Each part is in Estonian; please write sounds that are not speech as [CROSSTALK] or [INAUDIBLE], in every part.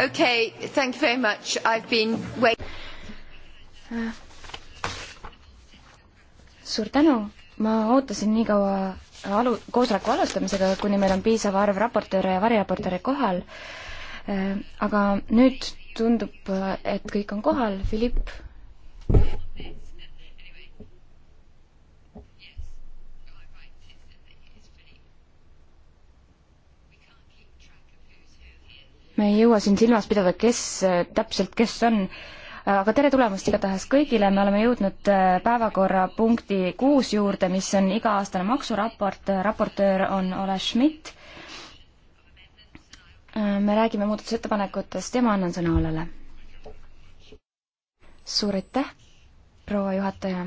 Okay, thank you very much. I've been wait- suur tänu, ma ootasin nii kaua alu-, koosoleku alustamisega, kuni meil on piisav arv raportööre ja variraportööre kohal, äh, aga nüüd tundub, äh, et kõik on kohal, Philipp me ei jõua siin silmas pidada, kes äh, täpselt, kes on, aga tere tulemast igatahes kõigile, me oleme jõudnud äh, päevakorrapunkti kuus juurde, mis on iga-aastane maksuraport, raportöör on Ole Schmidt. Äh, me räägime muudatusettepanekutest ja ma annan sõna Olele. suur aitäh, proua juhataja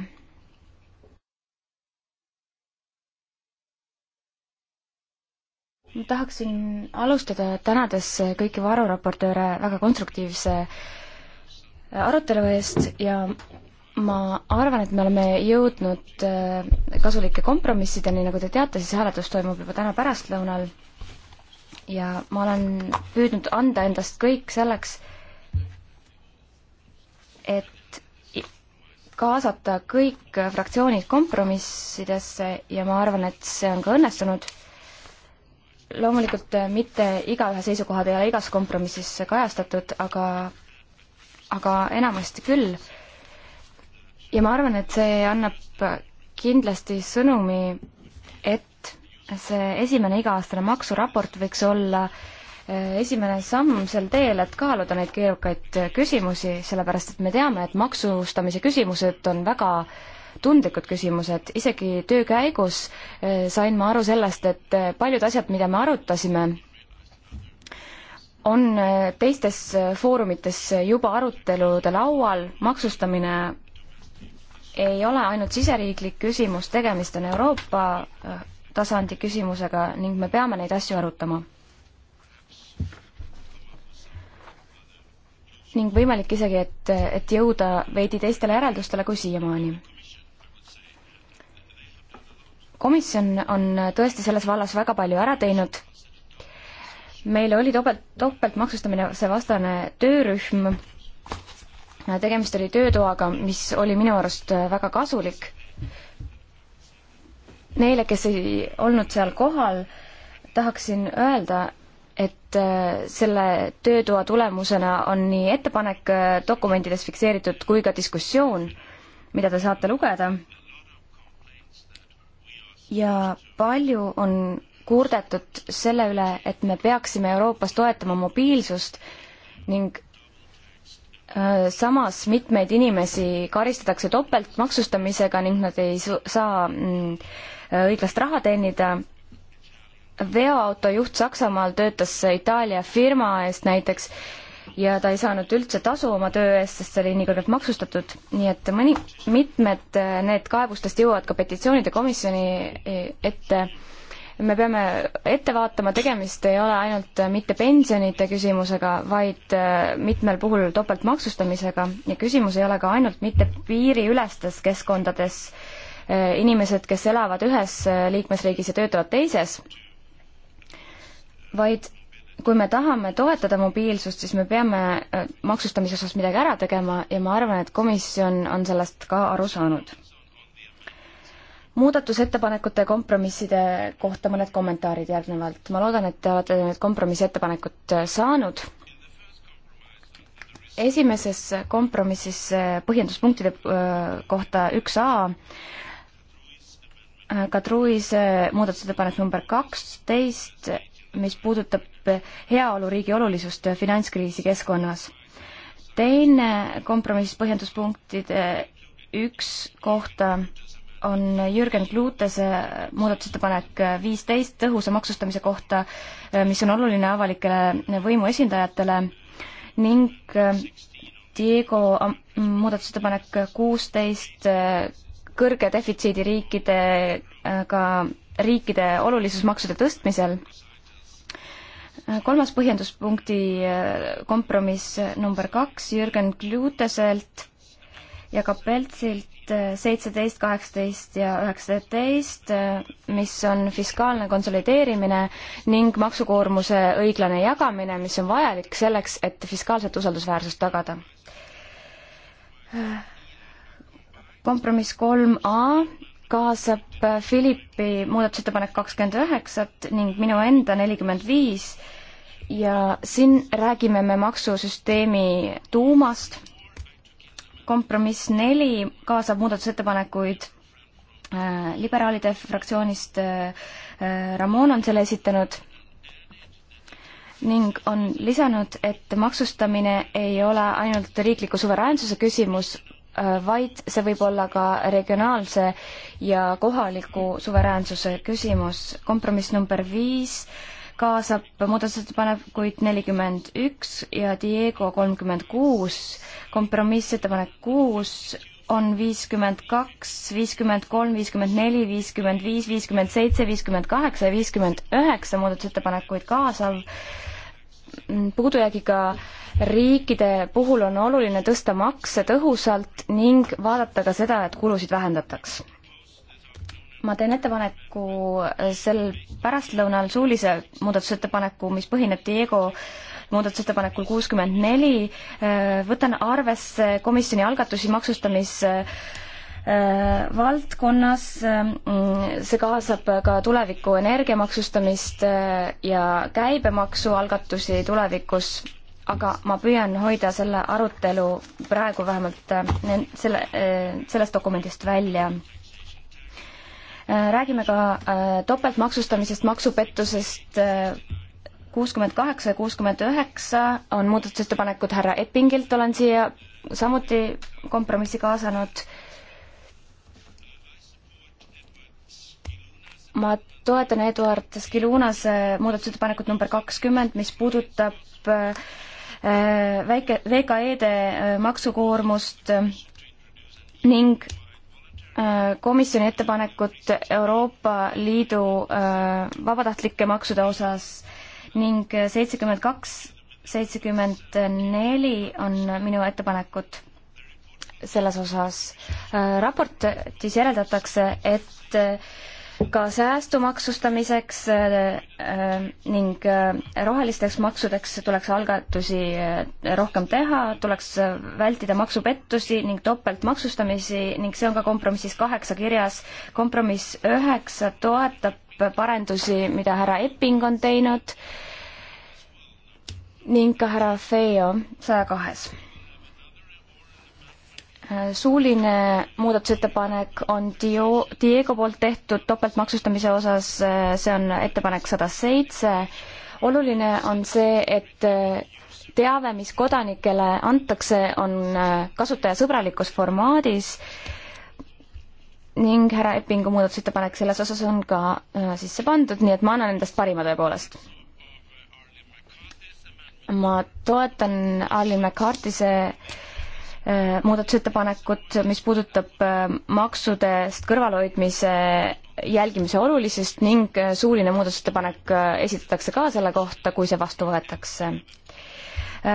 ma tahaksin alustada tänades kõiki varuraportööre väga konstruktiivse arutelu eest ja ma arvan, et me oleme jõudnud äh, kasulike kompromissideni, nagu te teate, siis hääletus toimub juba täna pärastlõunal ja ma olen püüdnud anda endast kõik selleks, et kaasata kõik fraktsioonid kompromissidesse ja ma arvan, et see on ka õnnestunud loomulikult äh, mitte igaühe seisukohad ei ole igas kompromissis kajastatud, aga, aga enamasti küll. ja ma arvan, et see annab kindlasti sõnumi, et see esimene iga-aastane maksuraport võiks olla äh, esimene samm sel teel, et kaaluda neid keerukaid äh, küsimusi, sellepärast et me teame, et maksustamise küsimused on väga äh, tundlikud küsimused, isegi töö käigus eh, sain ma aru sellest, et eh, paljud asjad, mida me arutasime, on eh, teistes foorumites juba arutelude laual, maksustamine ei ole ainult siseriiklik küsimus, tegemist on Euroopa tasandi küsimusega ning me peame neid asju arutama. ning võimalik isegi, et, et jõuda veidi teistele järeldustele kui siiamaani komisjon on tõesti selles vallas väga palju ära teinud. meil oli topelt, topeltmaksustamine see vastane töörühm, tegemist oli töötoaga, mis oli minu arust väga kasulik. Neile, kes ei olnud seal kohal, tahaksin öelda, et äh, selle töötoa tulemusena on nii ettepanek äh, dokumentides fikseeritud kui ka diskussioon, mida te saate lugeda ja palju on kurdetud selle üle, et me peaksime Euroopas toetama mobiilsust ning äh, samas mitmeid inimesi karistatakse topeltmaksustamisega ning nad ei saa mm, õiglast raha teenida. veoautojuht Saksamaal töötas Itaalia firma eest näiteks ja ta ei saanud üldse tasu oma töö eest, sest see oli nii kõrgelt maksustatud, nii et mõni, mitmed äh, need kaebustest jõuavad ka petitsioonide komisjoni e, ette. me peame ette vaatama, tegemist ei ole ainult äh, mitte pensionite küsimusega, vaid äh, mitmel puhul topeltmaksustamisega ja küsimus ei ole ka ainult mitte piiriülestes keskkondades, inimesed, kes elavad ühes liikmesriigis ja töötavad teises, vaid kui me tahame toetada mobiilsust, siis me peame äh, maksustamise osas midagi ära tegema ja ma arvan, et komisjon on sellest ka aru saanud. muudatusettepanekute kompromisside kohta mõned kommentaarid järgnevalt. ma loodan, et te olete need kompromissettepanekud äh, saanud. esimeses kompromissis äh, põhjenduspunktide kohta üks A Kadruise muudatusettepanek number kaksteist mis puudutab heaoluriigi olulisust finantskriisi keskkonnas. teine kompromiss põhjenduspunktide üks kohta on Jürgen Klutese muudatusettepanek viisteist tõhusa maksustamise kohta, mis on oluline avalikele võimu esindajatele ning Diego muudatusettepanek kuusteist kõrge defitsiidi riikidega, riikide olulisus maksude tõstmisel kolmas põhjenduspunkti äh, kompromiss number kaks Jürgen Kluteselt ja Kapeltsilt äh, seitseteist, kaheksateist ja üheksateist, äh, mis on fiskaalne konsolideerimine ning maksukoormuse õiglane jagamine, mis on vajalik selleks, et fiskaalset usaldusväärsust tagada. kompromiss kolm A kaasab Philippi muudatusettepanek kakskümmend üheksat ning minu enda nelikümmend viis ja siin räägime me maksusüsteemi tuumast. kompromiss neli kaasab muudatusettepanekuid äh, liberaalide fraktsioonist äh, äh, Ramon on selle esitanud ning on lisanud, et maksustamine ei ole ainult riikliku suveräänsuse küsimus, vaid see võib olla ka regionaalse ja kohaliku suveräänsuse küsimus. kompromiss number viis äh, kaasab muudatusettepanekuid nelikümmend üks ja Diego kolmkümmend kuus. kompromissettepanek kuus on viiskümmend kaks, viiskümmend kolm, viiskümmend neli, viiskümmend viis, viiskümmend seitse, viiskümmend kaheksa ja viiskümmend üheksa muudatusettepanekuid kaasav puudujäägiga riikide puhul on oluline tõsta makse tõhusalt ning vaadata ka seda, et kulusid vähendataks ma teen ettepaneku sel pärastlõunal suulise muudatusettepaneku, mis põhineb Diego muudatusettepanekul kuuskümmend neli, võtan arvesse komisjoni algatusi maksustamis äh, valdkonnas, see kaasab ka tuleviku energia maksustamist äh, ja käibemaksu algatusi tulevikus, aga ma püüan hoida selle arutelu praegu vähemalt äh, selle, sellest dokumendist välja Äh, räägime ka äh, topeltmaksustamisest, maksupettusest, äh, kuuskümmend kaheksa ja kuuskümmend üheksa on muudatusettepanekud härra Eppingilt, olen siia samuti kompromissi kaasanud. ma toetan Eduard Skilunase muudatusettepanekut number kakskümmend, mis puudutab väike, VKE-de maksukoormust ning Äh, komisjoni ettepanekut Euroopa Liidu äh, vabatahtlike maksude osas ning seitsekümmend kaks, seitsekümmend neli on minu ettepanekud selles osas. Äh, raportis järeldatakse, et ka säästu maksustamiseks äh, äh, ning äh, rohelisteks maksudeks tuleks algatusi rohkem teha, tuleks vältida maksupettusi ning topeltmaksustamisi ning see on ka kompromissis kaheksa kirjas. kompromiss üheksa toetab parendusi, mida härra Epping on teinud ning ka härra Feio saja kahes suuline muudatusettepanek on Dio, Diego poolt tehtud topeltmaksustamise osas, see on ettepanek sada seitse. oluline on see, et teave, mis kodanikele antakse, on kasutajasõbralikus formaadis ning härra Eppingu muudatusettepanek selles osas on ka äh, sisse pandud, nii et ma annan endast parima tõepoolest ma toetan Arlen McCarthy'se Äh, muudatusettepanekut, mis puudutab äh, maksudest kõrvalhoidmise jälgimise olulisust ning äh, suuline muudatusettepanek esitatakse ka selle kohta, kui see vastu võetakse.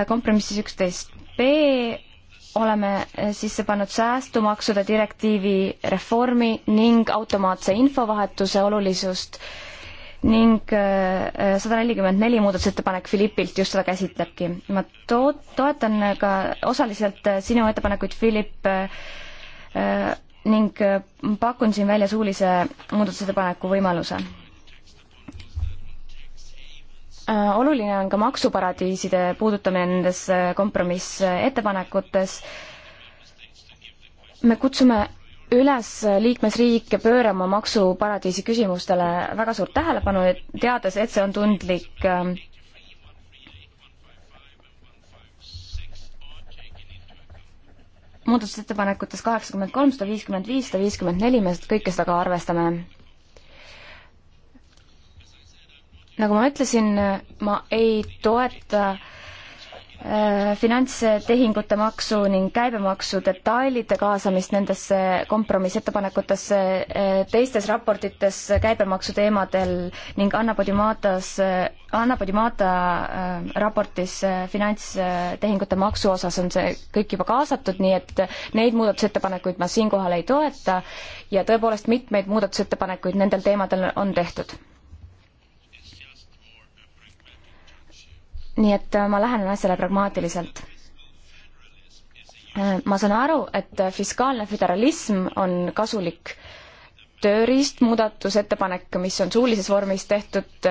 kompromissis üksteist B oleme sisse pannud säästumaksude direktiivi reformi ning automaatse infovahetuse olulisust äh, ning äh, äh, sada nelikümmend neli muudatusettepanek Philippilt just seda käsitlebki. ma to-, toetan ka osaliselt äh, sinu ettepanekuid, Philipp, ning pakun siin välja suulise muudatusettepaneku võimaluse. oluline on ka maksuparadiiside puudutamine nendes kompromissettepanekutes. me kutsume üles liikmesriike pöörama maksuparadiisi küsimustele väga suurt tähelepanu, teades, et see on tundlik ähm, muudatusettepanekutes kaheksakümmend kolm, sada viiskümmend viis, sada viiskümmend neli, me kõike seda ka arvestame. nagu ma ütlesin, ma ei toeta äh, Äh, finantstehingute maksu ning käibemaksu detailide kaasamist nendesse kompromissettepanekutesse äh, teistes raportites käibemaksu teemadel ning Anna Podimatas, äh, Anna Podimata raportis finantstehingute maksu osas on see kõik juba kaasatud, nii et neid muudatusettepanekuid ma siinkohal ei toeta ja tõepoolest mitmeid muudatusettepanekuid nendel teemadel on tehtud nii et äh, ma lähenen asjale pragmaatiliselt. Äh, ma saan aru, et äh, fiskaalne föderalism on kasulik tööriist, muudatusettepanek, mis on suulises vormis tehtud,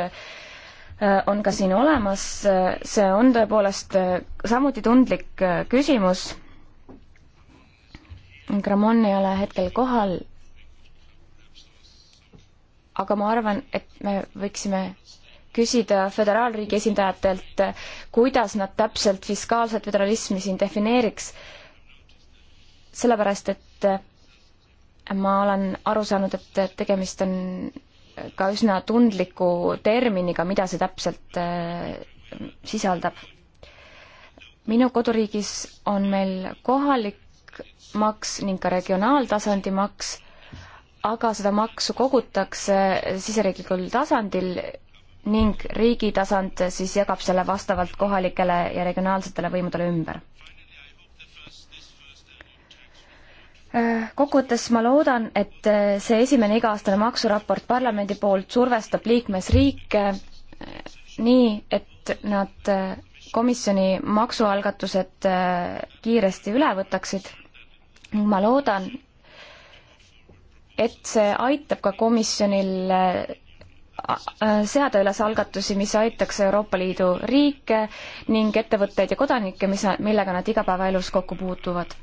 on ka siin olemas, see on tõepoolest samuti tundlik küsimus. Gramon ei ole hetkel kohal. aga ma arvan, et me võiksime küsida föderaalriigi esindajatelt, kuidas nad täpselt fiskaalset föderalismi siin defineeriks, sellepärast et ma olen aru saanud, et tegemist on ka üsna tundliku terminiga, mida see täpselt äh, sisaldab. minu koduriigis on meil kohalik maks ning ka regionaaltasandi maks, aga seda maksu kogutakse siseriiklikul tasandil ning riigi tasand siis jagab selle vastavalt kohalikele ja regionaalsetele võimudele ümber. kokkuvõttes ma loodan, et see esimene iga-aastane maksuraport parlamendi poolt survestab liikmesriike nii, et nad komisjoni maksualgatused kiiresti üle võtaksid ning ma loodan, et see aitab ka komisjonil seada üles algatusi, mis aitaks Euroopa Liidu riike ning ettevõtteid ja kodanikke, mis, millega nad igapäevaelus kokku puutuvad.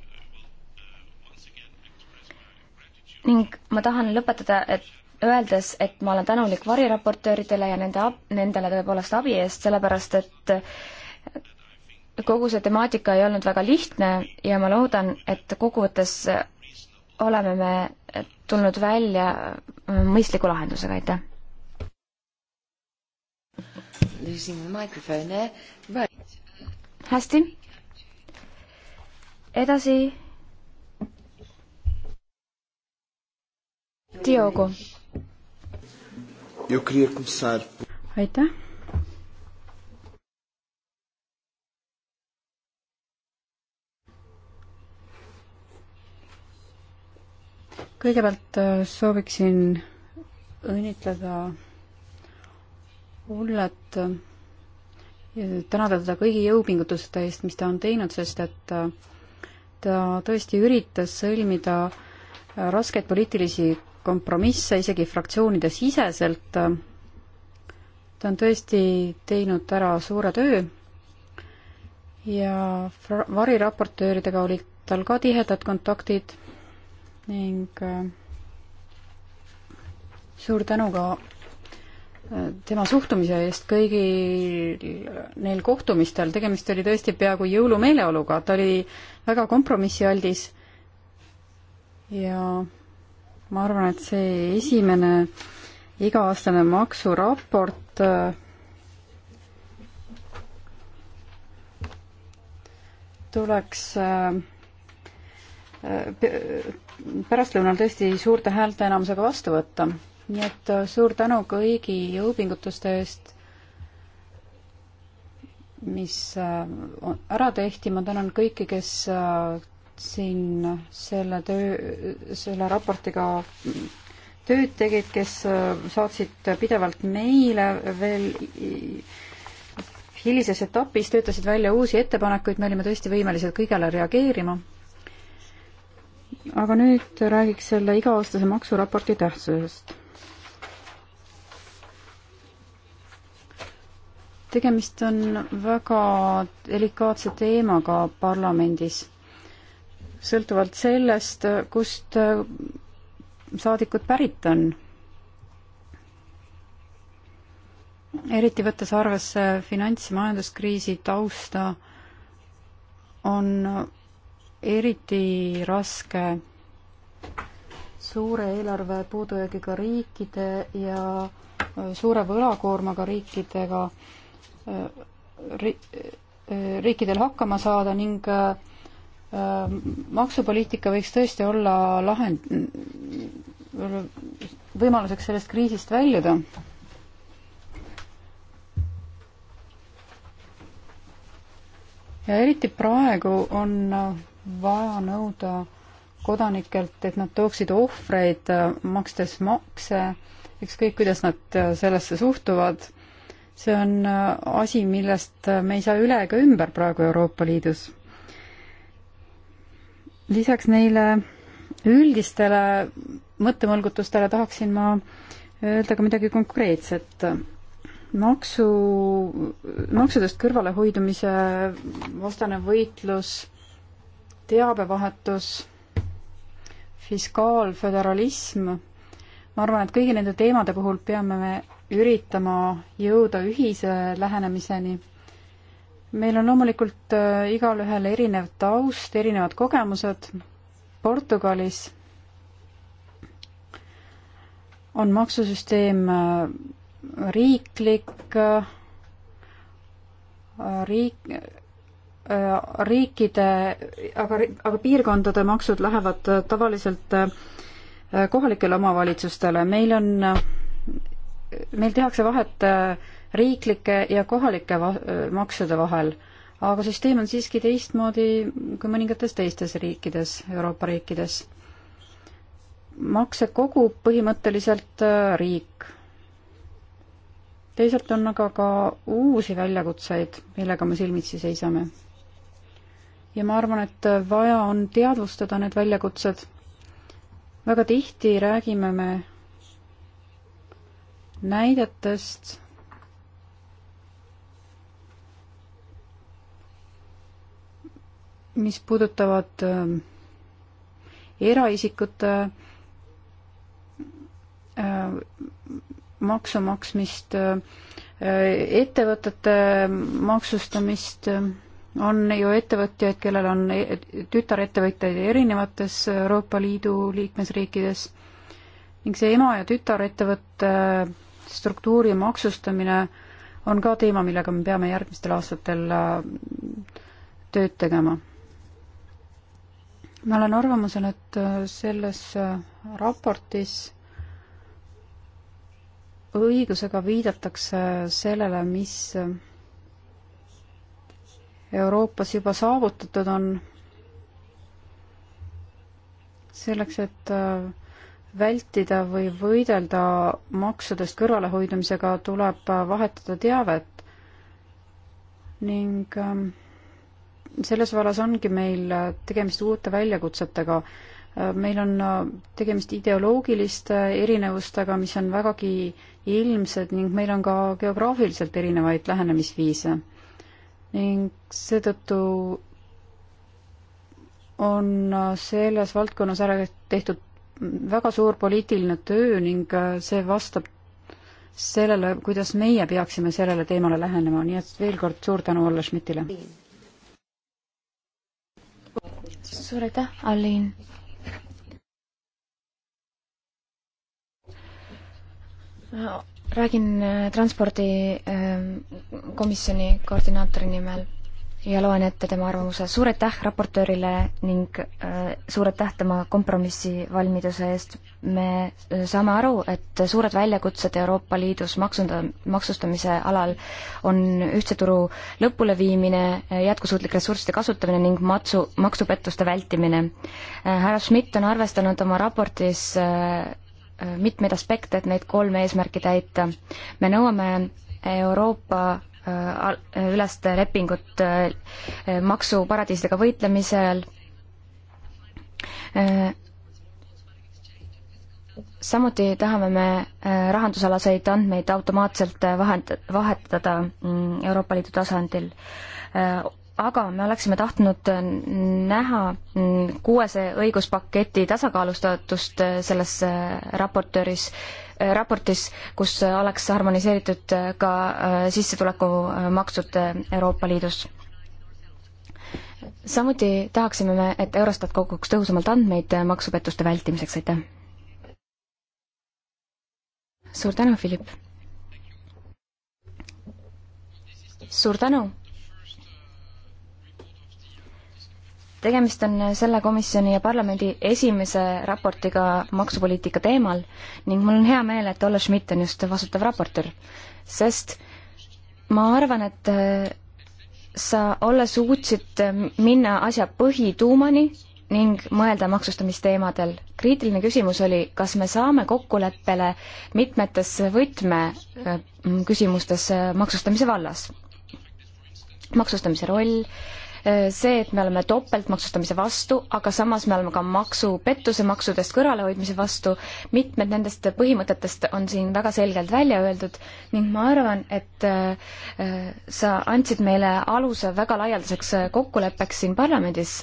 ning ma tahan lõpetada, et öeldes, et ma olen tänulik variraportööridele ja nende, nendele tõepoolest abi eest, sellepärast et kogu see temaatika ei olnud väga lihtne ja ma loodan, et kokkuvõttes oleme me tulnud välja mõistliku lahendusega, aitäh! losing the microphone there. Right. hästi. edasi. Diogo. aitäh. kõigepealt äh, sooviksin õnnitleda Ullet tänada teda kõigi jõupingutuste eest, mis ta on teinud, sest et äh, ta tõesti üritas sõlmida äh, raskeid poliitilisi kompromisse isegi fraktsioonide siseselt. Äh, ta on tõesti teinud ära suure töö ja variraportööridega olid tal ka tihedad kontaktid ning suur tänu ka tema suhtumise eest kõigil neil kohtumistel, tegemist oli tõesti peaaegu jõulumeeleoluga, ta oli väga kompromissialdis ja ma arvan, et see esimene iga-aastane maksuraport äh, tuleks äh, äh, pärastlõunal tõesti suurte häälteenamusega vastu võtta nii et äh, suur tänu kõigi jõupingutuste eest, mis äh, ära tehti, ma tänan kõiki, kes äh, siin selle töö, selle raportiga tööd tegid, kes saatsid pidevalt meile veel hilises etapis, töötasid välja uusi ettepanekuid, me olime tõesti võimelised kõigele reageerima. aga nüüd räägiks selle iga-aastase maksuraporti tähtsusest tegemist on väga delikaatse teemaga parlamendis. sõltuvalt sellest, kust saadikud pärit on. eriti võttes arvesse finants- ja majanduskriisi tausta, on eriti raske suure eelarve puudujäägiga riikide ja suure võlakoormaga riikidega äh, riikidel hakkama saada ning äh, maksupoliitika võiks tõesti olla lahend, võimaluseks sellest kriisist väljuda. ja eriti praegu on vaja nõuda kodanikelt, et nad tooksid ohvreid, äh, makstes makse, ükskõik kuidas nad äh, sellesse suhtuvad see on äh, asi, millest äh, me ei saa üle ega ümber praegu Euroopa Liidus. lisaks neile üldistele mõttemõlgutustele tahaksin ma öelda ka midagi konkreetset. maksu, maksudest kõrvalehoidumise vastane võitlus, teabevahetus, fiskaalföderalism, ma arvan, et kõigi nende teemade puhul peame me üritama jõuda ühise lähenemiseni. meil on loomulikult äh, igalühel erinev taust, erinevad kogemused. Portugalis on maksusüsteem äh, riiklik, äh, riik, riikide, aga, aga piirkondade maksud lähevad tavaliselt kohalikele omavalitsustele. meil on äh, meil tehakse vahet äh, riiklike ja kohalike va äh, maksude vahel, aga süsteem on siiski teistmoodi kui mõningates teistes riikides, Euroopa riikides. makse kogub põhimõtteliselt äh, riik. teisalt on aga ka uusi väljakutseid, millega me silmitsi seisame. ja ma arvan, et vaja on teadvustada need väljakutsed. väga tihti räägime me näidetest mis puudutavad äh, eraisikute äh, maksu maksmist äh,, ettevõtete maksustamist äh,, on ju ettevõtjaid, kellel on e-, tütarettevõtjaid erinevates Euroopa Liidu liikmesriikides ning see ema- ja tütarettevõtte äh, struktuuri maksustamine on ka teema, millega me peame järgmistel aastatel äh, tööd tegema. ma olen arvamusel, et äh, selles äh, raportis õigusega viidatakse sellele, mis Euroopas juba saavutatud on, selleks, et vältida või võidelda maksudest kõrvalehoidmisega, tuleb vahetada teavet. ning ähm, selles vallas ongi meil tegemist uute väljakutsetega. Äh, meil on äh, tegemist ideoloogiliste erinevustega, mis on vägagi ilmsed ning meil on ka geograafiliselt erinevaid lähenemisviise. ning seetõttu on äh, selles valdkonnas ära tehtud väga suur poliitiline töö ning äh, see vastab sellele, kuidas meie peaksime sellele teemale lähenema, nii et veel kord suur tänu Olle Schmidtile. suur aitäh, Aliin. räägin äh, transpordikomisjoni ähm, koordinaatori nimel ja loen ette tema arvamuse. suur aitäh raportöörile ning äh, suur aitäh tema kompromissivalmiduse eest. me äh, saame aru, et suured väljakutsed Euroopa Liidus maksunda-, maksustamise alal on ühtse turu lõpuleviimine, äh, jätkusuutlik ressursside kasutamine ning matsu, maksupettuste vältimine äh,. härra Schmidt on arvestanud oma raportis äh, äh mitmeid aspekte, et neid kolme eesmärki täita. me nõuame Euroopa Äh, äh, ülest lepingut äh, maksuparadiisidega võitlemisel. samuti tahame me rahandusalaseid andmeid automaatselt vahend-, vahetada mm, Euroopa Liidu tasandil aga me oleksime tahtnud näha mm, kuuese õiguspaketi tasakaalustatust selles raportööris raportis, kus oleks harmoniseeritud ka äh, sissetulekumaksud äh, Euroopa Liidus. samuti tahaksime me, et Eurostat koguks tõhusamalt andmeid äh, maksupettuste vältimiseks, aitäh! suur tänu, Philipp! suur tänu! tegemist on selle komisjoni ja parlamendi esimese raportiga maksupoliitika teemal ning mul on hea meel, et Olle Schmidt on just vastutav raportöör, sest ma arvan, et äh, sa, Olle, suutsid äh, minna asja põhituumani ning mõelda maksustamisteemadel. kriitiline küsimus oli, kas me saame kokkuleppele mitmetes võtmeküsimustes äh, maksustamise vallas. maksustamise roll, Äh, see, et me oleme topeltmaksustamise vastu, aga samas me oleme ka maksupettuse maksudest kõrvalehoidmise vastu. mitmed nendest põhimõtetest on siin väga selgelt välja öeldud ning ma arvan, et äh, äh, sa andsid meile aluse väga laialdaseks kokkuleppeks siin parlamendis.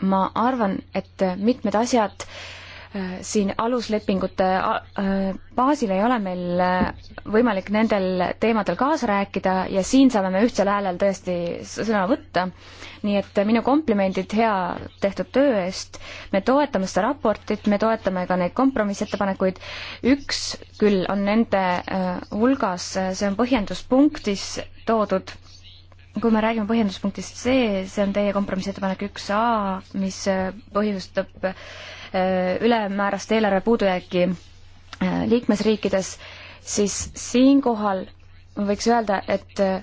ma arvan, et mitmed asjad äh, siin aluslepingute baasil ei ole meil äh, võimalik nendel teemadel kaasa rääkida ja siin saame me ühtsel häälel tõesti sõna võtta. nii et minu komplimendid hea tehtud töö eest. me toetame seda raportit, me toetame ka neid kompromissettepanekuid. üks küll on nende äh, hulgas, äh, see on põhjenduspunktis toodud kui me räägime põhjenduspunktist C, see on teie kompromissettepanek üks A, mis põhjustab äh, Äh, ülemäärast eelarve puudujääki äh, liikmesriikides, siis siinkohal võiks öelda, et äh,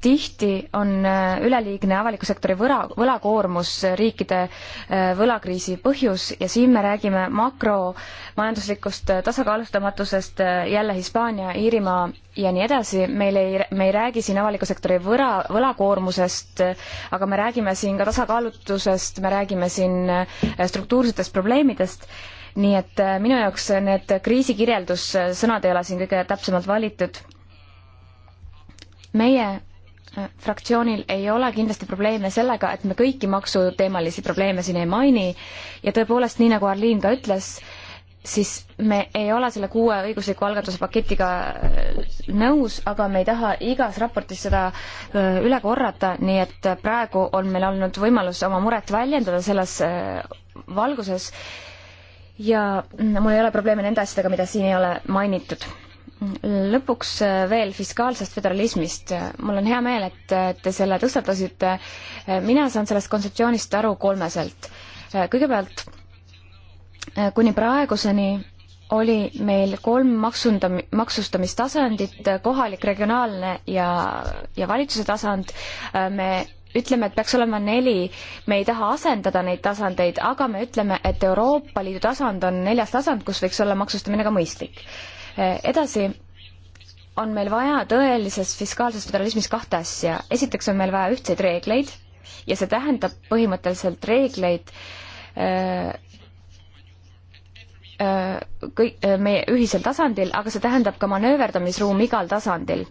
tihti on äh, üleliigne avaliku sektori võla, võlakoormus äh, riikide äh, võlakriisi põhjus ja siin me räägime makromajanduslikust tasakaalustamatusest jälle Hispaania, Iirimaa ja nii edasi, meil ei, me ei räägi siin avaliku sektori võla, võlakoormusest, aga me räägime siin ka tasakaalutusest, me räägime siin struktuursetest probleemidest nii et minu jaoks need kriisikirjeldussõnad ei ole siin kõige täpsemalt valitud. meie fraktsioonil ei ole kindlasti probleeme sellega, et me kõiki maksuteemalisi probleeme siin ei maini ja tõepoolest, nii nagu Arliin ka ütles, siis me ei ole selle kuue õigusliku algatuse paketiga äh, nõus, aga me ei taha igas raportis seda äh, üle korrata, nii et praegu on meil olnud võimalus oma muret väljendada selles äh, valguses ja mm, mul ei ole probleeme nende asjadega, mida siin ei ole mainitud lõpuks veel fiskaalsest föderalismist. mul on hea meel, et te selle tõstatasite. mina saan sellest kontseptsioonist aru kolmeselt. kõigepealt, kuni praeguseni oli meil kolm maksundam-, maksustamistasandit, kohalik, regionaalne ja, ja valitsuse tasand. me ütleme, et peaks olema neli, me ei taha asendada neid tasandeid, aga me ütleme, et Euroopa Liidu tasand on neljas tasand, kus võiks olla maksustamine ka mõistlik edasi on meil vaja tõelises fiskaalses föderalismis kahte asja. esiteks on meil vaja ühtseid reegleid ja see tähendab põhimõtteliselt reegleid öö, äh, öö, äh, kõik äh, meie ühisel tasandil, aga see tähendab ka manööverdamisruumi igal tasandil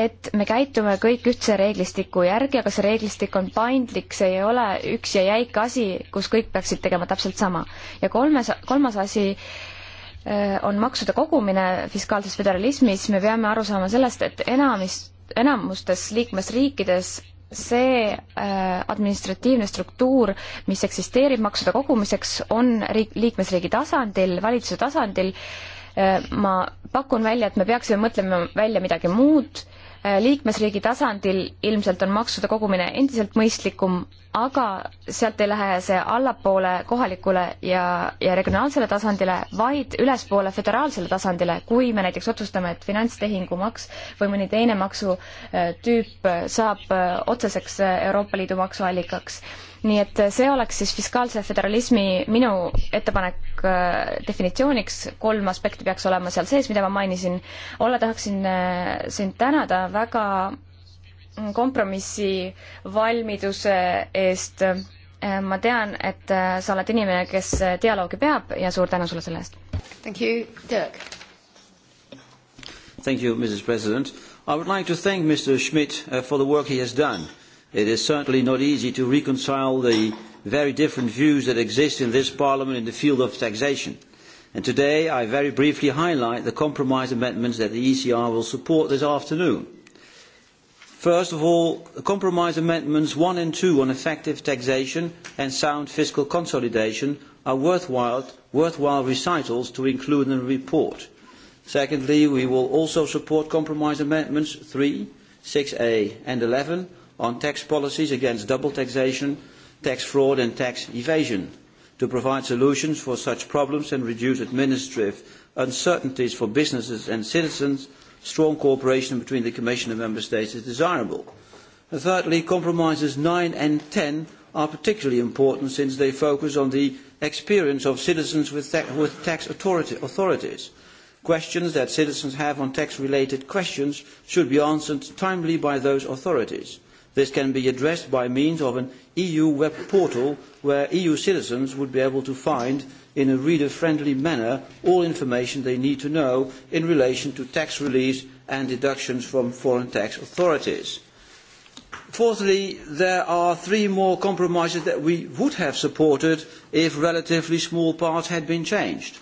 et me käitume kõik ühtse reeglistiku järgi, aga see reeglistik on paindlik, see ei ole üks ja jäik asi, kus kõik peaksid tegema täpselt sama. ja kolmes, kolmas asi äh, on maksude kogumine fiskaalses föderalismis, me peame aru saama sellest, et enamis, enamustes liikmesriikides see äh, administratiivne struktuur, mis eksisteerib maksude kogumiseks, on riik, liikmesriigi tasandil, valitsuse tasandil, äh, ma pakun välja, et me peaksime mõtlema välja midagi muud, Äh, liikmesriigi tasandil ilmselt on maksude kogumine endiselt mõistlikum, aga sealt ei lähe see allapoole kohalikule ja, ja regionaalsele tasandile, vaid ülespoole föderaalsele tasandile, kui me näiteks otsustame, et finantstehingumaks või mõni teine maksutüüp äh, äh, saab otseseks Euroopa Liidu maksuallikaks nii et see oleks siis fiskaalse föderalismi minu ettepanek äh, definitsiooniks, kolm aspekti peaks olema seal sees, mida ma mainisin. Olle, tahaksin äh, sind tänada väga mm, kompromissi valmiduse eest. Äh, ma tean, et sa oled inimene, kes dialoogi peab ja suur tänu sulle selle eest. Thank you, Dirk. Thank you, Mrs President. I would like to thank Mr Schmidt uh, for the work he has done It is certainly not easy to reconcile the very different views that exist in this Parliament in the field of taxation. And today I very briefly highlight the compromise amendments that the ECR will support this afternoon. First of all, the compromise amendments 1 and 2 on effective taxation and sound fiscal consolidation are worthwhile, worthwhile recitals to include in the report. Secondly, we will also support compromise amendments 3, 6A and 11 on tax policies against double taxation, tax fraud and tax evasion to provide solutions for such problems and reduce administrative uncertainties for businesses and citizens, strong cooperation between the Commission and Member States is desirable. And thirdly, compromises 9 and 10 are particularly important since they focus on the experience of citizens with, ta with tax authority authorities. Questions that citizens have on tax-related questions should be answered timely by those authorities. This can be addressed by means of an EU web portal where EU citizens would be able to find, in a reader-friendly manner, all information they need to know in relation to tax relief and deductions from foreign tax authorities. Fourthly, there are three more compromises that we would have supported if relatively small parts had been changed.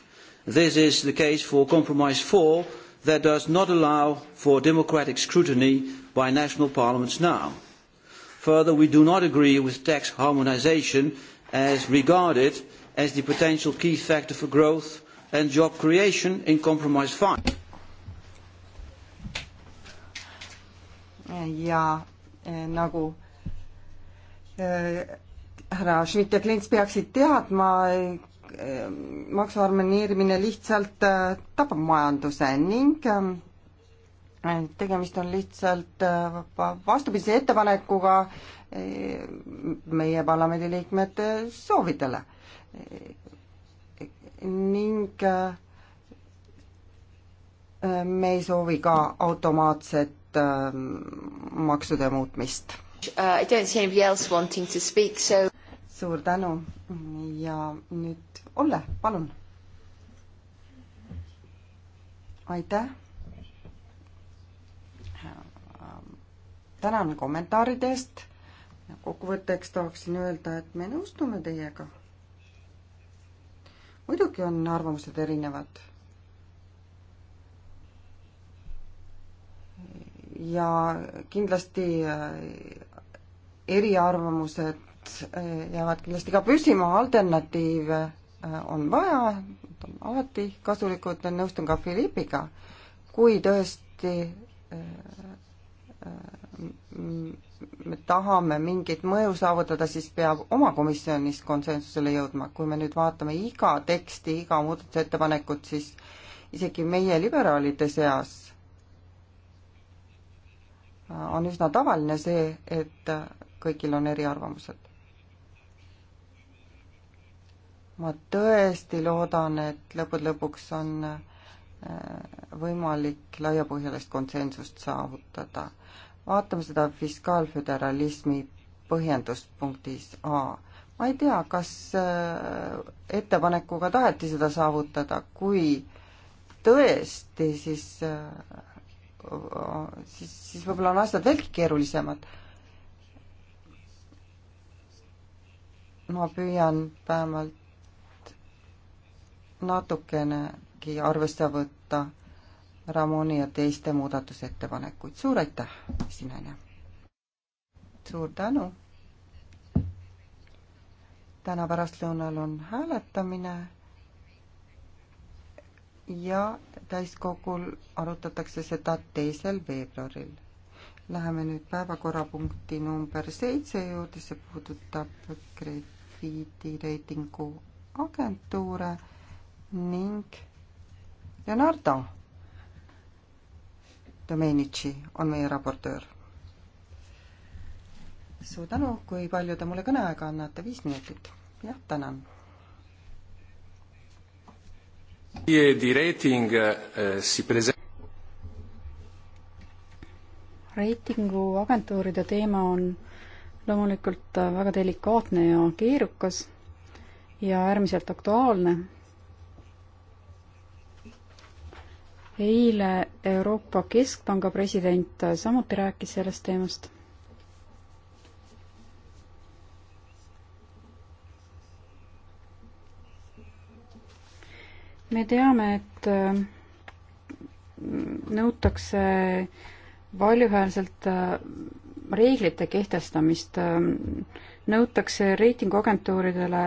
This is the case for Compromise 4 that does not allow for democratic scrutiny by national parliaments now. Further, we do not agree with tax harmonization as regarded as the potential key factor for growth and job creation in Compromise 5. ja eh, nagu eh, härra Schmidt ja Klints peaksid teadma, eh, maksuharmoneerimine lihtsalt tapab majanduse ning tegemist on lihtsalt äh, vastupidise ettepanekuga äh, meie parlamendiliikmete soovidele. ning äh, me ei soovi ka automaatset maksude muutmist. Uh, so... suur tänu ja nüüd Olle, palun. aitäh tänan kommentaaride eest ja kokkuvõtteks tahaksin öelda, et me nõustume teiega. muidugi on arvamused erinevad. ja kindlasti äh, eriarvamused äh, jäävad kindlasti ka püsima, alternatiive äh, on vaja, nad on alati kasulikud, nõustun ka Philippiga, kui tõesti me tahame mingit mõju saavutada, siis peab oma komisjonis konsensusele jõudma. kui me nüüd vaatame iga teksti, iga muudatusettepanekut, siis isegi meie liberaalide seas on üsna tavaline see, et kõigil on eriarvamused. ma tõesti loodan, et lõppude lõpuks on äh, võimalik laiapõhjalist konsensust saavutada vaatame seda fiskaalföderalismi põhjendust punktis A. ma ei tea, kas äh, ettepanekuga taheti seda saavutada, kui tõesti, siis, äh, siis, siis võib-olla on asjad veelgi keerulisemad. ma püüan vähemalt natukenegi arvesse võtta Ramoni ja teiste muudatusettepanekuid. suur aitäh, esinaine! suur tänu! täna pärastlõunal on hääletamine ja täiskogul arutatakse seda teisel veebruaril. Läheme nüüd päevakorrapunkti number seitse juurde, see puudutab krediidireitingu agentuure ning Leonardo Domenici on meie raportöör. suur tänu, kui palju te mulle kõneaega annate, viis minutit? jah, tänan. Eh, reitinguagentuuride teema on loomulikult väga delikaatne ja keerukas ja äärmiselt aktuaalne eile Euroopa Keskpanga president samuti rääkis sellest teemast. me teame, et mm, nõutakse valjuhäälselt mm, reeglite kehtestamist, mm, nõutakse reitinguagentuuridele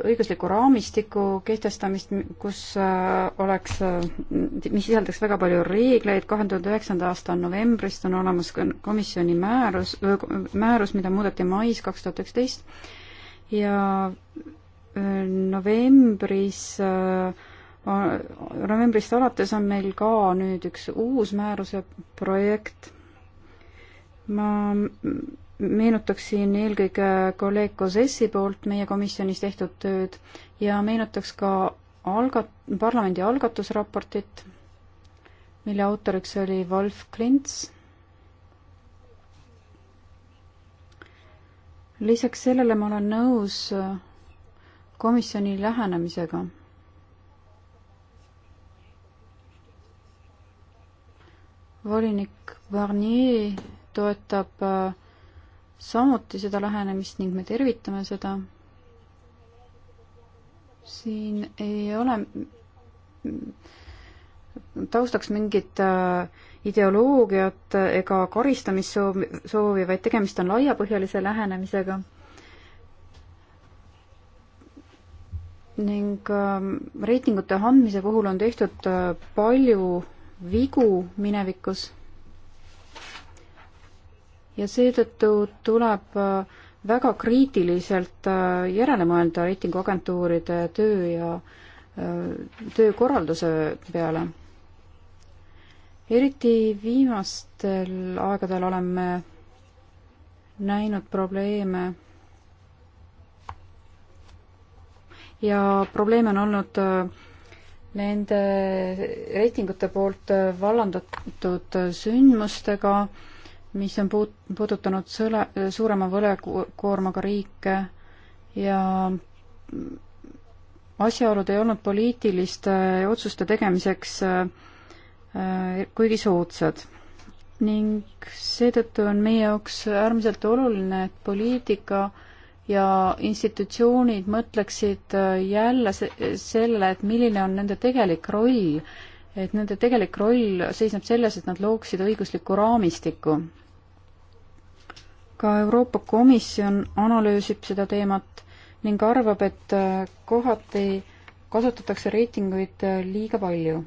õigusliku raamistiku kehtestamist, kus äh, oleks, äh, mis sisaldaks väga palju reegleid, kahe tuhande üheksanda aasta novembrist on olemas komisjoni määrus, määrus, mida muudeti mais kaks tuhat üksteist ja äh, novembris novembrist alates on meil ka nüüd üks uus määruse projekt. ma meenutaksin eelkõige kolleeg Kozessi poolt meie komisjonis tehtud tööd ja meenutaks ka algat-, parlamendi algatusraportit, mille autoriks oli Wolf Klints. lisaks sellele ma olen nõus komisjoni lähenemisega volinik Barnier toetab äh, samuti seda lähenemist ning me tervitame seda. siin ei ole taustaks mingit äh, ideoloogiat ega karistamissoovi, soovi, vaid tegemist on laiapõhjalise lähenemisega. ning äh, reitingute andmise puhul on tehtud äh, palju vigu minevikus ja seetõttu tuleb äh, väga kriitiliselt äh, järele mõelda reitinguagentuuride töö ja äh, töökorralduse peale. eriti viimastel aegadel oleme näinud probleeme ja probleeme on olnud nende reitingute poolt vallandatud sündmustega, mis on puut-, puudutanud sõle, suurema võlekoormaga riike ja asjaolud ei olnud poliitiliste otsuste tegemiseks äh, kuigi soodsad. ning seetõttu on meie jaoks äärmiselt oluline, et poliitika ja institutsioonid mõtleksid äh, jälle se selle, et milline on nende tegelik roll, et nende tegelik roll seisneb selles, et nad looksid õigusliku raamistiku ka Euroopa Komisjon analüüsib seda teemat ning arvab, et äh, kohati kasutatakse reitinguid äh, liiga palju.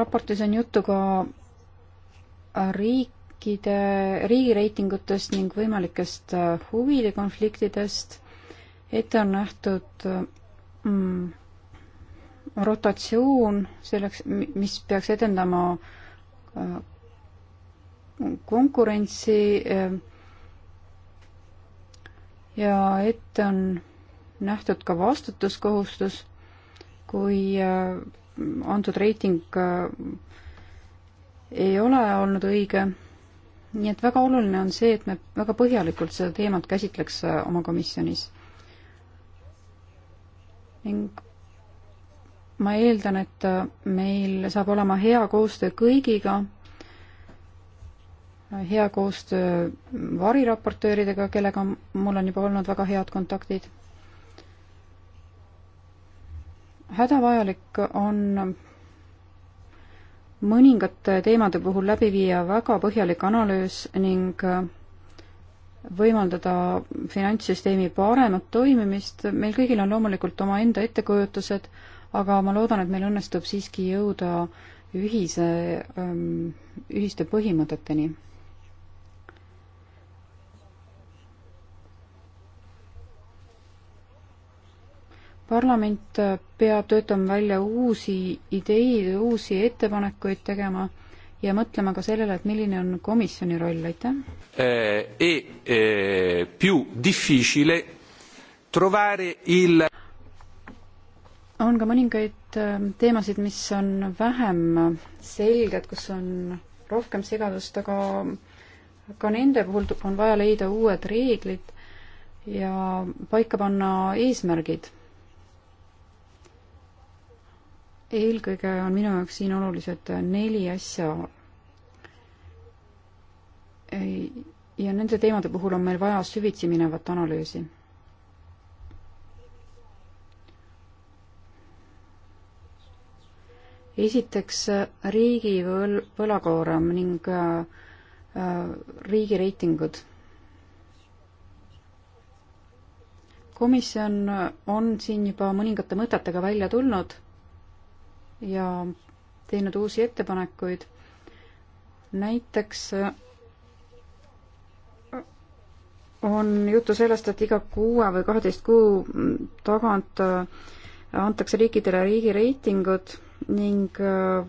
raportis on juttu ka äh, riikide, riigireitingutest ning võimalikest huvide konfliktidest ette on nähtud mm, rotatsioon selleks, mis peaks edendama äh, konkurentsi äh, ja ette on nähtud ka vastutuskohustus, kui äh, antud reiting ei ole olnud õige. nii et väga oluline on see, et me väga põhjalikult seda teemat käsitleks oma komisjonis ning ma eeldan, et meil saab olema hea koostöö kõigiga, hea koostöö variraportööridega, kellega mul on juba olnud väga head kontaktid. hädavajalik on mõningate teemade puhul läbi viia väga põhjalik analüüs ning võimaldada finantssüsteemi paremat toimimist, meil kõigil on loomulikult omaenda ettekujutused, aga ma loodan, et meil õnnestub siiski jõuda ühise, ähm, ühiste põhimõteteni. parlament peab töötama välja uusi ideid, uusi ettepanekuid tegema ja mõtlema ka sellele, et milline on komisjoni roll, aitäh eh,. E, e, più difficile trovare il on ka mõningaid ähm, teemasid, mis on vähem selged, kus on rohkem segadust, aga ka nende puhul on vaja leida uued reeglid ja paika panna eesmärgid. eelkõige on minu jaoks siin olulised neli asja ja nende teemade puhul on meil vaja süvitsi minevat analüüsi. esiteks riigi võl-, võlakoorem ning äh, riigi reitingud. komisjon on siin juba mõningate mõtetega välja tulnud ja teinud uusi ettepanekuid. näiteks on juttu sellest, et iga kuue või kaheteist kuu tagant äh, antakse riikidele riigireitingud ning äh,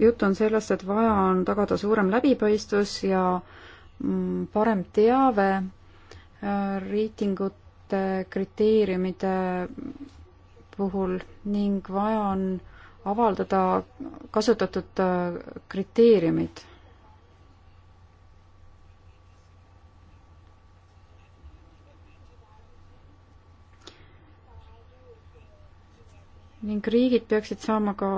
jutt on sellest, et vaja on tagada suurem läbipaistvus ja mm, parem teave äh, reitingute kriteeriumide puhul ning vaja on avaldada kasutatud kriteeriumid ning riigid peaksid saama ka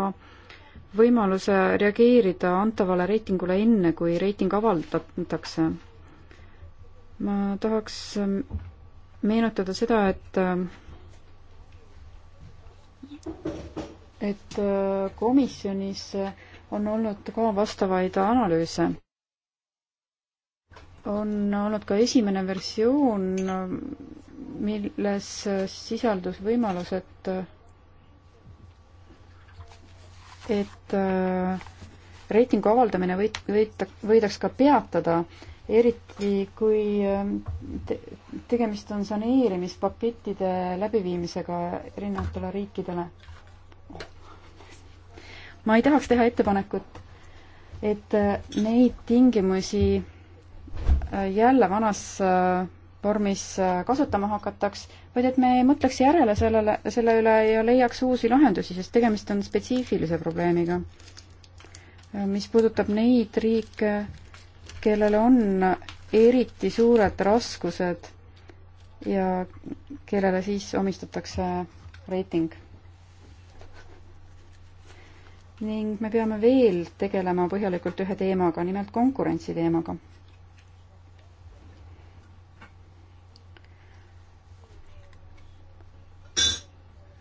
võimaluse reageerida antavale reitingule enne, kui reiting avaldatakse. ma tahaks ähm, meenutada seda, et äh, et äh, komisjonis äh, on olnud ka vastavaid analüüse. on olnud ka esimene versioon, milles sisaldus võimalus, et et äh, reitingu avaldamine võit-, võita, võidaks ka peatada, eriti kui äh, te, tegemist on saneerimispakettide läbiviimisega erinevatele riikidele. ma ei tahaks teha ettepanekut, et äh, neid tingimusi jälle vanas vormis äh, kasutama hakataks, vaid et me mõtleks järele sellele, selle üle ja leiaks uusi lahendusi, sest tegemist on spetsiifilise probleemiga, äh, mis puudutab neid riike, kellel on eriti suured raskused ja kellele siis omistatakse reiting. ning me peame veel tegelema põhjalikult ühe teemaga, nimelt konkurentsi teemaga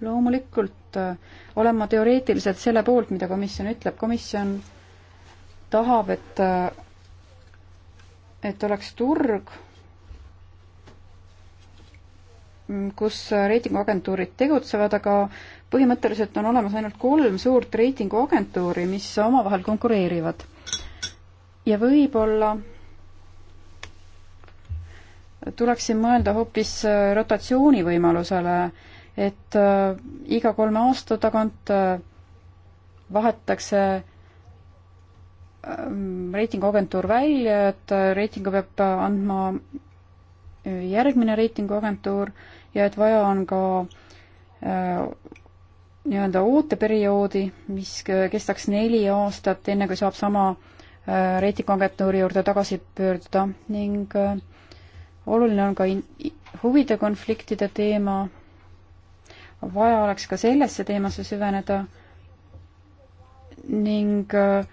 loomulikult äh, olen ma teoreetiliselt selle poolt, mida komisjon ütleb, komisjon tahab, et, äh, et oleks turg, mm, kus reitinguagentuurid tegutsevad, aga põhimõtteliselt on olemas ainult kolm suurt reitinguagentuuri, mis omavahel konkureerivad. ja võib-olla tuleks siin mõelda hoopis rotatsiooni võimalusele äh, et äh, iga kolme aasta tagant äh, vahetakse ähm, reitinguagentuur välja, et äh, reitingu peab andma järgmine reitinguagentuur ja et vaja on ka nii-öelda ooteperioodi, mis kestaks neli aastat, enne kui saab sama reitinguagentuuri juurde tagasi pöörduda ning oluline on ka huvide konfliktide teema, vaja oleks ka sellesse teemasse süveneda ning äh,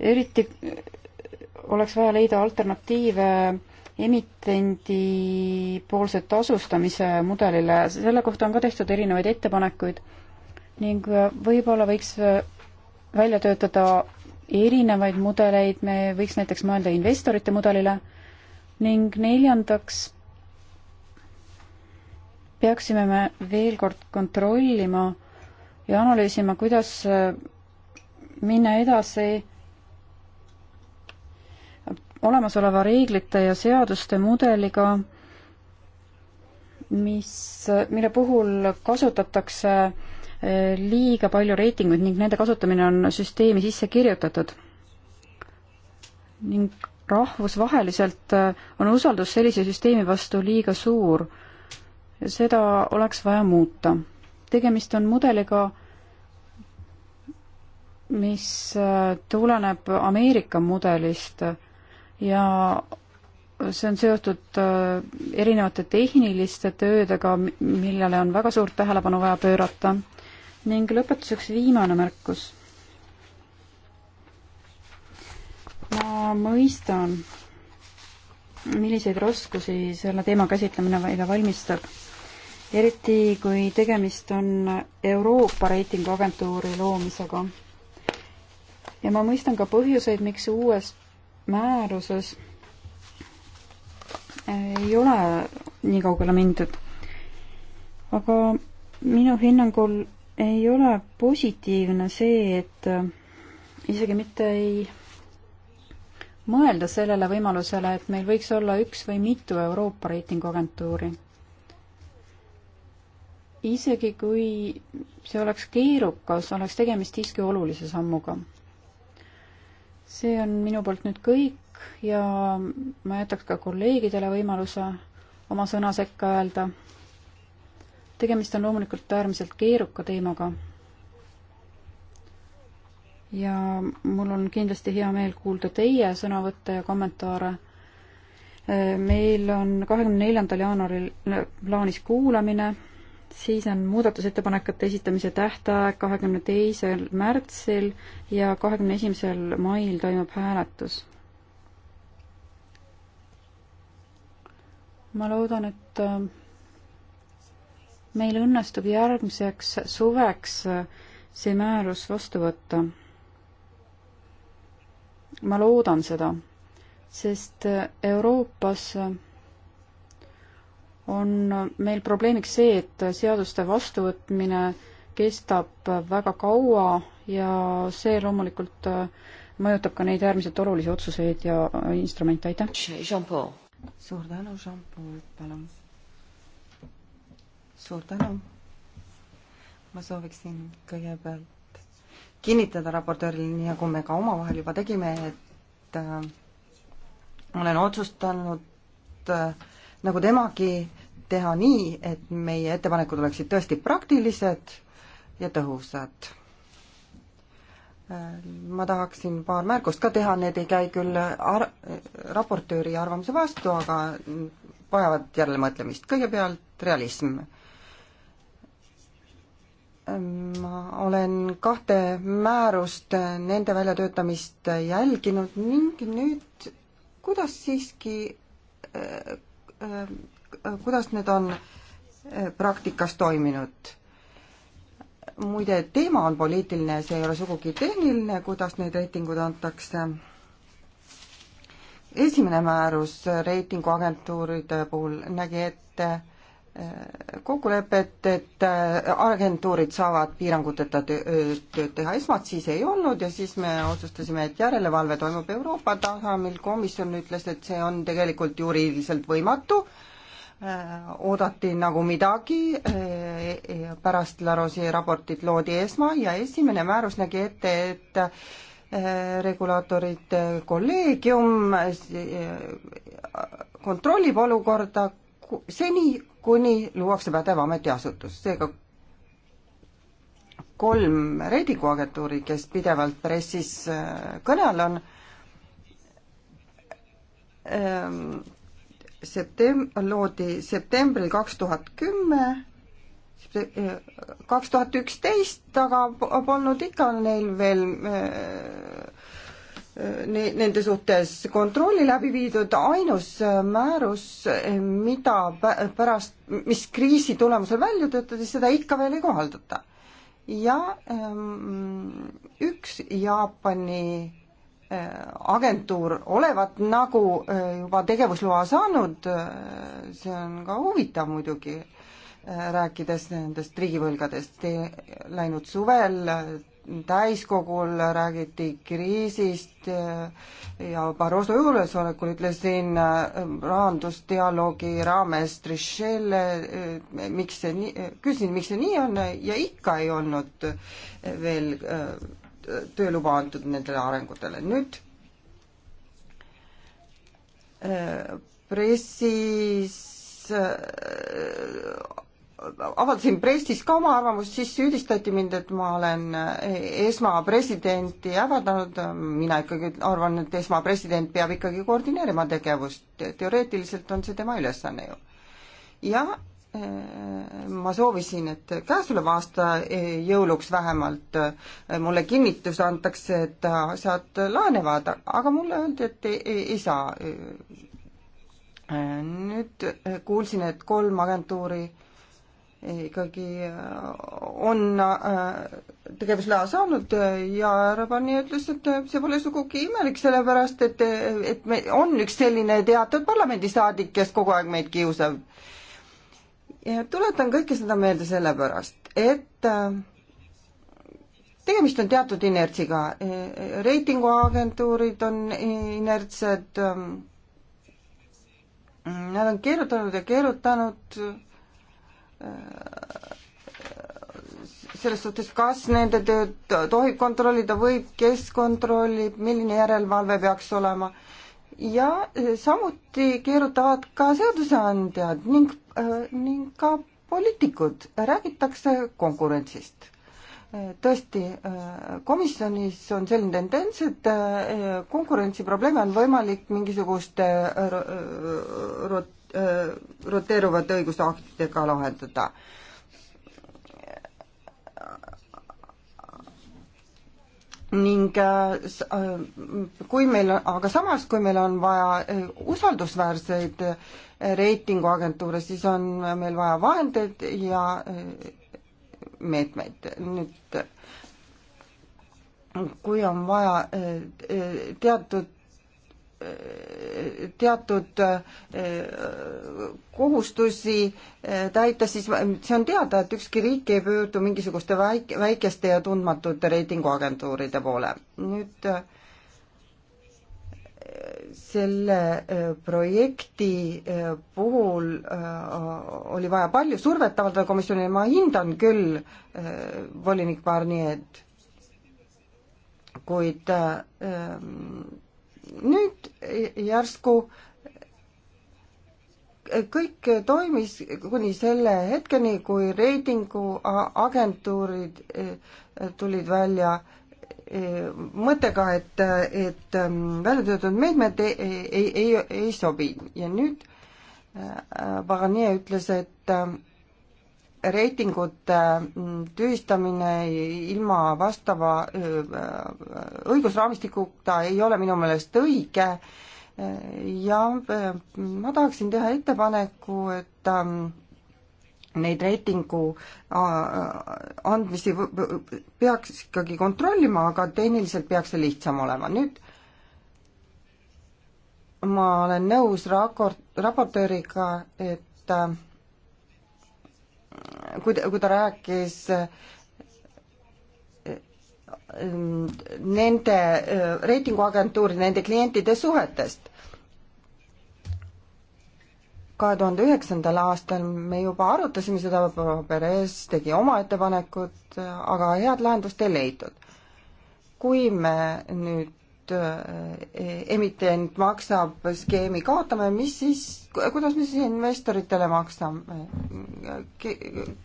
eriti äh, oleks vaja leida alternatiive emitendi poolse tasustamise mudelile, selle kohta on ka tehtud erinevaid ettepanekuid ning äh, võib-olla võiks välja töötada erinevaid mudeleid, me võiks näiteks mõelda investorite mudelile ning neljandaks peaksime me veel kord kontrollima ja analüüsima, kuidas äh, minna edasi olemasoleva reeglite ja seaduste mudeliga, mis, äh, mille puhul kasutatakse äh, liiga palju reitinguid ning nende kasutamine on süsteemi sisse kirjutatud. ning rahvusvaheliselt on usaldus sellise süsteemi vastu liiga suur seda oleks vaja muuta. tegemist on mudeliga, mis äh, tuleneb Ameerika mudelist ja see on seotud äh, erinevate tehniliste töödega, millele on väga suurt tähelepanu vaja pöörata. ning lõpetuseks viimane märkus. ma mõistan, milliseid raskusi selle teema käsitlemine meile valmistab eriti kui tegemist on Euroopa reitinguagentuuri loomisega. ja ma mõistan ka põhjuseid, miks uues määruses ei ole nii kaugele mindud. aga minu hinnangul ei ole positiivne see, et isegi mitte ei mõelda sellele võimalusele, et meil võiks olla üks või mitu Euroopa reitinguagentuuri isegi kui see oleks keerukas, oleks tegemist siiski olulise sammuga. see on minu poolt nüüd kõik ja ma jätaks ka kolleegidele võimaluse oma sõna sekka öelda. tegemist on loomulikult äärmiselt keeruka teemaga. ja mul on kindlasti hea meel kuulda teie sõnavõtte ja kommentaare meil on kahekümne neljandal jaanuaril plaanis kuulamine siis on muudatusettepanekute esitamise tähtaeg kahekümne teisel märtsil ja kahekümne esimesel mail toimub hääletus. ma loodan, et äh, meil õnnestub järgmiseks suveks äh, see määrus vastu võtta. ma loodan seda, sest äh, Euroopas on meil probleemiks see, et seaduste vastuvõtmine kestab väga kaua ja see loomulikult äh, mõjutab ka neid äärmiselt olulisi otsuseid ja äh, instrumente, aitäh! suur tänu, Jean-Paul, palun! suur tänu! ma sooviksin kõigepealt kinnitada raportööril, nii nagu me ka omavahel juba tegime, et äh, olen otsustanud äh, nagu temagi teha nii, et meie ettepanekud oleksid tõesti praktilised ja tõhusad. ma tahaksin paar märkust ka teha, need ei käi küll ar-, raportööri arvamuse vastu, aga vajavad järelemõtlemist. kõigepealt realism. ma olen kahte määrust, nende väljatöötamist jälginud ning nüüd kuidas siiski Äh, äh, kuidas need on äh, praktikas toiminud? muide, teema on poliitiline, see ei ole sugugi tehniline, kuidas need reitingud antakse. esimene määrus reitinguagentuuride puhul nägi ette kokkulepet, et äh, agentuurid saavad piiranguteta tööd teha, esmalt siis ei olnud ja siis me otsustasime, et järelevalve toimub Euroopa tasemel, komisjon ütles, et see on tegelikult juriidiliselt võimatu, äh, oodati nagu midagi, äh, pärast Larosi raportit loodi ESMA ja esimene määrus nägi ette, et regulaatorite kolleegium kontrollib olukorda, seni kuni luuakse pädev ametiasutus. seega kolm reitingu agentuuri, kes pidevalt pressis äh, kõne all on, ähm, septem-, loodi septembril kaks tuhat kümme, äh, kaks tuhat üksteist, aga polnud ikka neil veel äh, nende suhtes kontrolli läbi viidud, ainus äh, määrus, äh, mida pärast, mis kriisi tulemusel välja töötati, seda ikka veel ei kohaldata. ja ähm, üks Jaapani äh, agentuur olevat nagu juba tegevusloa saanud, see on ka huvitav muidugi, rääkides nendest riigivõlgadest, läinud suvel täiskogul räägiti kriisist ja Barroso juuresolekul ütlesin äh, rahandusdialoogi raames Trichelle, äh, miks see nii, äh, küsin, miks see nii on ja ikka ei olnud veel tööluba antud nendele arengutele. nüüd pressis avaldasin pressis ka oma arvamust, siis süüdistati mind, et ma olen ESMA presidenti ähvardanud, mina ikkagi arvan, et ESMA president peab ikkagi koordineerima tegevust, teoreetiliselt on see tema ülesanne ju. ja eh, ma soovisin, et käesoleva aasta eh, jõuluks vähemalt eh, mulle kinnitus antakse, et asjad lahenevad, aga mulle öeldi, et ei, ei, ei saa. nüüd kuulsin, et kolm agentuuri ikkagi äh, on äh, tegevusloa saanud äh, ja härra Panni ütles, et see pole sugugi imelik, sellepärast et, et me, on üks selline teatud parlamendisaadik, kes kogu aeg meid kiusab. ja tuletan kõike seda meelde sellepärast, et tegemist on teatud inertsiga, reitinguagentuurid on inertsed, nad on keerutanud ja keerutanud selles suhtes, kas nende tööd tohib kontrollida, võib, kes kontrollib, milline järelevalve peaks olema. ja eh, samuti keerutavad ka seadusandjad ning, eh, ning ka poliitikud, räägitakse konkurentsist. Eh, tõesti, komisjonis on selline tendents, et konkurentsiprobleeme on võimalik mingisuguste rot-, roteeruvate õigusaktidega lahendada. ning äh, kui meil, aga samas, kui meil on vaja äh, usaldusväärseid äh, reitinguagentuure, siis on meil vaja vahendeid ja meetmeid. nüüd kui on vaja teatud teatud äh, kohustusi äh, täita, siis see on teada, et ükski riik ei pöördu mingisuguste väike, väikeste ja tundmatute reitinguagentuuride poole. nüüd äh, selle projekti puhul oli vaja palju survet avaldada komisjonile, ma hindan küll volinik Barnier'd, kuid ähm, nüüd järsku kõik toimis kuni selle hetkeni, kui reitinguagentuurid eh, tulid välja eh, mõttega, et, et mm, välja töötatud meetmed ei, ei, ei, ei sobi ja nüüd eh, Barnier ütles, et mm, reitingute mm, tühistamine ilma vastava äh, õigusraamistikuta ei ole minu meelest õige ja äh, ma tahaksin teha ettepaneku, et ähm, neid reitingu äh, andmisi peaks ikkagi kontrollima, aga tehniliselt peaks see lihtsam olema. nüüd ma olen nõus raport, raportööriga, et kui, kui ta rääkis nende äh, reitinguagentuuri, nende klientide suhetest. kahe tuhande üheksandal aastal me juba arutasime seda, Perez tegi oma ettepanekud, aga head lahendust ei leitud. kui me nüüd Äh, emitent maksab skeemi kaotame, mis siis, kuidas me siis investoritele maksame?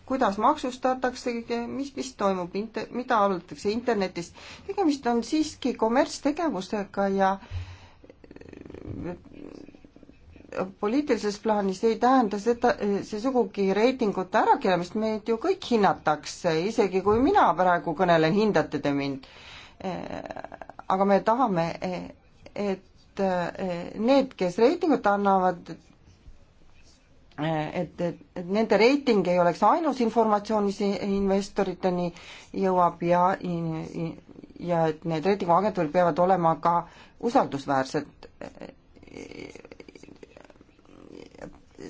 kuidas maksustatakse, mis, mis toimub, mida arutatakse internetis? tegemist on siiski kommertstegevusega ja äh, poliitilises plaanis ei tähenda seda, see sugugi reitingute ärakeelamist, meid ju kõik hinnatakse, isegi kui mina praegu kõnelen, hindate te mind. Eh, aga me tahame, eh, et eh, need, kes reitingut annavad, et, et, et nende reiting ei oleks ainus informatsioon, mis investoriteni jõuab ja ja et need reitinguagentuurid peavad olema ka usaldusväärsed.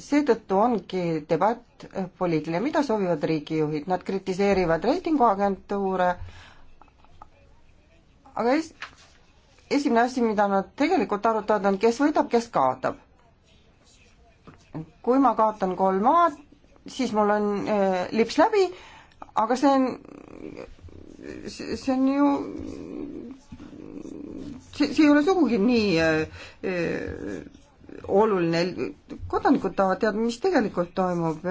seetõttu ongi debatt poliitiline, mida soovivad riigijuhid, nad kritiseerivad reitinguagentuure, aga es-, esimene asi, mida nad tegelikult arutavad, on kes võidab, kes kaotab. kui ma kaotan kolm A-d, siis mul on äh, lips läbi, aga see on, see on ju see, see ei ole sugugi nii äh, äh oluline, kodanikud tahavad teada, mis tegelikult toimub.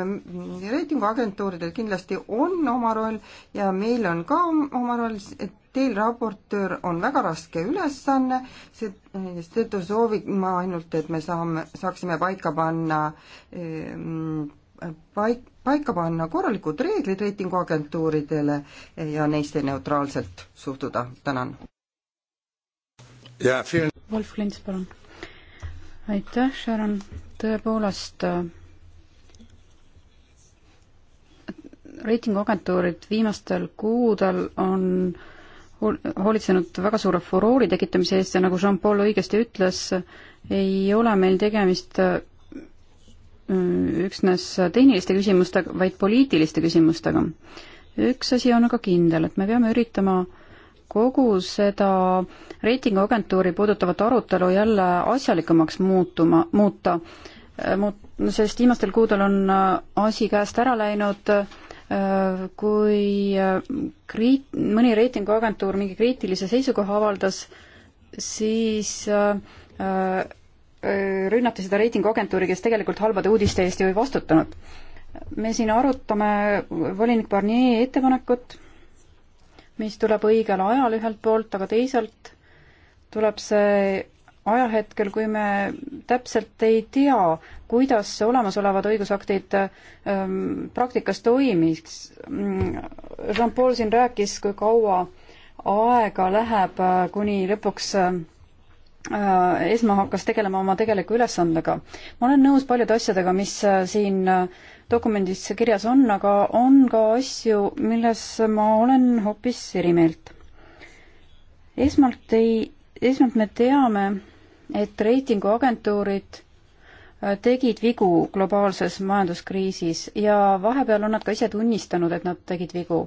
reitinguagentuuridel kindlasti on oma roll ja meil on ka oma roll, et teil, raportöör, on väga raske ülesanne, seetõttu soovin ma ainult, et me saame, saaksime paika panna ehm, paik-, paika panna korralikud reeglid reitinguagentuuridele ja neisse neutraalselt suhtuda, tänan. Wolf Klints, palun aitäh, Sharon, tõepoolest äh, reitinguagentuurid viimastel kuudel on hoolitsenud väga suure furoori tekitamise eest ja nagu Jean-Paul õigesti ütles, ei ole meil tegemist äh, üksnes tehniliste küsimustega, vaid poliitiliste küsimustega. üks asi on aga kindel, et me peame üritama äh, kogu seda reitinguagentuuri puudutavat arutelu jälle asjalikumaks muutuma, muuta, äh, muut-, sest viimastel kuudel on äh, asi käest ära läinud, äh, kui kriit-, mõni reitinguagentuur mingi kriitilise seisukoha avaldas, siis rünnati seda reitinguagentuuri, kes tegelikult halbade uudiste eest ju ei vastutanud. me siin arutame volinik Barnier ettepanekut mis tuleb õigel ajal ühelt poolt, aga teisalt tuleb see ajahetkel, kui me täpselt ei tea, kuidas olemasolevad õigusaktid ähm, praktikas toimiks. Mm, Jean-Paul siin rääkis, kui kaua aega läheb, äh, kuni lõpuks äh, esma hakkas tegelema oma tegeliku ülesandega. ma olen nõus paljude asjadega, mis äh, siin äh, dokumendis see kirjas on, aga on ka asju, milles ma olen hoopis eri meelt. esmalt ei, esmalt me teame, et reitinguagentuurid äh, tegid vigu globaalses majanduskriisis ja vahepeal on nad ka ise tunnistanud, et nad tegid vigu.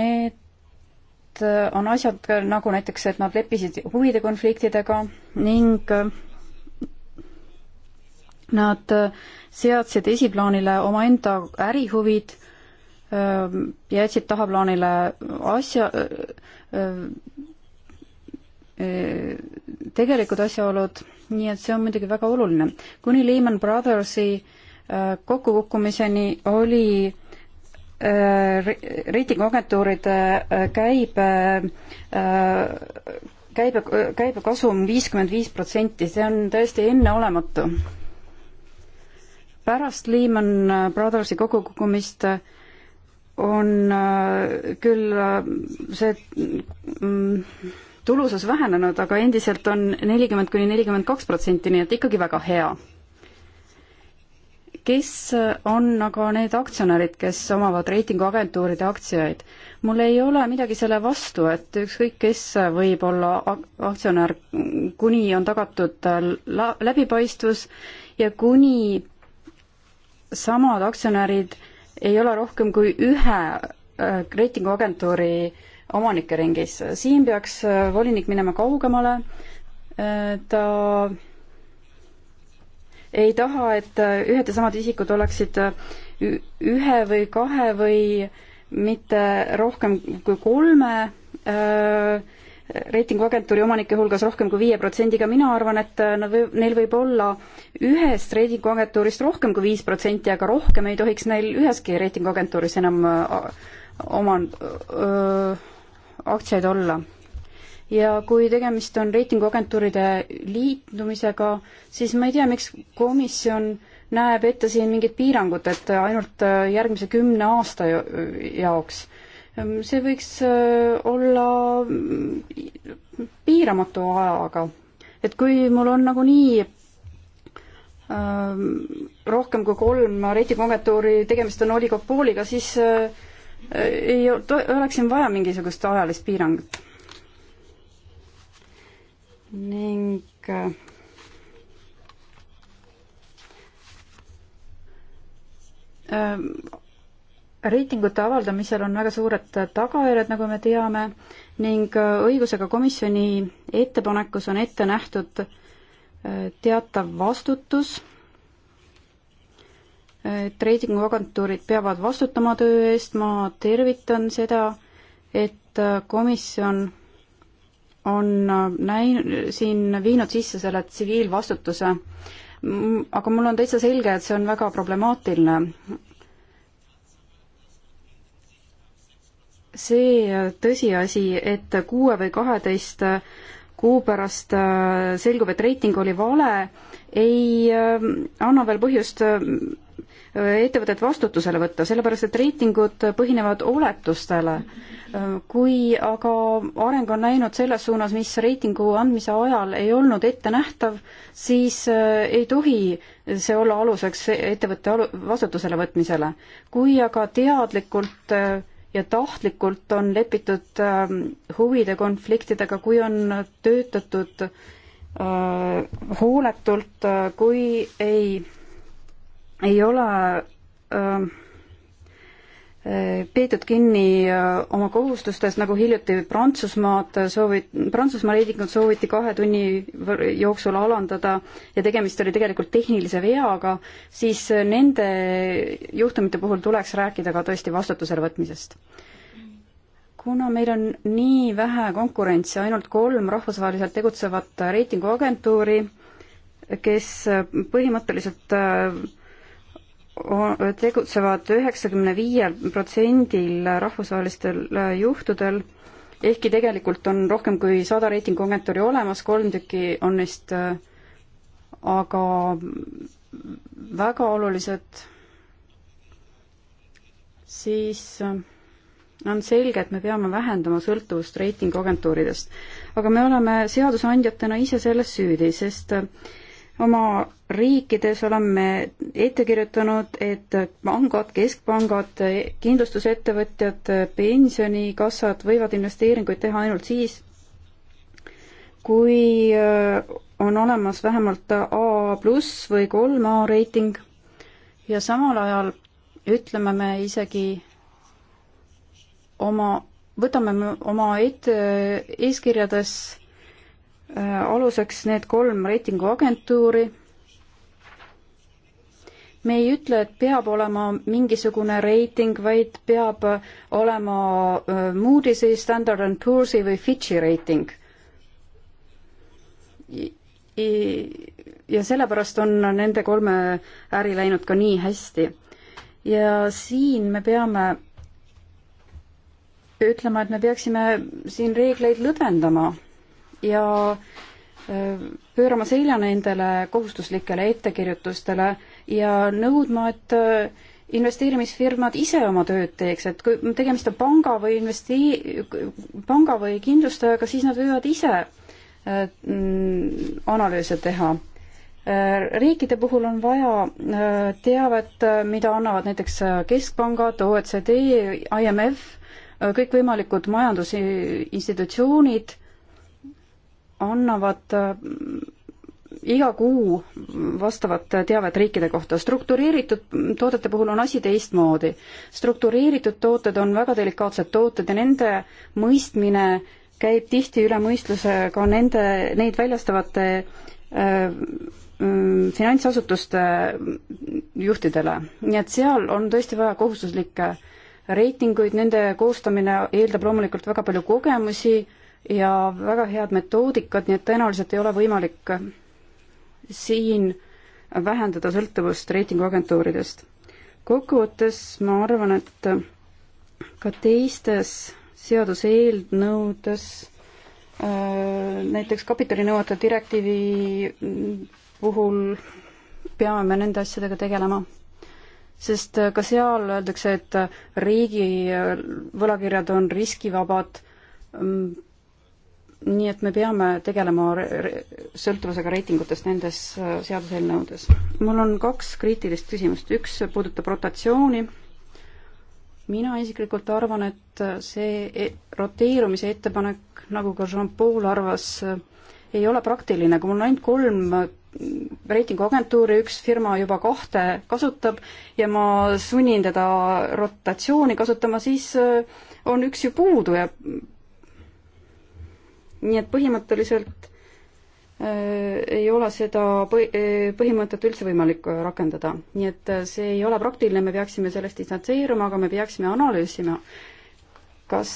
Need äh, on asjad nagu näiteks, et nad leppisid huvide konfliktidega ning äh, Nad äh, seadsid esiplaanile omaenda ärihuvid, äh, jätsid tahaplaanile asja, äh, tegelikud asjaolud, nii et see on muidugi väga oluline. kuni Lehman Brothersi kokkukukkumiseni oli reitinguagentuuride käibe, käibe, käibekasum viiskümmend viis protsenti, see on täiesti enneolematu pärast Lehman Brothersi kokkukukkumist on äh, küll äh, see mm, tulusus vähenenud, aga endiselt on nelikümmend kuni nelikümmend kaks protsenti, nii et ikkagi väga hea. kes on aga need aktsionärid, kes omavad reitinguagentuuride aktsiaid? mul ei ole midagi selle vastu, et ükskõik kes võib olla aktsionär, kuni on tagatud äh, läbipaistvus ja kuni samad aktsionärid ei ole rohkem kui ühe äh, reitinguagentuuri omanike ringis. siin peaks äh, volinik minema kaugemale, äh, ta ei taha, et ühed ja samad isikud oleksid ühe või kahe või mitte rohkem kui kolme äh, reitinguagentuuri omanike hulgas rohkem kui viie protsendiga, mina arvan, et äh, nad või, neil võib olla ühest reitinguagentuurist rohkem kui viis protsenti, aga rohkem ei tohiks neil üheski reitinguagentuuris enam äh, oma aktsiaid olla. ja kui tegemist on reitinguagentuuride liitumisega, siis ma ei tea, miks komisjon näeb ette siin mingit piirangut, et ainult äh, järgmise kümne aasta jaoks Ehm, see võiks äh, olla mm, piiramatu ajaga. et kui mul on nagunii ehm, rohkem kui kolm reitinguagentuuri tegemist on oligopooliga, siis äh, ei oleks siin vaja mingisugust ajalist piirangut. ning äh, ehm, reitingute avaldamisel on väga suured tagajärjed, nagu me teame, ning äh, õigusega komisjoni ettepanekus on ette nähtud äh, teatav vastutus, et reitinguagentuurid peavad vastutama töö eest, ma tervitan seda, et äh, komisjon on näin-, siin viinud sisse selle tsiviilvastutuse aga mul on täitsa selge, et see on väga problemaatiline. see tõsiasi, et kuue või kaheteist kuu pärast äh, selgub, et reiting oli vale, ei äh, anna veel põhjust äh, ettevõtet vastutusele võtta, sellepärast et reitingud põhinevad oletustele. kui aga areng on läinud selles suunas, mis reitingu andmise ajal ei olnud ettenähtav, siis ei tohi see olla aluseks ettevõtte vastutusele võtmisele. kui aga teadlikult ja tahtlikult on lepitud ähm, huvide konfliktidega, kui on töötatud äh, hooletult, äh, kui ei, ei ole ähm, peetud kinni äh, oma kohustustest, nagu hiljuti Prantsusmaad soovi-, Prantsusmaa reitingut sooviti kahe tunni jooksul alandada ja tegemist oli tegelikult tehnilise veaga, siis äh, nende juhtumite puhul tuleks rääkida ka tõesti vastutusele võtmisest. kuna meil on nii vähe konkurentsi, ainult kolm rahvusvaheliselt tegutsevat reitinguagentuuri, kes äh, põhimõtteliselt äh, tegutsevad üheksakümne viiel protsendil rahvusvahelistel äh, juhtudel, ehkki tegelikult on rohkem kui sada reitinguagentuuri olemas, kolm tükki on neist äh, aga väga olulised, siis äh, on selge, et me peame vähendama sõltuvust reitinguagentuuridest. aga me oleme seadusandjatena ise selles süüdi, sest äh, oma riikides oleme ette kirjutanud, et pangad, keskpangad, kindlustusettevõtjad, pensionikassad võivad investeeringuid teha ainult siis, kui äh, on olemas vähemalt A pluss või kolm A reiting ja samal ajal ütleme me isegi oma, võtame me oma ette eeskirjades Äh, aluseks need kolm reitinguagentuuri. me ei ütle, et peab olema mingisugune reiting, vaid peab olema äh, Moody'si, Standard and Poor'si või Fitchi reiting. ja sellepärast on nende kolme äri läinud ka nii hästi. ja siin me peame ütlema, et me peaksime siin reegleid lõdvendama ja äh, pöörama selja nendele kohustuslikele ettekirjutustele ja nõudma, et äh, investeerimisfirmad ise oma tööd teeks, et kui tegemist on panga või investee-, panga või kindlustajaga, siis nad võivad ise äh, mm, analüüse teha. riikide puhul on vaja teavet, mida annavad näiteks keskpangad, OECD, IMF, kõikvõimalikud majandusinstitutsioonid annavad äh, iga kuu vastavat teavet riikide kohta. struktureeritud toodete puhul on asi teistmoodi. struktureeritud tooted on väga delikaatsed tooted ja nende mõistmine käib tihti üle mõistluse ka nende, neid väljastavate äh, mm, finantsasutuste juhtidele. nii et seal on tõesti vaja kohustuslikke reitinguid, nende koostamine eeldab loomulikult väga palju kogemusi ja väga head metoodikad, nii et tõenäoliselt ei ole võimalik siin vähendada sõltuvust reitinguagentuuridest. kokkuvõttes ma arvan, et ka teistes seaduseelnõudes äh, näiteks kapitalinõuete direktiivi puhul peame me nende asjadega tegelema sest ka seal öeldakse, et riigi võlakirjad on riskivabad, mm, nii et me peame tegelema re sõltuvusega reitingutest nendes äh, seaduseelnõudes. mul on kaks kriitilist küsimust, üks puudutab rotatsiooni. mina isiklikult arvan, et äh, see e-, roteerumise ettepanek, nagu ka Jean-Paul arvas, äh, ei ole praktiline, kui mul on ainult kolm reitinguagentuuri, üks firma juba kahte kasutab ja ma sunnin teda rotatsiooni kasutama, siis on üks ju puudu ja nii et põhimõtteliselt äh, ei ole seda äh, põhimõtet üldse võimalik äh, rakendada. nii et see ei ole praktiline, me peaksime sellest distantseeruma, aga me peaksime analüüsima, kas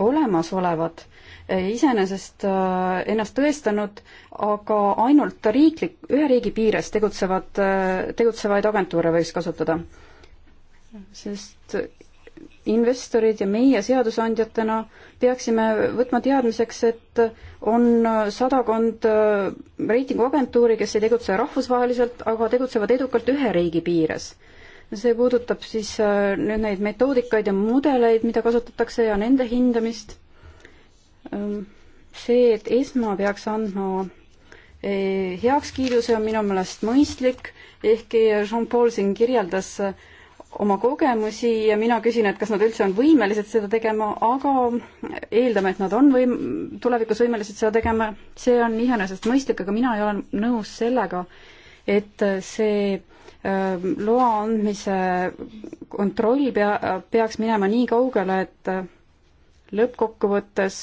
olemasolevad iseenesest ennast tõestanud, aga ainult riiklik, ühe riigi piires tegutsevad, tegutsevaid agentuure võiks kasutada. sest investorid ja meie seadusandjatena peaksime võtma teadmiseks, et on sadakond äh, reitinguagentuuri, kes ei tegutse rahvusvaheliselt, aga tegutsevad edukalt ühe riigi piires. see puudutab siis äh, nüüd neid metoodikaid ja mudeleid, mida kasutatakse ja nende hindamist. Ähm, see, et ESMA peaks andma äh, heakskiidu, see on minu meelest mõistlik, ehkki Jean-Paul siin kirjeldas äh, oma kogemusi ja mina küsin, et kas nad üldse on võimelised seda tegema, aga eeldame, et nad on võim-, tulevikus võimelised seda tegema, see on iseenesestmõistlik, aga mina ei ole nõus sellega, et see äh, loa andmise kontroll pea, peaks minema nii kaugele, et äh, lõppkokkuvõttes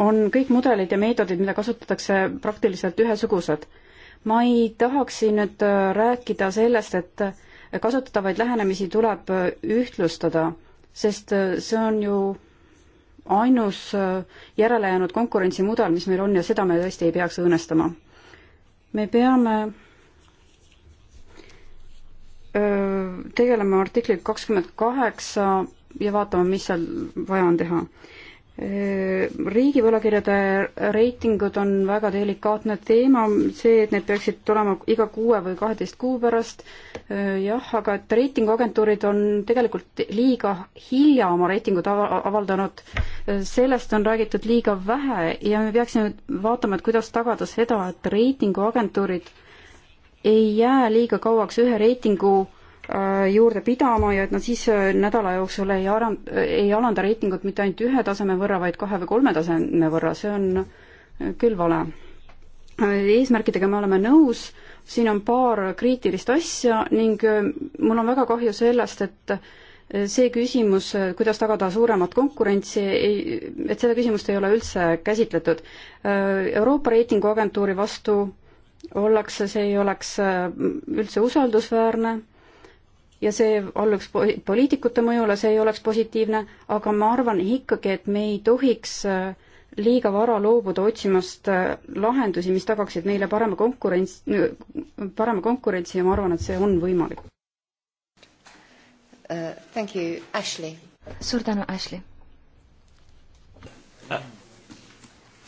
on kõik mudelid ja meetodid, mida kasutatakse, praktiliselt ühesugused ma ei tahaks siin nüüd äh, rääkida sellest, et äh, kasutatavaid lähenemisi tuleb äh, ühtlustada, sest see on ju ainus järelejäänud konkurentsimudel, mis meil on ja seda me tõesti ei peaks õõnestama. me peame tegelema artikliga kakskümmend kaheksa ja vaatama, mis seal vaja on teha riigivõlakirjade reitingud on väga delikaatne teema, see, et need peaksid tulema iga kuue või kaheteist kuu pärast, jah, aga et reitinguagentuurid on tegelikult liiga hilja oma reitingud avaldanud, sellest on räägitud liiga vähe ja me peaksime vaatama, et kuidas tagada seda, et reitinguagentuurid ei jää liiga kauaks ühe reitingu Äh, juurde pidama ja et nad siis äh, nädala jooksul ei ara-, ei alanda reitingut mitte ainult ühe taseme võrra, vaid kahe või kolme taseme võrra, see on äh, küll vale. eesmärkidega me oleme nõus, siin on paar kriitilist asja ning mul on väga kahju sellest, et see küsimus, kuidas tagada suuremat konkurentsi, ei, et seda küsimust ei ole üldse käsitletud. Euroopa reitinguagentuuri vastu ollakse, see ei oleks üldse usaldusväärne ja see alluks poliitikute mõjule, see ei oleks positiivne, aga ma arvan ikkagi, et me ei tohiks äh, liiga vara loobuda otsimast äh, lahendusi, mis tagaksid meile parema konkurents, parema konkurentsi ja ma arvan, et see on võimalik uh,. Thank you, Ashley. suur tänu, Ashley uh,.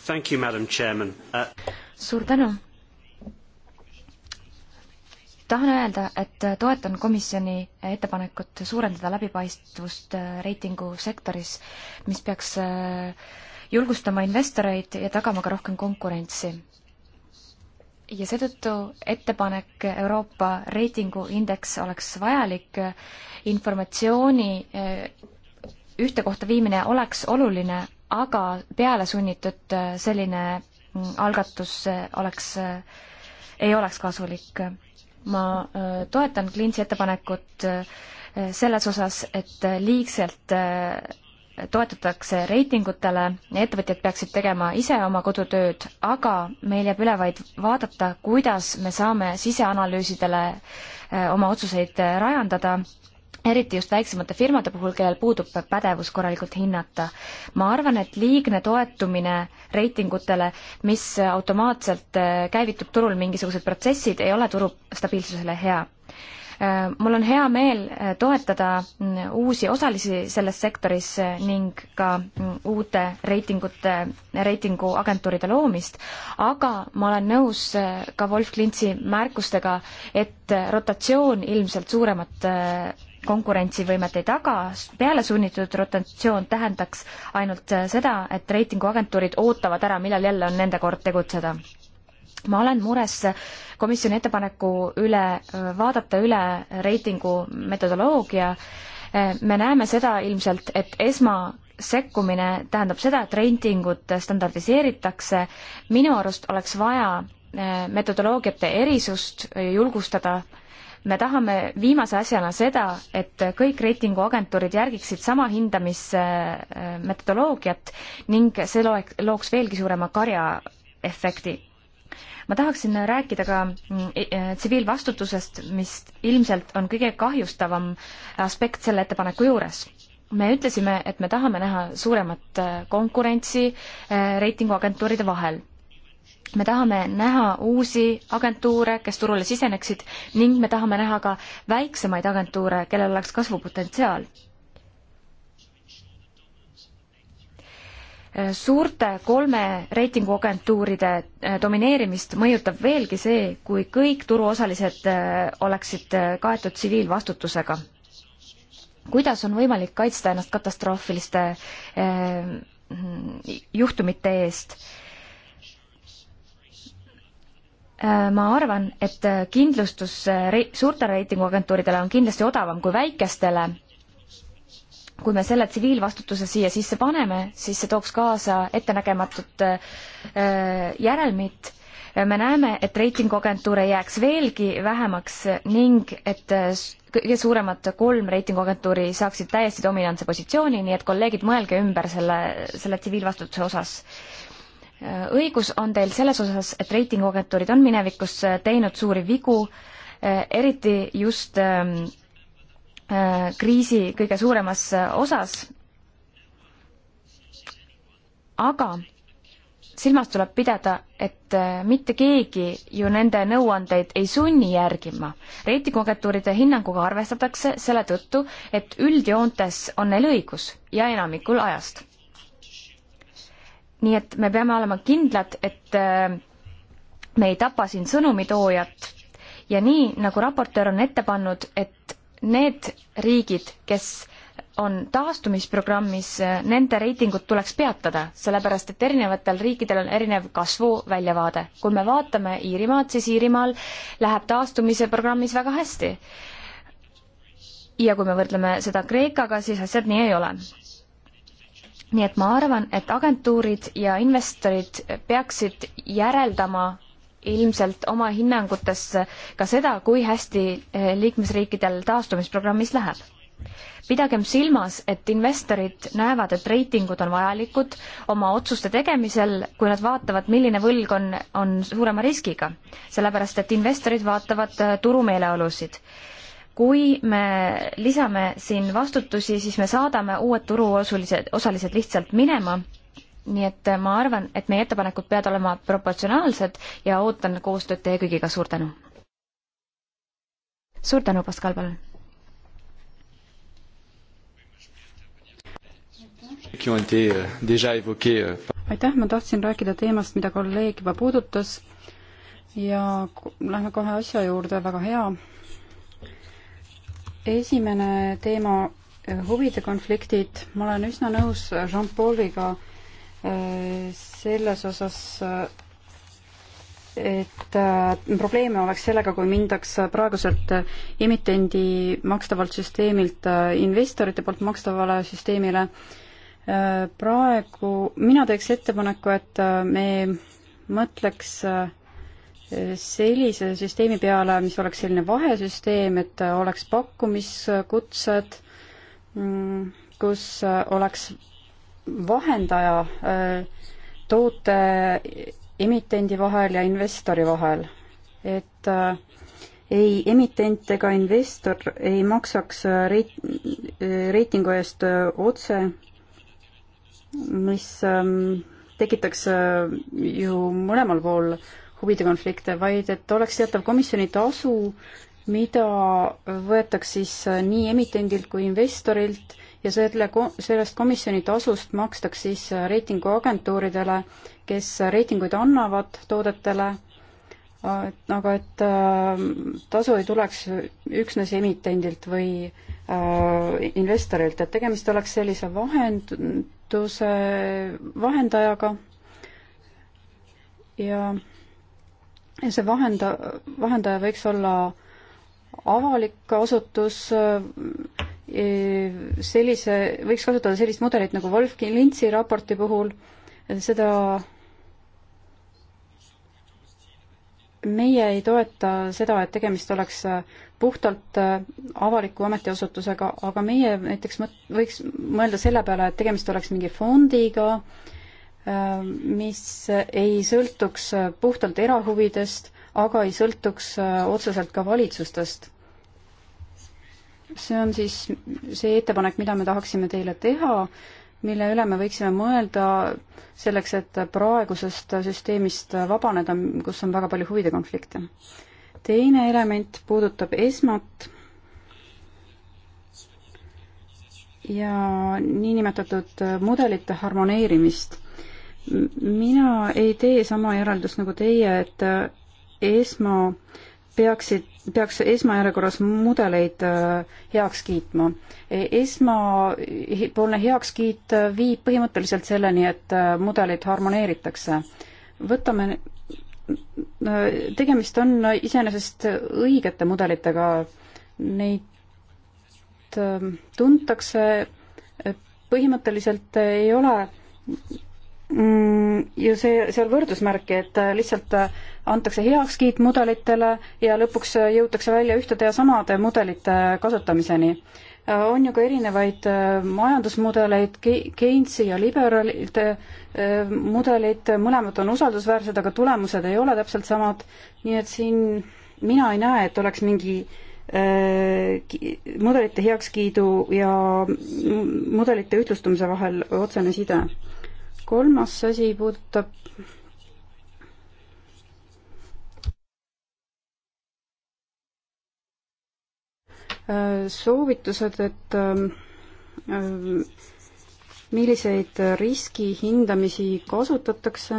Thank you, madam chairman uh.... suur tänu tahan öelda, et toetan komisjoni ettepanekut suurendada läbipaistvust äh, reitingusektoris, mis peaks äh, julgustama investoreid ja tagama ka rohkem konkurentsi. ja seetõttu ettepanek Euroopa reitinguindeks oleks vajalik, informatsiooni äh, ühte kohta viimine oleks oluline, aga pealesunnitud selline mm, algatus oleks, ei oleks kasulik ma äh, toetan Klintsi ettepanekut äh, selles osas, et liigselt äh, toetatakse reitingutele, ettevõtjad peaksid tegema ise oma kodutööd, aga meil jääb üle vaid vaadata, kuidas me saame siseanalüüsidele oma otsuseid rajandada eriti just väiksemate firmade puhul, kellel puudub pädevus korralikult hinnata. ma arvan, et liigne toetumine reitingutele, mis automaatselt äh, käivitub turul mingisugused protsessid, ei ole turu stabiilsusele hea. Äh, mul on hea meel äh, toetada mm, uusi osalisi selles sektoris ning ka mm, uute reitingute, reitinguagentuuride loomist, aga ma olen nõus ka Wolf Klintsi märkustega, et rotatsioon ilmselt suuremat konkurentsivõimet ei taga, peale sunnitud rotatsioon tähendaks ainult seda, et reitinguagentuurid ootavad ära, millal jälle on nende kord tegutseda. ma olen mures komisjoni ettepaneku üle vaadata üle reitingu metodoloogia. me näeme seda ilmselt, et esma sekkumine tähendab seda, et reitingud standardiseeritakse. minu arust oleks vaja metodoloogiate erisust julgustada äh, me tahame viimase asjana seda, et kõik reitinguagentuurid järgiksid sama hindamismetodoloogiat ning see loeks, looks veelgi suurema karjaefekti. ma tahaksin rääkida ka e, e, tsiviilvastutusest, mis ilmselt on kõige kahjustavam aspekt selle ettepaneku juures me ütlesime, et me tahame näha suuremat konkurentsi e, reitinguagentuuride vahel me tahame näha uusi agentuure, kes turule siseneksid ning me tahame näha ka väiksemaid agentuure, kellel oleks kasvupotentsiaal. suurte kolme reitinguagentuuride äh, domineerimist mõjutab veelgi see, kui kõik turuosalised äh, oleksid äh, kaetud tsiviilvastutusega. kuidas on võimalik kaitsta ennast katastroofiliste juhtumite eest? Äh, ma arvan, et äh, kindlustus äh, suurtele reitinguagentuuridele on kindlasti odavam kui väikestele. kui me selle tsiviilvastutuse siia sisse paneme, siis see tooks kaasa ettenägematut järelmit. me näeme, et reitinguagentuure jääks veelgi vähemaks ning et kõige suuremad kolm reitinguagentuuri saaksid täiesti dominantse positsiooni, nii et kolleegid, mõelge ümber selle, selle tsiviilvastutuse osas õigus on teil selles osas, et reitinguagentuurid on minevikus äh, teinud suuri vigu, äh, eriti just ähm, äh, kriisi kõige suuremas osas. aga silmas tuleb pidada, et mitte keegi ju nende nõuandeid ei sunni järgima. reitinguagentuuride hinnanguga arvestatakse selle tõttu, et üldjoontes on neil õigus ja enamikul ajast nii et me peame olema kindlad, et äh, me ei tapa siin sõnumitoojat ja nii, nagu raportöör on ette pannud, et need riigid, kes on taastumisprogrammis, äh, nende reitingud tuleks peatada, sellepärast et erinevatel riikidel on erinev kasvuväljavaade. kui me vaatame Iirimaad, siis Iirimaal läheb taastumise programmis väga hästi. ja kui me võrdleme seda Kreekaga, siis asjad nii ei ole nii et ma arvan, et agentuurid ja investorid peaksid järeldama ilmselt oma hinnangutes ka seda, kui hästi eh, liikmesriikidel taastumisprogrammis läheb. pidagem silmas, et investorid näevad, et reitingud on vajalikud oma otsuste tegemisel, kui nad vaatavad, milline võlg on, on suurema riskiga. sellepärast, et investorid vaatavad eh, turumeeleolusid kui me lisame siin vastutusi, siis me saadame uued turuosalised, osalised lihtsalt minema. nii et äh, ma arvan, et meie ettepanekud peavad olema proportsionaalsed ja ootan koostööd teie kõigiga, suur tänu! suur tänu, Pascal, palun! Euh, euh, aitäh, ma tahtsin rääkida teemast, mida kolleeg juba puudutas ja lähme kohe asja juurde, väga hea esimene teema, eh, huvide konfliktid, ma olen üsna nõus Jean-Pauliga eh, selles osas, eh, et probleeme oleks sellega, kui mindaks praeguselt emitendi makstavalt süsteemilt investorite poolt makstavale süsteemile. praegu, mina teeks ettepaneku, et me mõtleks sellise süsteemi peale, mis oleks selline vahesüsteem, et oleks pakkumiskutsed, mm, kus oleks vahendaja äh, toote emitendi vahel ja investori vahel, et äh, ei emitent ega investor ei maksaks äh, reit-, reitingu eest otse, mis ähm, tekitaks ju mõlemal pool huvide konflikte, vaid et oleks teatav komisjoni tasu, mida võetaks siis äh, nii emitendilt kui investorilt ja selle, sellest komisjoni tasust makstaks siis äh, reitinguagentuuridele, kes äh, reitinguid annavad toodetele, aga et tasu ei tuleks üksnes emitendilt või investorilt, et tegemist oleks sellise vahenduse, vahendajaga ja see vahenda, vahendaja võiks olla avalik asutus, e, sellise, võiks kasutada sellist mudelit nagu Wolfgang Lintsi raporti puhul, seda meie ei toeta seda, et tegemist oleks puhtalt avaliku ametiasutusega, aga meie näiteks mõt-, võiks mõelda selle peale, et tegemist oleks mingi fondiga, Äh, mis ei sõltuks äh, puhtalt erahuvidest, aga ei sõltuks äh, otseselt ka valitsustest. see on siis see ettepanek, mida me tahaksime teile teha, mille üle me võiksime mõelda selleks, et praegusest süsteemist vabaneda, kus on väga palju huvide konflikte. teine element puudutab esmat ja niinimetatud mudelite harmoneerimist mina ei tee sama järeldust nagu teie, et äh, esma peaksid, peaks esmajärjekorras mudeleid äh, heaks kiitma. E, esmapoolne heakskiit äh, viib põhimõtteliselt selleni, et mudeleid harmoneeritakse. võtame, tegemist on iseenesest õigete mudelitega, neid tuntakse, põhimõtteliselt ei ole Mm, ju see, seal võrdusmärki, et äh, lihtsalt äh, antakse heakskiit mudelitele ja lõpuks äh, jõutakse välja ühtede ja samade mudelite kasutamiseni. on ju ka erinevaid majandusmudeleid, Keinsi ja liberaalide mudelid, mõlemad on usaldusväärsed, aga tulemused ei ole täpselt samad, nii et siin mina ei näe, et oleks mingi mudelite heakskiidu ja mudelite ühtlustumise vahel otsene side kolmas asi puudutab soovitused, et ähm, milliseid riskihindamisi kasutatakse.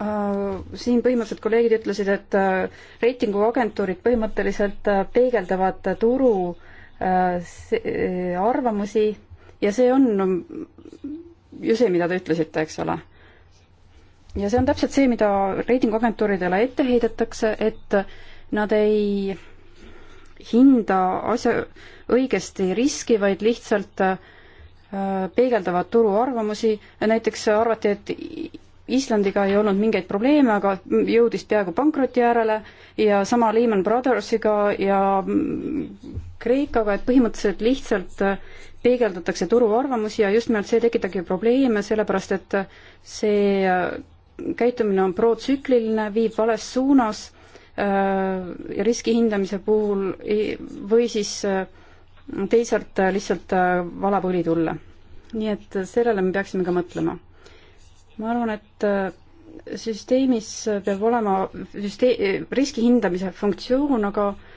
Äh, siin põhimõtteliselt kolleegid ütlesid, et äh, reitinguagentuurid põhimõtteliselt äh, peegeldavad turu arvamusi ja see on ju see, mida te ütlesite, eks ole. ja see on täpselt see, mida reitinguagentuuridele ette heidetakse, et nad ei hinda asja, õigesti riski, vaid lihtsalt äh, peegeldavad turu arvamusi, näiteks arvati, et Islandiga ei olnud mingeid probleeme, aga jõudis peaaegu pankroti äärele ja sama Lehman Brothersiga ja Kreekaga, et põhimõtteliselt lihtsalt äh, peegeldatakse turuarvamusi ja just nimelt see tekitabki probleeme, sellepärast et äh, see äh, käitumine on protsükliline, viib vales suunas ja riski hindamise puhul või siis teisalt lihtsalt valab õli tulle. nii et sellele me peaksime ka mõtlema. ma arvan, et süsteemis peab olema süste-, riski hindamise funktsioon, aga äh,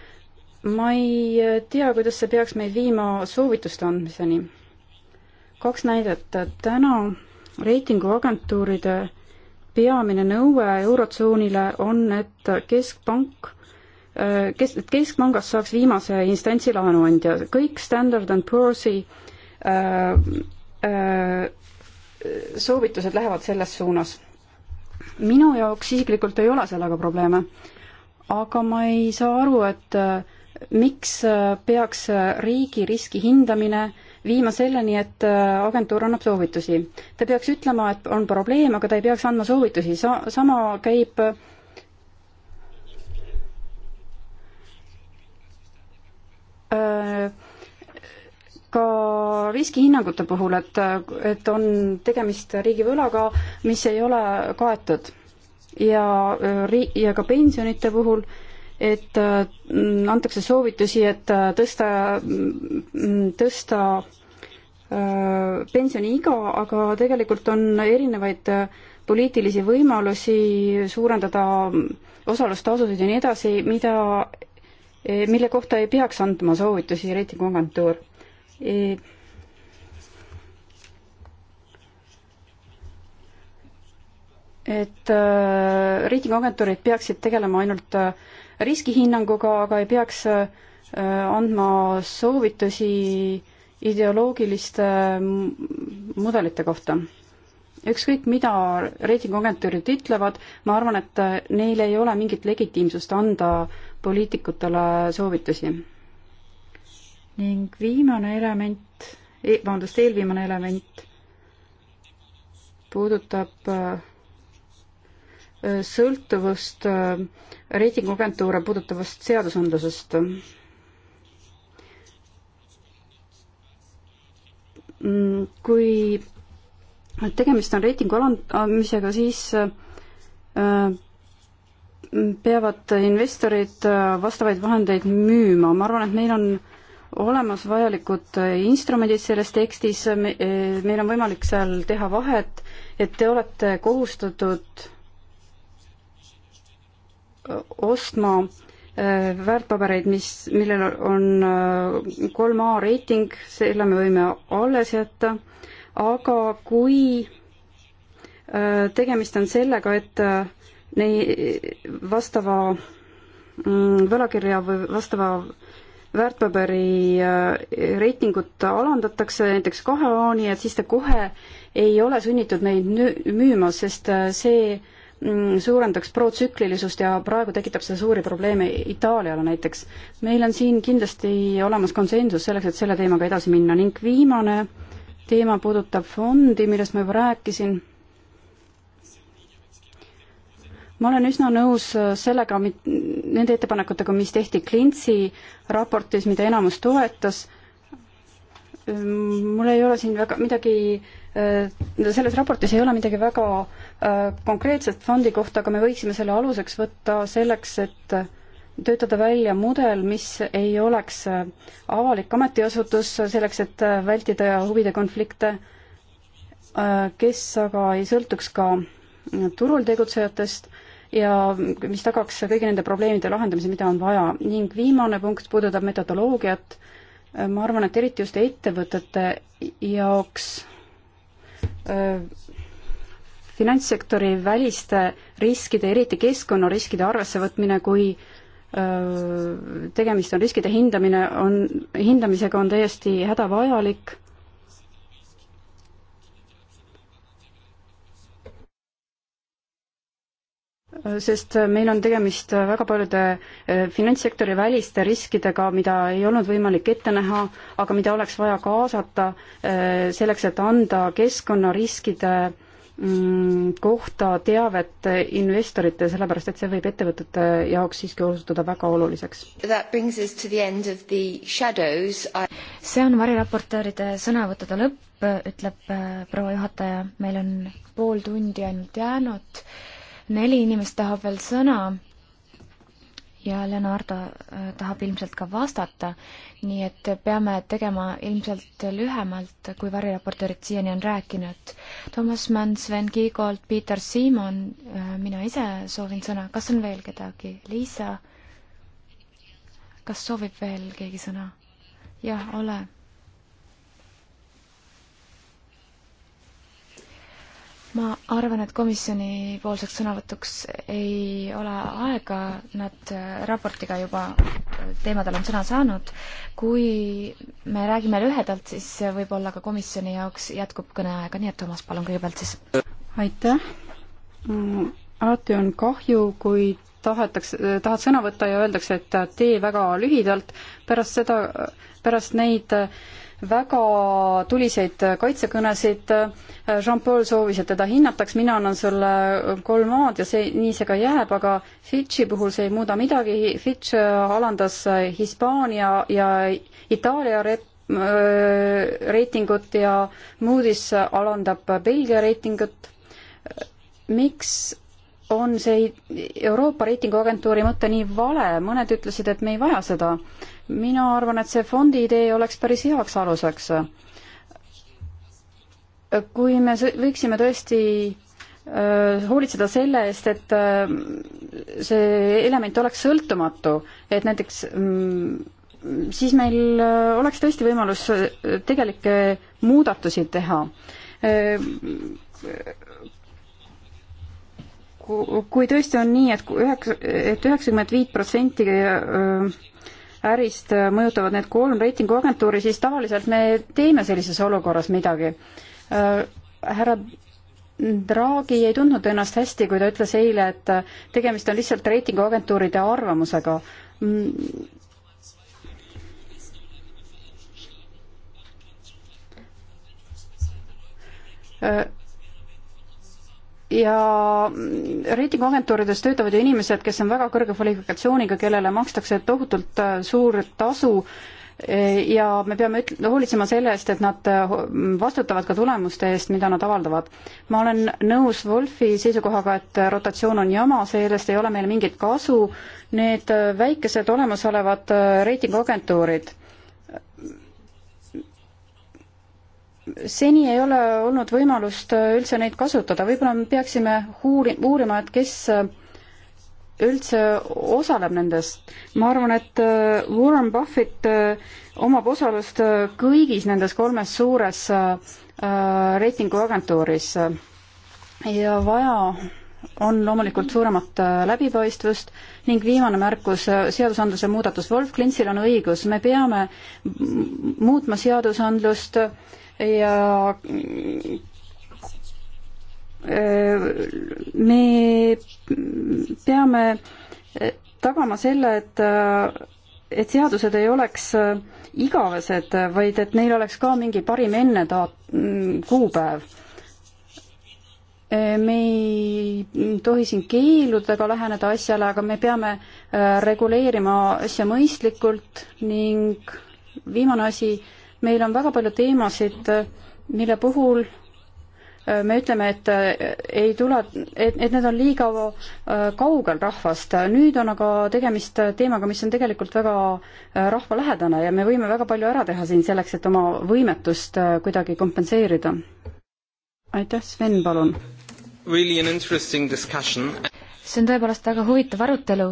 ma ei äh, tea, kuidas see peaks meid viima soovituste andmiseni. kaks näidet, täna reitinguagentuuride peamine nõue Eurotsoonile on, et keskpank, äh, kes, et keskpangast saaks viimase instantsi laenuandja. kõik Standard and Poor'si äh, äh, soovitused lähevad selles suunas. minu jaoks isiklikult ei ole sellega probleeme, aga ma ei saa aru, et äh, miks äh, peaks äh, riigi riski hindamine viima selleni, et äh, agentuur annab soovitusi. ta peaks ütlema, et on probleem, aga ta ei peaks andma soovitusi, sa-, sama käib ka riskihinnangute puhul, et, et on tegemist riigivõlaga, mis ei ole kaetud. ja ri-, ja ka pensionite puhul äh, et äh, antakse soovitusi, et äh, tõsta, mm, tõsta äh, pensioniiga, aga tegelikult on erinevaid poliitilisi võimalusi suurendada osalustasusid ja nii edasi, mida, e, mille kohta ei peaks andma soovitusi reitinguagentuur e,. et reitinguagentuurid peaksid tegelema ainult äh, riskihinnanguga, aga ei peaks äh, andma soovitusi ideoloogiliste äh, mudelite kohta. ükskõik, mida reitinguagentuurid ütlevad, ma arvan, et äh, neil ei ole mingit legitiimsust anda poliitikutele soovitusi. ning viimane element, e-, vabandust, eelviimane element puudutab sõltuvust äh, reitinguagentuure puudutavast seadusandlusest. Mm, kui tegemist on reitingu alandamisega, siis äh, peavad investorid äh, vastavaid vahendeid müüma, ma arvan, et meil on olemas vajalikud instrumendid selles tekstis, meil on võimalik seal teha vahet, et te olete kohustatud ostma äh, väärtpabereid, mis, millel on äh, kolm A reiting, selle me võime alles jätta, aga kui äh, tegemist on sellega, et nei-, vastava mm, võlakirja või vastava väärtpaberi reitingut alandatakse näiteks kahe A-ni, et siis ta kohe ei ole sunnitud neid müüma, sest see Mm, suurendaks protsüklilisust ja praegu tekitab see suuri probleeme Itaaliale näiteks. meil on siin kindlasti olemas konsensus selleks, et selle teemaga edasi minna ning viimane teema puudutab fondi, millest ma juba rääkisin. ma olen üsna nõus sellega, nende ettepanekutega, mis tehti Klintsi raportis, mida enamus toetas. mul ei ole siin väga midagi äh, Äh, selles raportis ei ole midagi väga äh, konkreetset fondi kohta, aga me võiksime selle aluseks võtta selleks, et töötada välja mudel, mis ei oleks äh, avalik ametiasutus, selleks et vältida huvide konflikte, kes aga ei sõltuks ka mm, turul tegutsejatest ja mis tagaks kõigi nende probleemide lahendamise, mida on vaja. ning viimane punkt puudutab metodoloogiat. ma arvan, et eriti just ettevõtete jaoks finantssektori väliste riskide, eriti keskkonnariskide arvessevõtmine, kui tegemist on riskide hindamine, on, hindamisega on täiesti hädavajalik sest meil on tegemist väga paljude eh, finantssektori väliste riskidega, mida ei olnud võimalik ette näha, aga mida oleks vaja kaasata eh, selleks, et anda keskkonnariskide mm, kohta teavet investorite, sellepärast et see võib ettevõtete jaoks siiski osutuda väga oluliseks. see on variraportööride sõnavõttude lõpp, ütleb eh, proua juhataja, meil on pool tundi ainult jäänud neli inimest tahab veel sõna ja Leonardo äh, tahab ilmselt ka vastata, nii et peame tegema ilmselt lühemalt, kui variraportöörid siiani on rääkinud. Toomas Mann, Sven Kiigolt, Peter Siimon, äh, mina ise soovin sõna, kas on veel kedagi? Liisa, kas soovib veel keegi sõna? jah, ole ma arvan, et komisjonipoolseks sõnavõtuks ei ole aega, nad äh, raportiga juba äh, teemadel on sõna saanud. kui me räägime lühedalt, siis äh, võib-olla ka komisjoni jaoks jätkub kõneaega, nii et Toomas, palun kõigepealt siis. aitäh. Mm, alati on kahju, kui tahetakse, tahad sõna võtta ja öeldakse, et tee väga lühidalt, pärast seda, pärast neid äh, väga tuliseid kaitsekõnesid. Jean-Paul soovis, et teda hinnataks, mina annan sulle kolm A-d ja see, nii see ka jääb, aga Fitchi puhul see ei muuda midagi, Fitch alandas Hispaania ja Itaalia rep-, reitingut ja Moody's alandab Belgia reitingut. miks on see Euroopa reitinguagentuuri mõte nii vale, mõned ütlesid, et me ei vaja seda. mina arvan, et see fondi idee oleks päris heaks aluseks. kui me võiksime tõesti äh, hoolitseda selle eest, et äh, see element oleks sõltumatu, et näiteks mm, siis meil äh, oleks tõesti võimalus tegelikke muudatusi teha kui tõesti on nii et, üheks, et, et üheksakümmend viit protsenti äh, ärist äh, mõjutavad need kolm reitinguagentuuri, siis tavaliselt me teeme sellises olukorras midagi. Äh, härra Draghi ei tundnud ennast hästi, kui ta ütles eile, et tegemist on lihtsalt reitinguagentuuride arvamusega. Uh, ja reitinguagentuurides töötavad ju inimesed, kes on väga kõrge kvalifikatsiooniga, kellele makstakse tohutult äh, suur tasu äh, ja me peame üt-, hoolitsema selle eest, et nad äh, vastutavad ka tulemuste eest, mida nad avaldavad. ma olen nõus Wolfi seisukohaga, et rotatsioon on jama, sellest ei ole meil mingit kasu, need väikesed olemasolevad reitinguagentuurid seni ei ole olnud võimalust üldse neid kasutada, võib-olla me peaksime uuri-, uurima, et kes äh, üldse osaleb nendes. ma arvan, et äh, Warren Buffett äh, omab osalust kõigis nendes kolmes suures reitinguagentuuris ja vaja on loomulikult suuremat läbipaistvust ning viimane märkus, seadusandluse muudatus. Wolf Klintsil on õigus, me peame muutma seadusandlust äh, ja äh, me peame äh, tagama selle, et äh, et seadused ei oleks igavesed, vaid et neil oleks ka mingi parim enne ta-, mm, kuupäev. me ei tohi siin keeludega läheneda asjale, aga me peame reguleerima asja mõistlikult ning viimane asi, meil on väga palju teemasid, mille puhul äh, me ütleme, et äh, ei tule, et, et need on liiga äh, kaugel rahvast. nüüd on aga tegemist teemaga, mis on tegelikult väga rahvalähedane ja me võime väga palju ära teha siin selleks, et oma võimetust kuidagi kompenseerida. aitäh, Sven, palun! Really an interesting discussion. see on tõepoolest väga huvitav arutelu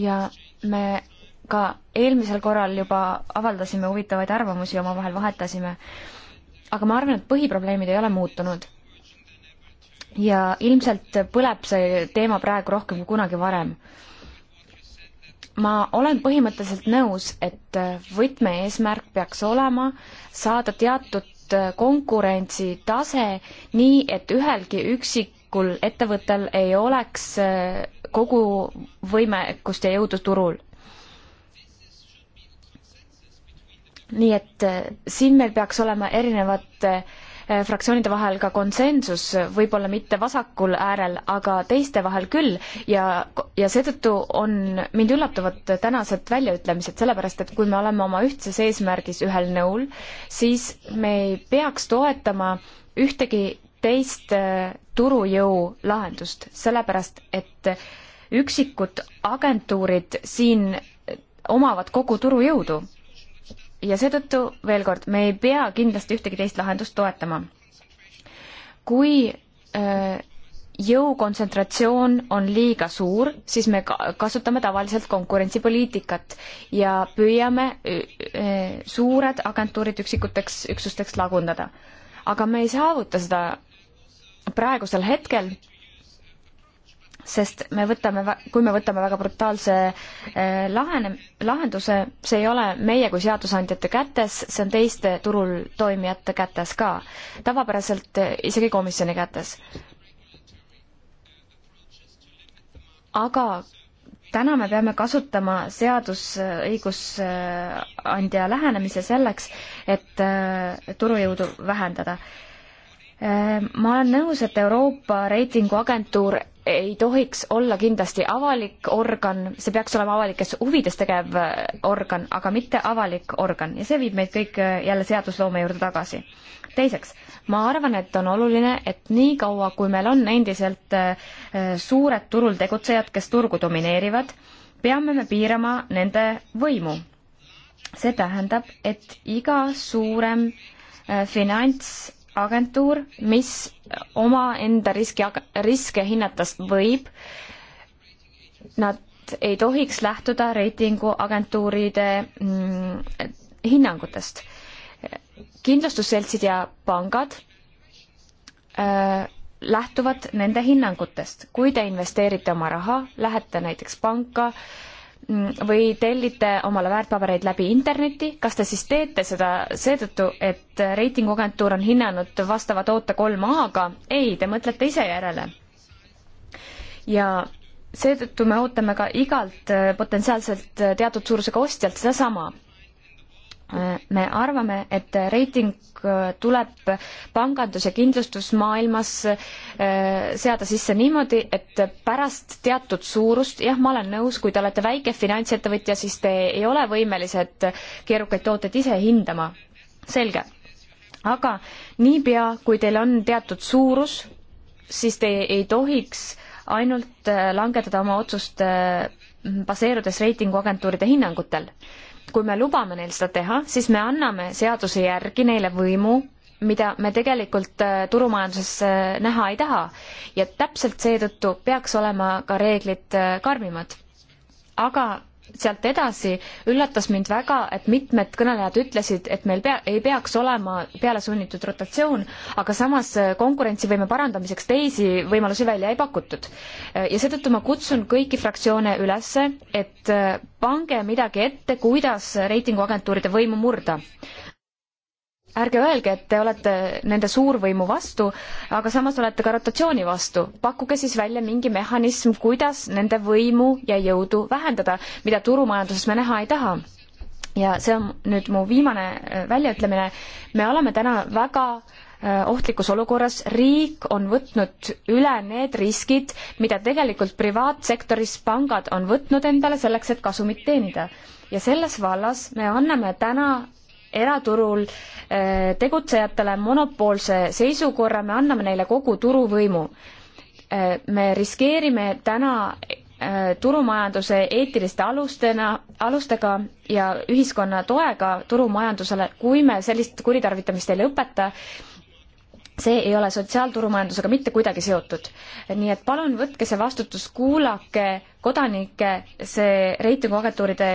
ja me ka eelmisel korral juba avaldasime huvitavaid arvamusi, omavahel vahetasime, aga ma arvan, et põhiprobleemid ei ole muutunud. ja ilmselt põleb see teema praegu rohkem kui kunagi varem. ma olen põhimõtteliselt nõus, et võtmeeesmärk peaks olema saada teatud konkurentsitase nii, et ühelgi üksikul ettevõttel ei oleks kogu võimekust ja jõudu turul nii et äh, siin meil peaks olema erinevate äh, fraktsioonide vahel ka konsensus, võib-olla mitte vasakul äärel, aga teiste vahel küll ja, ja seetõttu on, mind üllatavad tänased väljaütlemised, sellepärast et kui me oleme oma ühtses eesmärgis ühel nõul, siis me ei peaks toetama ühtegi teist äh, turujõu lahendust, sellepärast et üksikud agentuurid siin omavad kogu turujõudu ja seetõttu veel kord, me ei pea kindlasti ühtegi teist lahendust toetama. kui äh, jõu kontsentratsioon on liiga suur, siis me kasutame tavaliselt konkurentsipoliitikat ja püüame äh, äh, suured agentuurid üksikuteks üksusteks lagundada. aga me ei saavuta seda praegusel hetkel sest me võtame, kui me võtame väga brutaalse eh, lahene, lahenduse, see ei ole meie kui seadusandjate kätes, see on teiste turul toimijate kätes ka. tavapäraselt eh, isegi komisjoni kätes. aga täna me peame kasutama seadusõigusandja lähenemise selleks, et eh, turujõudu vähendada Äh, ma olen nõus, et Euroopa reitinguagentuur ei tohiks olla kindlasti avalik organ, see peaks olema avalikes huvides tegev äh, organ, aga mitte avalik organ ja see viib meid kõik äh, jälle seadusloome juurde tagasi. teiseks, ma arvan, et on oluline, et niikaua, kui meil on endiselt suured turul tegutsejad, kes turgu domineerivad, peame me piirama nende võimu. see tähendab, et iga suurem finants agentuur, mis omaenda riski, riske hinnates võib. Nad ei tohiks lähtuda reitinguagentuuride mm, hinnangutest. kindlustusseltsid ja pangad öö, lähtuvad nende hinnangutest. kui te investeerite oma raha, lähete näiteks panka öö, või tellite omale väärtpabereid läbi interneti, kas te siis teete seda seetõttu, et reitinguagentuur on hinnanud vastava toote kolm A-ga? ei, te mõtlete ise järele. ja seetõttu me ootame ka igalt äh, potentsiaalselt äh, teatud suurusega ostjalt sedasama me arvame, et reiting äh, tuleb pangandus- ja kindlustusmaailmas äh, seada sisse niimoodi, et pärast teatud suurust, jah, ma olen nõus, kui te olete väike finantsettevõtja, siis te ei ole võimelised keerukaid tooteid ise hindama. selge. aga niipea, kui teil on teatud suurus, siis te ei tohiks ainult äh, langetada oma otsust baseerudes reitinguagentuuride hinnangutel kui me lubame neil seda teha, siis me anname seaduse järgi neile võimu, mida me tegelikult äh, turumajanduses äh, näha ei taha. ja täpselt seetõttu peaks olema ka reeglid äh, karmimad. aga sealt edasi üllatas mind väga, et mitmed kõnelejad ütlesid, et meil pea, ei peaks olema pealesunnitud rotatsioon, aga samas äh, konkurentsivõime parandamiseks teisi võimalusi välja ei pakutud. Äh, ja seetõttu ma kutsun kõiki fraktsioone üles, et äh, pange midagi ette, kuidas reitinguagentuuride võimu murda ärge öelge, et te olete nende suurvõimu vastu, aga samas olete ka rotatsiooni vastu. pakkuge siis välja mingi mehhanism, kuidas nende võimu ja jõudu vähendada, mida turumajanduses me näha ei taha. ja see on nüüd mu viimane äh, väljaütlemine. me oleme täna väga äh, ohtlikus olukorras, riik on võtnud üle need riskid, mida tegelikult privaatsektoris pangad on võtnud endale selleks, et kasumit teenida. ja selles vallas me anname täna eraturul eh, tegutsejatele monopoolse seisukorra, me anname neile kogu turuvõimu. Eh, me riskeerime täna eh, turumajanduse eetiliste alustena, alustega ja ühiskonna toega turumajandusele, kui me sellist kuritarvitamist ei lõpeta see ei ole sotsiaalturumajandusega mitte kuidagi seotud. nii et palun võtke see vastutus, kuulake kodanikke, see reitinguagentuuride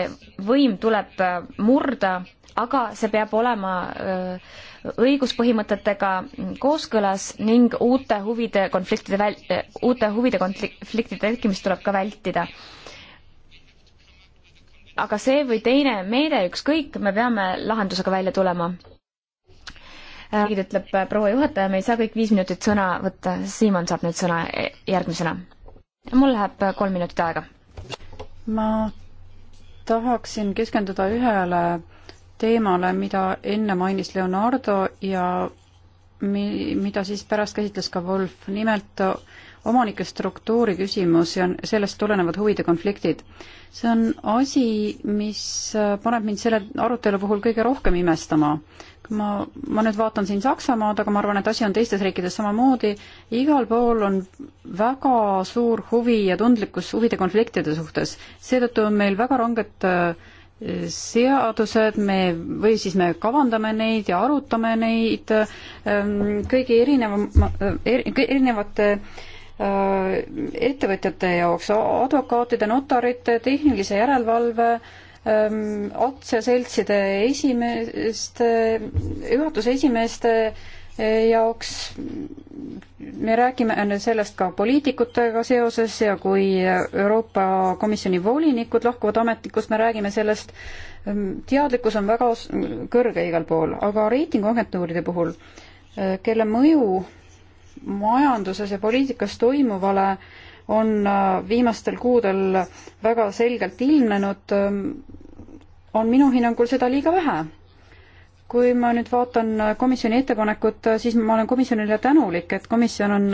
võim tuleb äh, murda, aga see peab olema äh, õiguspõhimõtetega kooskõlas ning uute huvide konfliktide väl-, äh, uute huvide konfliktide tekkimist tuleb ka vältida. aga see või teine meede, ükskõik, me peame lahendusega välja tulema Äh, ütleb äh, proua juhataja, me ei saa kõik viis minutit sõna võtta, Siimon saab nüüd sõna e, järgmisena. mul läheb äh, kolm minutit aega. ma tahaksin keskenduda ühele teemale, mida enne mainis Leonardo ja mi-, mida siis pärast käsitles ka Wolf, nimelt omanike struktuuri küsimus ja sellest tulenevad huvide konfliktid. see on asi, mis paneb mind selle arutelu puhul kõige rohkem imestama ma, ma nüüd vaatan siin Saksamaad, aga ma arvan, et asi on teistes riikides samamoodi, igal pool on väga suur huvi ja tundlikkus huvide konfliktide suhtes. seetõttu on meil väga ranged äh, seadused, me või siis me kavandame neid ja arutame neid ähm, kõigi erineva, äh, erinevate äh, ettevõtjate jaoks, advokaatide, notarite, tehnilise järelevalve äh, aktsiaseltside esimeeste, juhatuse esimeeste e, jaoks me räägime äh, sellest ka poliitikutega seoses ja kui Euroopa Komisjoni volinikud lahkuvad ametnikust, me räägime sellest, teadlikkus on väga kõrge igal pool, aga reitinguagentuuride puhul, e, kelle mõju majanduses ja poliitikas toimuvale äh, on äh, viimastel kuudel väga selgelt ilmnenud, ähm, on minu hinnangul seda liiga vähe. kui ma nüüd vaatan äh, komisjoni ettepanekut, äh, siis ma olen komisjonile tänulik, et komisjon on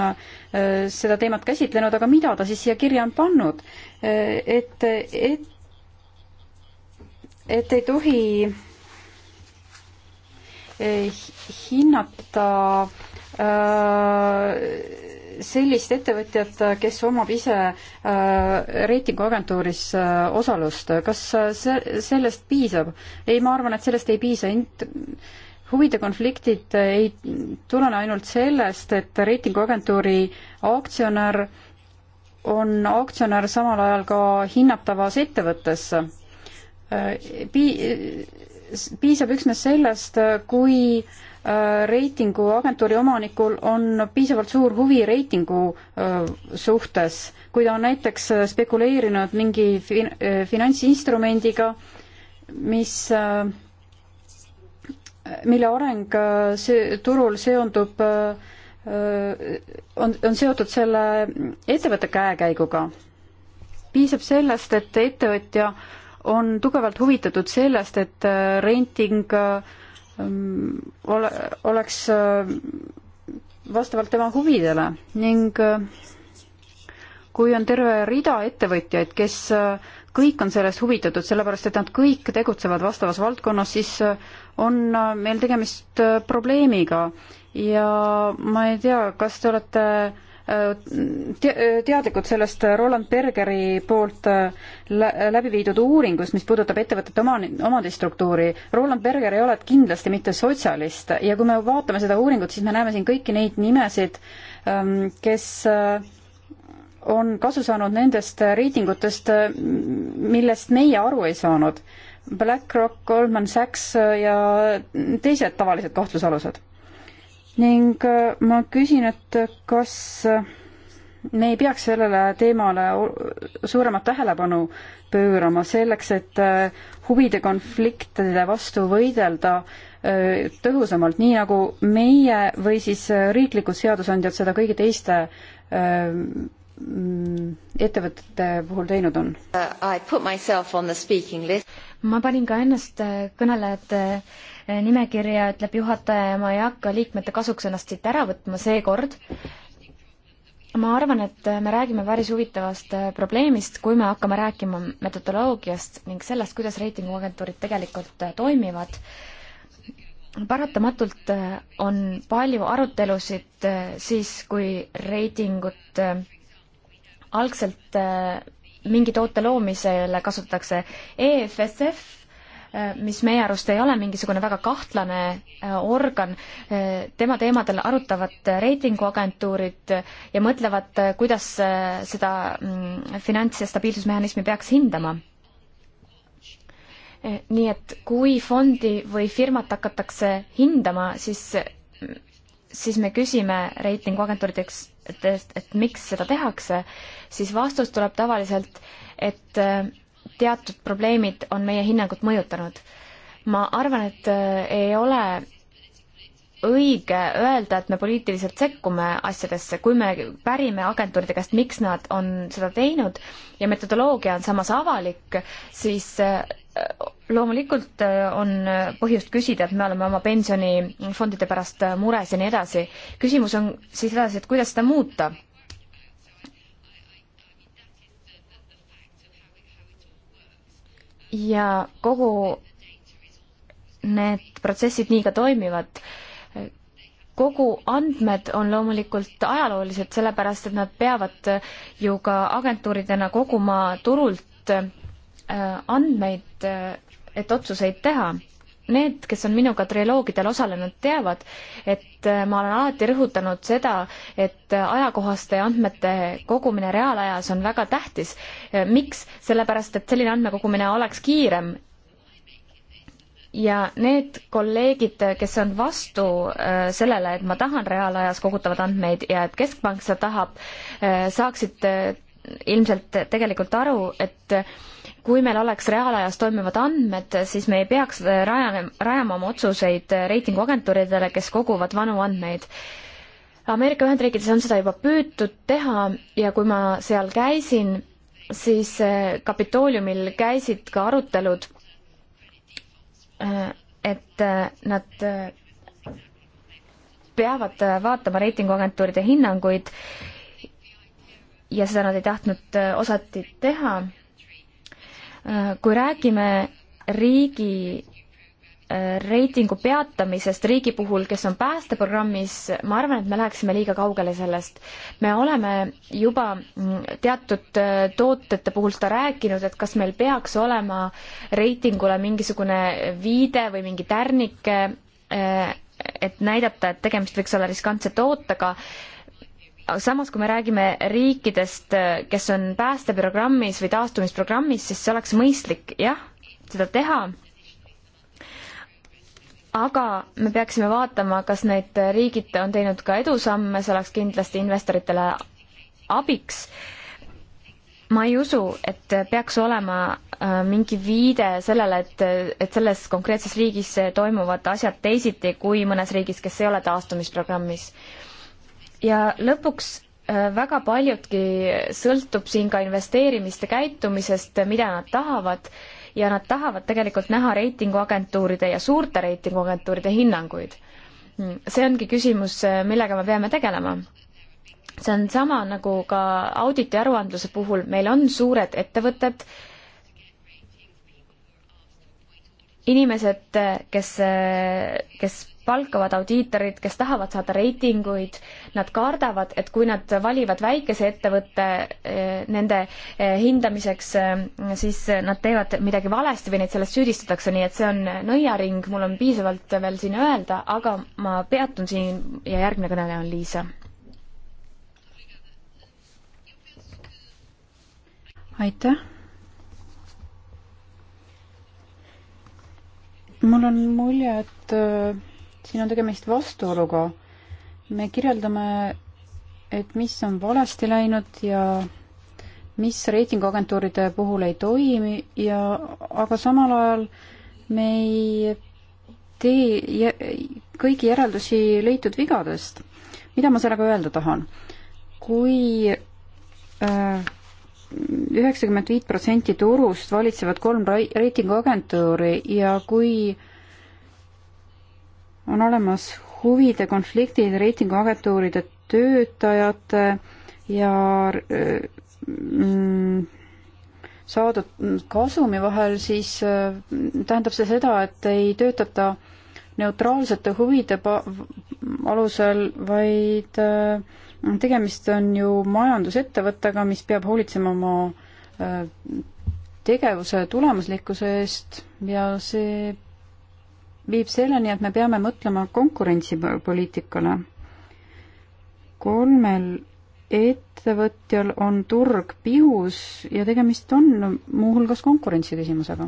seda teemat käsitlenud, aga mida ta siis siia kirja on pannud? et, et, et ei tohi hinnata äh, sellist ettevõtjat, kes omab ise äh, reitinguagentuuris äh, osalust, kas äh, see, sellest piisab? ei, ma arvan, et sellest ei piisa Int huvide konfliktid ei tulene ainult sellest, et reitinguagentuuri aktsionär on aktsionär samal ajal ka hinnatavas ettevõttes. Pi-, piisab üksnes sellest, kui äh, Äh, reitinguagentuuri omanikul on piisavalt suur huvi reitingu äh, suhtes, kui ta on näiteks äh, spekuleerinud mingi fin-, finantsinstrumendiga, mis, mille areng see, turul seondub, on, on seotud selle ettevõtte käekäiguga. piisab sellest, et ettevõtja on tugevalt huvitatud sellest, et reiting äh, Ähm, ole, oleks äh, vastavalt tema huvidele ning äh, kui on terve rida ettevõtjaid, kes äh, kõik on sellest huvitatud, sellepärast et nad kõik tegutsevad vastavas valdkonnas, siis on meil tegemist probleemiga ja ma ei tea, kas te olete äh, teadlikud sellest Roland Bergeri poolt äh, läbi viidud uuringust, mis puudutab ettevõtete oma, omandistruktuuri. Roland Berger ei ole kindlasti mitte sotsialist ja kui me vaatame seda uuringut, siis me näeme siin kõiki neid nimesid, ähm, kes äh, on kasu saanud nendest reitingutest, äh, millest meie aru ei saanud. BlackRock, Goldman Sachs ja teised tavalised kahtlusalused ning äh, ma küsin, et kas me ei peaks sellele teemale suuremat tähelepanu pöörama selleks, et äh, huvide konfliktide vastu võidelda äh, tõhusamalt, nii nagu meie või siis riiklikud seadusandjad seda kõigi teiste mm, ettevõtete puhul teinud on? Uh, ma panin ka ennast kõnelejate Eh, nimekirja, ütleb juhataja ja ma ei hakka liikmete kasuks ennast siit ära võtma seekord. ma arvan, et eh, me räägime päris huvitavast eh, probleemist, kui me hakkame rääkima metodoloogiast ning sellest, kuidas reitinguagentuurid tegelikult toimivad paratamatult on palju arutelusid siis, kui reitingut algselt mingi toote loomisele kasutatakse. EFSF mis meie arust ei ole mingisugune väga kahtlane äh, organ, äh, tema teemadel arutavad reitinguagentuurid ja mõtlevad, äh, kuidas seda mm, finants- ja stabiilsusmehhanismi peaks hindama nii et kui fondi või firmat hakatakse hindama, siis, mm, siis me küsime reitinguagentuurideks, et, et, et miks seda tehakse, siis vastus tuleb tavaliselt, et teatud probleemid on meie hinnangut mõjutanud. ma arvan, et äh, ei ole õige öelda, et me poliitiliselt sekkume asjadesse, kui me pärime agentuuride käest, miks nad on seda teinud ja metodoloogia on samas avalik, siis äh, loomulikult äh, on põhjust küsida, et me oleme oma pensionifondide pärast mures ja nii edasi. küsimus on siis edasi, et kuidas seda muuta ja kogu need protsessid nii ka toimivad. kogu andmed on loomulikult ajaloolised, sellepärast et nad peavad ju ka agentuuridena koguma turult äh, andmeid, äh, et otsuseid teha need, kes on minuga triloogidel osalenud, teavad, et äh, ma olen alati rõhutanud seda, et äh, ajakohaste andmete kogumine reaalajas on väga tähtis. Äh, miks? sellepärast, et selline andmekogumine oleks kiirem ja need kolleegid, kes on vastu sellele, et ma tahan reaalajas kogutavad andmeid ja et Keskpank seda tahab, saaksid ilmselt tegelikult aru, et kui meil oleks reaalajas toimivad andmed, siis me ei peaks rajane, rajama oma otsuseid reitinguagentuuridele, kes koguvad vanu andmeid. Ameerika Ühendriikides on seda juba püütud teha ja kui ma seal käisin, siis Kapitooliumil eh, käisid ka arutelud, eh, et eh, nad peavad vaatama reitinguagentuuride hinnanguid ja seda nad ei tahtnud äh, osati teha. Äh, kui räägime riigi äh, reitingu peatamisest riigi puhul, kes on päästeprogrammis, ma arvan, et me läheksime liiga kaugele sellest. me oleme juba mm, teatud tootete puhul seda rääkinud, et kas meil peaks olema reitingule mingisugune viide või mingi tärnike, et näidata, et tegemist võiks olla riskantse tootega samas, kui me räägime riikidest, kes on päästeprogrammis või taastumisprogrammis, siis see oleks mõistlik, jah, seda teha. aga me peaksime vaatama, kas need riigid on teinud ka edusamme, see oleks kindlasti investoritele abiks. ma ei usu, et peaks olema äh, mingi viide sellele, et, et selles konkreetses riigis toimuvad asjad teisiti kui mõnes riigis, kes ei ole taastumisprogrammis ja lõpuks äh, väga paljudki sõltub siin ka investeerimiste käitumisest, mida nad tahavad ja nad tahavad tegelikult näha reitinguagentuuride ja suurte reitinguagentuuride hinnanguid. Hmm, see ongi küsimus, äh, millega me peame tegelema. see on sama nagu ka auditi aruandluse puhul, meil on suured ettevõtted, inimesed, kes, kes palkavad audiitorid, kes tahavad saada reitinguid, nad kardavad, et kui nad valivad väikese ettevõtte eh, nende eh, hindamiseks, eh, siis nad teevad midagi valesti või neid sellest süüdistatakse, nii et see on nõiaring, mul on piisavalt veel siin öelda, aga ma peatun siin ja järgmine kõneleja on Liisa. aitäh mul on mulje, et äh, siin on tegemist vastuoluga. me kirjeldame, et mis on valesti läinud ja mis reitinguagentuuride puhul ei toimi ja aga samal ajal me ei tee kõiki järeldusi leitud vigadest. mida ma sellega öelda tahan? kui äh, üheksakümmend viit protsenti turust valitsevad kolm reitinguagentuuri ja kui on olemas huvide konfliktid reitinguagentuuride töötajate ja mm, saadud kasumi vahel, siis äh, tähendab see seda, et ei töötata neutraalsete huvide alusel, vaid äh, tegemist on ju majandusettevõttega, mis peab hoolitsema oma äh, tegevuse tulemuslikkuse eest ja see viib selleni, et me peame mõtlema konkurentsipoliitikale. kolmel ettevõtjal on turg pihus ja tegemist on muuhulgas konkurentsi küsimusega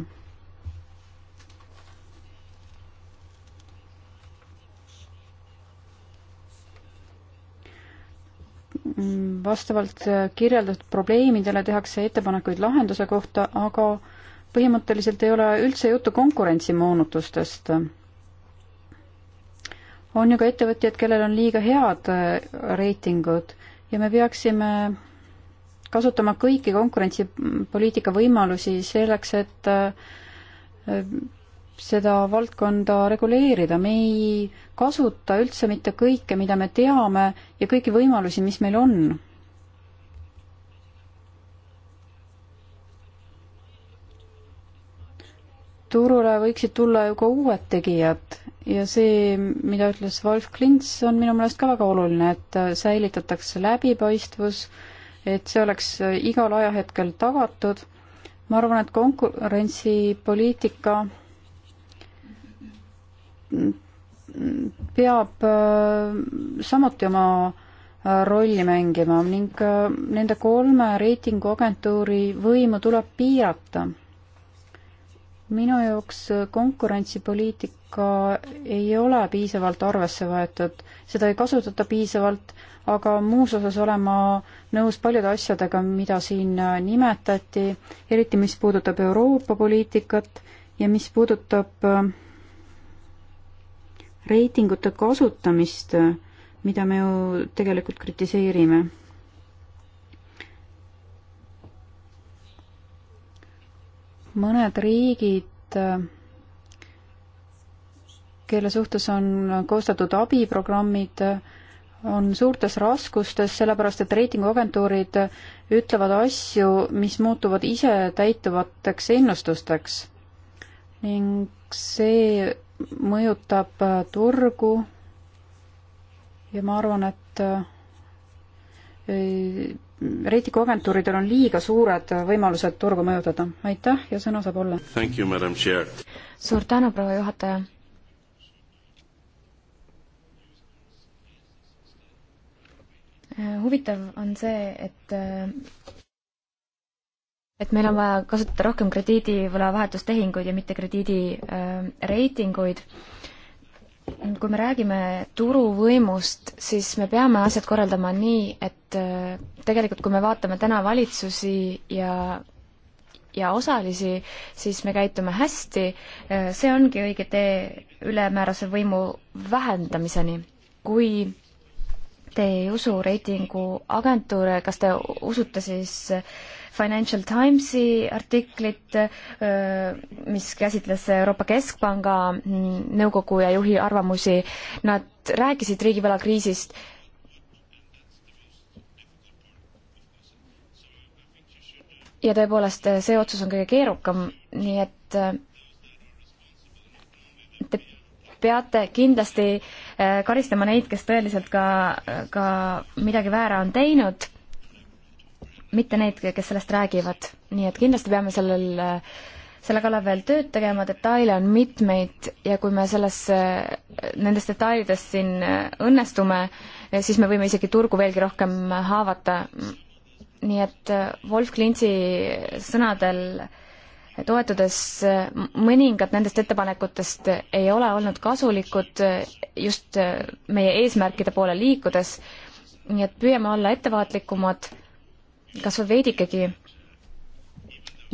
vastavalt äh, kirjeldatud probleemidele tehakse ettepanekuid lahenduse kohta, aga põhimõtteliselt ei ole üldse juttu konkurentsimoonutustest. on ju ka ettevõtjaid, kellel on liiga head äh, reitingud ja me peaksime kasutama kõiki konkurentsipoliitika võimalusi selleks, et äh, seda valdkonda reguleerida, me ei kasuta üldse mitte kõike, mida me teame ja kõiki võimalusi, mis meil on. turule võiksid tulla ju ka uued tegijad ja see, mida ütles Wolf Klints, on minu meelest ka väga oluline, et säilitatakse läbipaistvus, et see oleks igal ajahetkel tagatud. ma arvan, et konkurentsipoliitika peab äh, samuti oma äh, rolli mängima ning äh, nende kolme reitinguagentuuri võimu tuleb piirata. minu jaoks konkurentsipoliitika ei ole piisavalt arvesse võetud, seda ei kasutata piisavalt, aga muus osas olen ma nõus paljude asjadega, mida siin nimetati, eriti mis puudutab Euroopa poliitikat ja mis puudutab äh, reitingute kasutamist, mida me ju tegelikult kritiseerime. mõned riigid, kelle suhtes on koostatud abiprogrammid, on suurtes raskustes, sellepärast et reitinguagentuurid ütlevad asju, mis muutuvad ise täituvateks ennustusteks. ning see mõjutab äh, turgu ja ma arvan, et äh, reitinguagentuuridel on liiga suured äh, võimalused turgu mõjutada. aitäh ja sõna saab olla. suur tänu, proua juhataja. huvitav on see, et et meil on vaja kasutada rohkem krediidivõlavahetustehinguid ja mitte krediidireitinguid äh,. kui me räägime turuvõimust, siis me peame asjad korraldama nii, et äh, tegelikult kui me vaatame täna valitsusi ja ja osalisi, siis me käitume hästi, äh, see ongi õige tee ülemäärase võimu vähendamiseni. kui te ei usu reitinguagentuure, kas te usute siis äh, Financial Timesi artiklit, äh, mis käsitles Euroopa Keskpanga nõukogu ja juhi arvamusi. Nad rääkisid riigivõlakriisist ja tõepoolest, äh, see otsus on kõige keerukam, nii et äh, te peate kindlasti karistama neid, kes tõeliselt ka, ka midagi väära on teinud mitte neid, kes sellest räägivad. nii et kindlasti peame sellel, selle kallal veel tööd tegema, detaile on mitmeid ja kui me selles, nendes detailides siin õnnestume, siis me võime isegi turgu veelgi rohkem haavata. nii et Wolf Klintsi sõnadel toetudes mõningad nendest ettepanekutest ei ole olnud kasulikud just meie eesmärkide poole liikudes, nii et püüame olla ettevaatlikumad kas või veidikegi.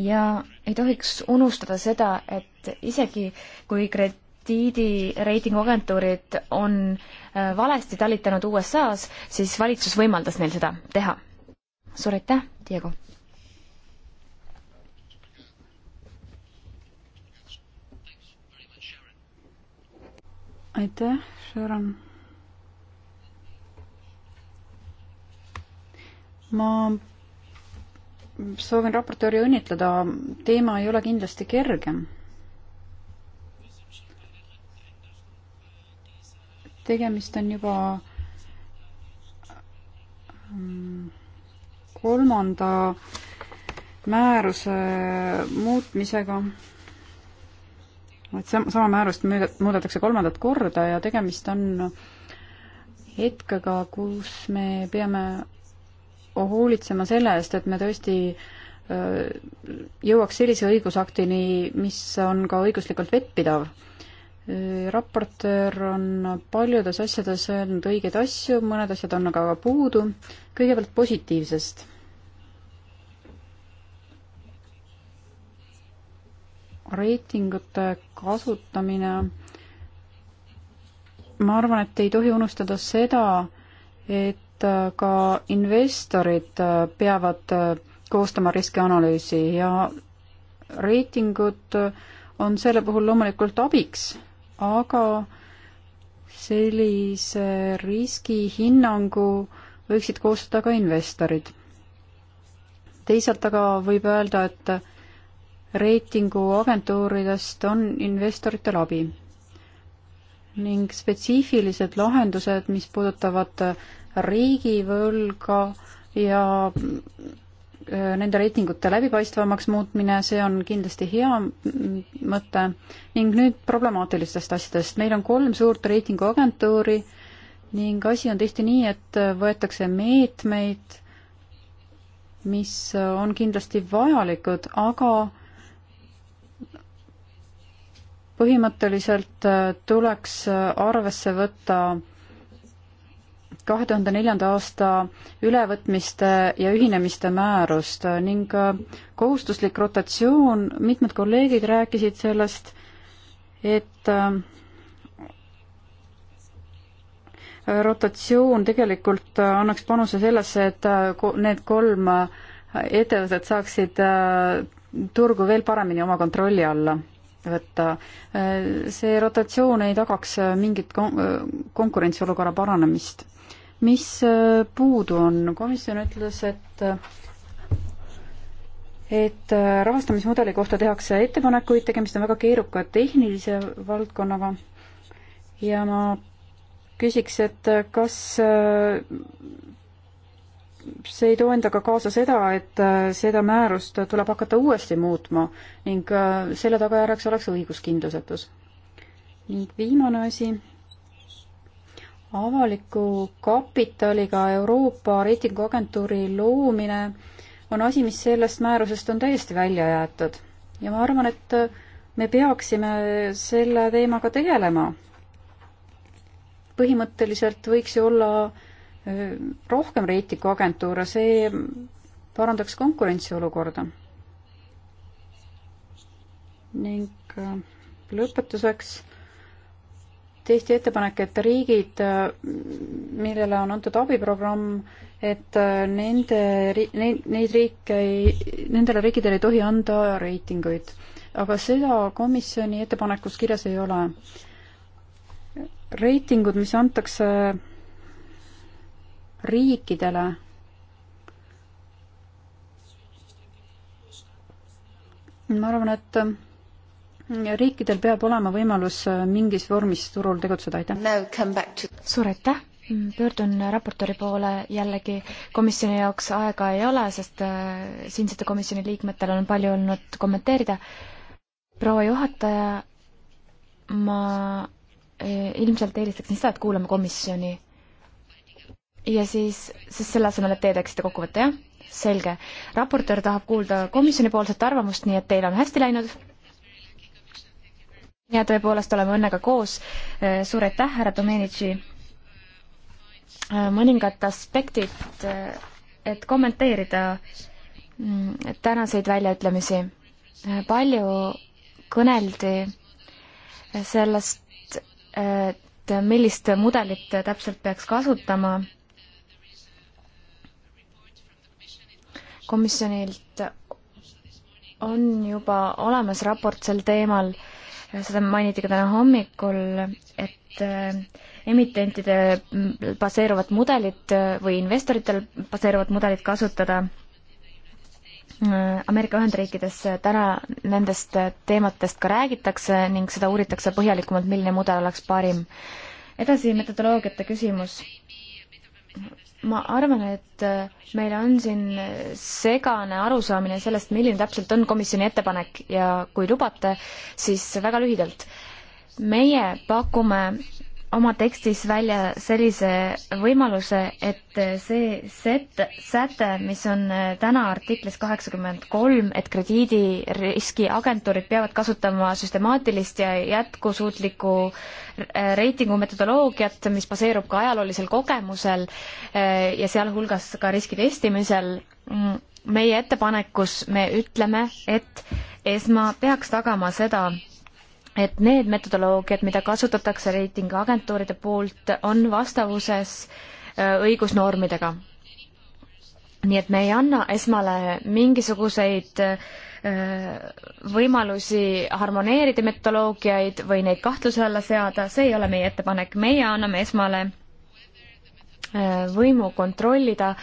ja ei tohiks unustada seda, et isegi kui krediidireitinguagentuurid on äh, valesti talitanud USA-s, siis valitsus võimaldas neil seda teha. suur aitäh, Diego! aitäh, Sharon! ma soovin raportööri õnnitleda, teema ei ole kindlasti kergem. tegemist on juba mm, kolmanda määruse muutmisega. et sama määrust muudetakse kolmandat korda ja tegemist on hetkega, kus me peame Oh, hoolitsema selle eest, et me tõesti jõuaks sellise õigusaktini, mis on ka õiguslikult vettpidav. raportöör on paljudes asjades öelnud õigeid asju, mõned asjad on aga puudu. kõigepealt positiivsest. reitingute kasutamine, ma arvan, et ei tohi unustada seda, et et äh, ka investorid äh, peavad äh, koostama riskianalüüsi ja reitingud on selle puhul loomulikult abiks, aga sellise riskihinnangu võiksid koostada ka investorid. teisalt aga võib öelda, et reitinguagentuuridest on investoritel abi ning spetsiifilised lahendused, mis puudutavad riigivõlga ja äh, nende reitingute läbipaistvamaks muutmine, see on kindlasti hea mõte. ning nüüd problemaatilistest asjadest. meil on kolm suurt reitinguagentuuri ning asi on tihti nii, et võetakse meetmeid, mis on kindlasti vajalikud, aga põhimõtteliselt äh, tuleks äh, arvesse võtta kahe tuhande neljanda aasta ülevõtmiste ja ühinemiste määrust ning äh, kohustuslik rotatsioon, mitmed kolleegid rääkisid sellest, et äh, rotatsioon tegelikult äh, annaks panuse sellesse, et need kolm ettevõtet saaksid turgu veel paremini oma kontrolli alla võtta. see rotatsioon ei tagaks mingit kon-, konkurentsiolukorra paranemist mis äh, puudu on? komisjon ütles, et et äh, rahastamismudeli kohta tehakse ettepanekuid, tegemist on väga keeruka tehnilise valdkonnaga ja ma küsiks, et äh, kas see ei too endaga kaasa seda, et seda määrust tuleb hakata uuesti muutma ning selle tagajärjeks oleks õiguskindlusetus. ning viimane asi avaliku kapitaliga Euroopa reitinguagentuuri loomine on asi, mis sellest määrusest on täiesti välja jäetud. ja ma arvan, et me peaksime selle teemaga tegelema. põhimõtteliselt võiks ju olla äh, rohkem reitinguagentuure, see parandaks konkurentsiolukorda. ning äh, lõpetuseks tehti ettepanek, et riigid, millele on antud abiprogramm, et äh, nende, neid, neid riike ei, nendele riikidele ei tohi anda reitinguid. aga seda komisjoni ettepanekus kirjas ei ole. reitingud, mis antakse riikidele, ma arvan, et äh, riikidel peab olema võimalus äh, mingis vormis turul tegutseda, aitäh! suur aitäh! pöördun raportööri poole jällegi, komisjoni jaoks aega ei ole, sest äh, siinsete komisjoni liikmetel on palju olnud kommenteerida. proua juhataja, ma äh, ilmselt eelistaksin seda, et kuulame komisjoni. ja siis, siis selle asemel, et teie teeksite kokkuvõtte, jah? selge. raportöör tahab kuulda komisjonipoolset arvamust, nii et teil on hästi läinud ja tõepoolest oleme õnnega koos. Äh, suur aitäh, härra Domenici. Äh, mõningad aspektid, äh, et kommenteerida mm, tänaseid väljaütlemisi. palju kõneldi sellest, et millist mudelit täpselt peaks kasutama. komisjonilt on juba olemas raport sel teemal seda mainiti ka täna hommikul, et äh, emitentide baseeruvat mudelit äh, või investoritel baseeruvat mudelit kasutada äh, Ameerika Ühendriikides täna nendest teematest ka räägitakse ning seda uuritakse põhjalikumalt, milline mudel oleks parim. edasi metodoloogiate küsimus ma arvan, et äh, meil on siin segane arusaamine sellest, milline täpselt on komisjoni ettepanek ja kui lubate, siis väga lühidalt. meie pakume oma tekstis välja sellise võimaluse, et see set-, säte, mis on äh, täna artiklis kaheksakümmend kolm, et krediidiriskiagentuurid peavad kasutama süstemaatilist ja jätkusuutlikku äh, reitingu metodoloogiat, mis baseerub ka ajaloolisel kogemusel äh, ja sealhulgas ka riski testimisel, mm, meie ettepanekus me ütleme, et ESMA peaks tagama seda, et need metodoloogiad, mida kasutatakse reitinguagentuuride poolt, on vastavuses äh, õigusnormidega. nii et me ei anna esmale mingisuguseid äh, võimalusi harmoneerida metodoloogiaid või neid kahtluse alla seada, see ei ole meie ettepanek, meie anname esmale äh, võimu kontrollida,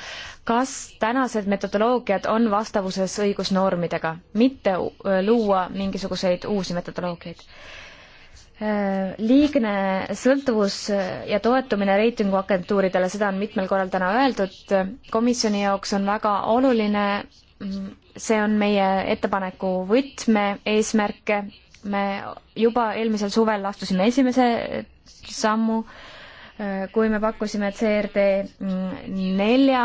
kas tänased metodoloogiad on vastavuses õigusnormidega, mitte luua mingisuguseid uusi metodoloogiaid. Äh, liigne sõltuvus ja toetumine reitinguagentuuridele, seda on mitmel korral täna öeldud, komisjoni jaoks on väga oluline, mm, see on meie ettepaneku võtme-eesmärke, me juba eelmisel suvel astusime esimese sammu äh, kui me pakkusime CRD nelja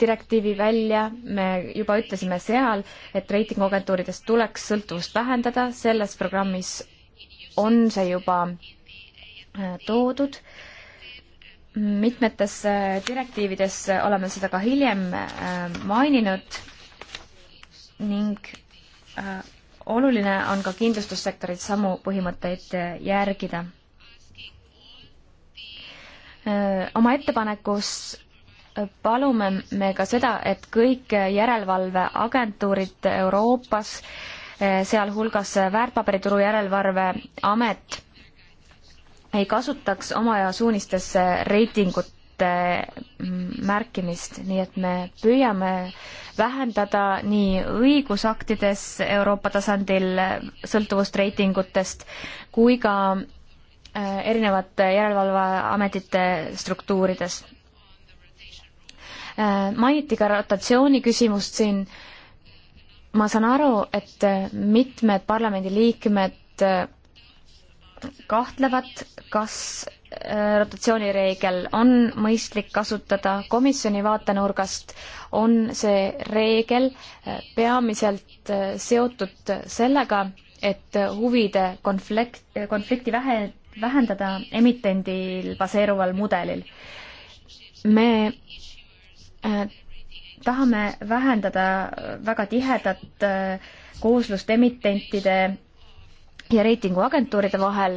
direktiivi välja, me juba ütlesime seal, et reitinguagentuuridest tuleks sõltuvust vähendada, selles programmis on see juba äh, toodud. mitmetes äh, direktiivides oleme seda ka hiljem äh, maininud ning oluline on ka kindlustussektoris samu põhimõtteid järgida oma ettepanekus palume me ka seda, et kõik järelevalveagentuurid Euroopas, sealhulgas väärtpaberituru järelevalveamet, ei kasutaks oma ja suunistes reitingut mm, märkimist, nii et me püüame vähendada nii õigusaktides Euroopa tasandil sõltuvust reitingutest kui ka Äh, erinevate järelevalveametite struktuurides. Äh, mainiti ka rotatsiooni küsimust siin. ma saan aru, et mitmed parlamendiliikmed äh, kahtlevad, kas rotatsioonireegel on mõistlik kasutada komisjoni vaatenurgast, on see reegel peamiselt seotud sellega, et huvide konflikt, konflikti vähe, vähendada emitendil baseeruval mudelil. me äh, tahame vähendada väga tihedat äh, kooslust emitentide ja reitinguagentuuride vahel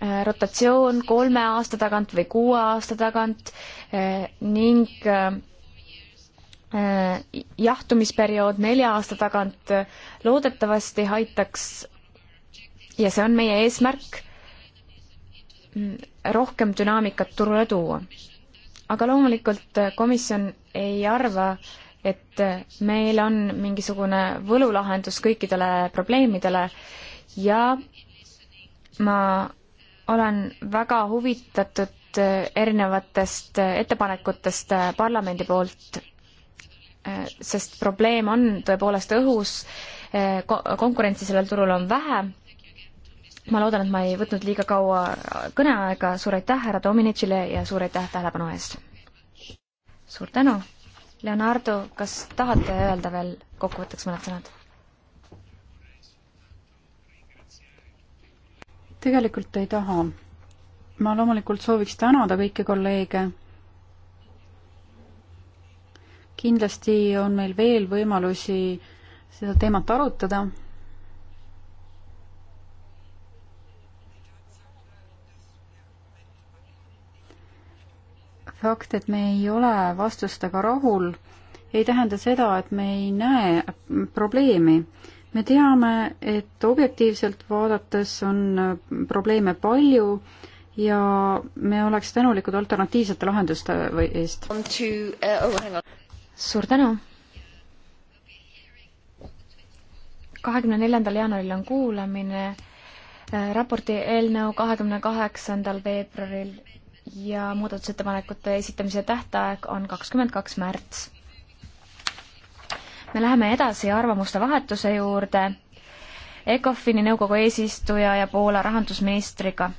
äh, rotatsioon kolme aasta tagant või kuue aasta tagant ning jahtumisperiood nelja aasta tagant loodetavasti aitaks ja see on meie eesmärk, rohkem dünaamikat turule tuua. aga loomulikult komisjon ei arva, et meil on mingisugune võlulahendus kõikidele probleemidele ja ma olen väga huvitatud erinevatest ettepanekutest parlamendi poolt, sest probleem on tõepoolest õhus, konkurentsi sellel turul on vähe ma loodan, et ma ei võtnud liiga kaua kõneaega, suur aitäh härra Dominicile ja suur aitäh tähelepanu eest! suur tänu! Leonardo, kas tahate öelda veel kokkuvõtteks mõned sõnad? tegelikult ei taha. ma loomulikult sooviks tänada kõiki kolleege. kindlasti on meil veel võimalusi seda teemat arutada fakt, et me ei ole vastustega rahul, ei tähenda seda, et me ei näe probleemi. me teame, et objektiivselt vaadates on probleeme palju ja me oleks tänulikud alternatiivsete lahenduste eest. Uh, oh, suur tänu! kahekümne neljandal jaanuaril on kuulamine äh, raporti eelnõu kahekümne kaheksandal veebruaril ja muudatusettepanekute esitamise tähtaeg on kakskümmend kaks märts. me läheme edasi arvamuste vahetuse juurde ECOFIN-i nõukogu eesistuja ja Poola rahandusministriga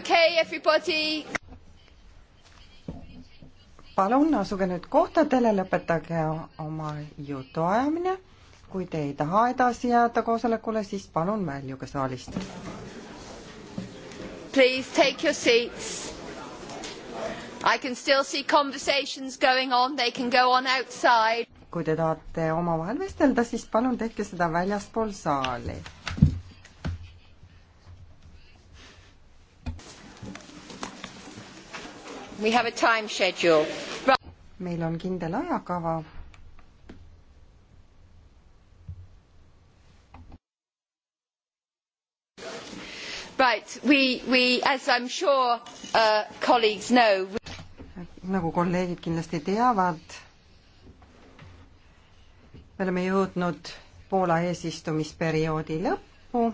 okay, everybody. palun asuge nüüd kohtadele, lõpetage oma jutuajamine. kui te ei taha edasi jääda koosolekule, siis palun väljuge saalist. Please take your seats. I can still see conversations going on, they can go on outside. kui te tahate omavahel vestelda, siis palun tehke seda väljaspool saali We have a time schedule. meil on kindel ajakava. Right, we, we, as I am sure uh, colleagues know we... nagu kolleegid kindlasti teavad, me oleme jõudnud Poola eesistumisperioodi lõppu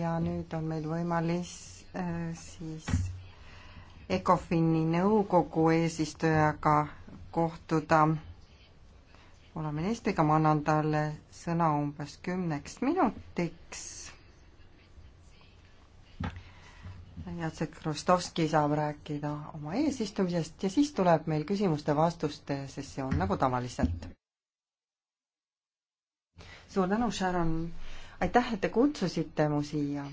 ja nüüd on meil võimalis äh, siis ECOFIN-i nõukogu eesistujaga kohtuda Poola ministriga, ma annan talle sõna umbes kümneks minutiks. Jacek Rostovski saab rääkida oma eesistumisest ja siis tuleb meil küsimuste-vastuste sessioon nagu tavaliselt. suur tänu, Sharon, aitäh, et te kutsusite mu siia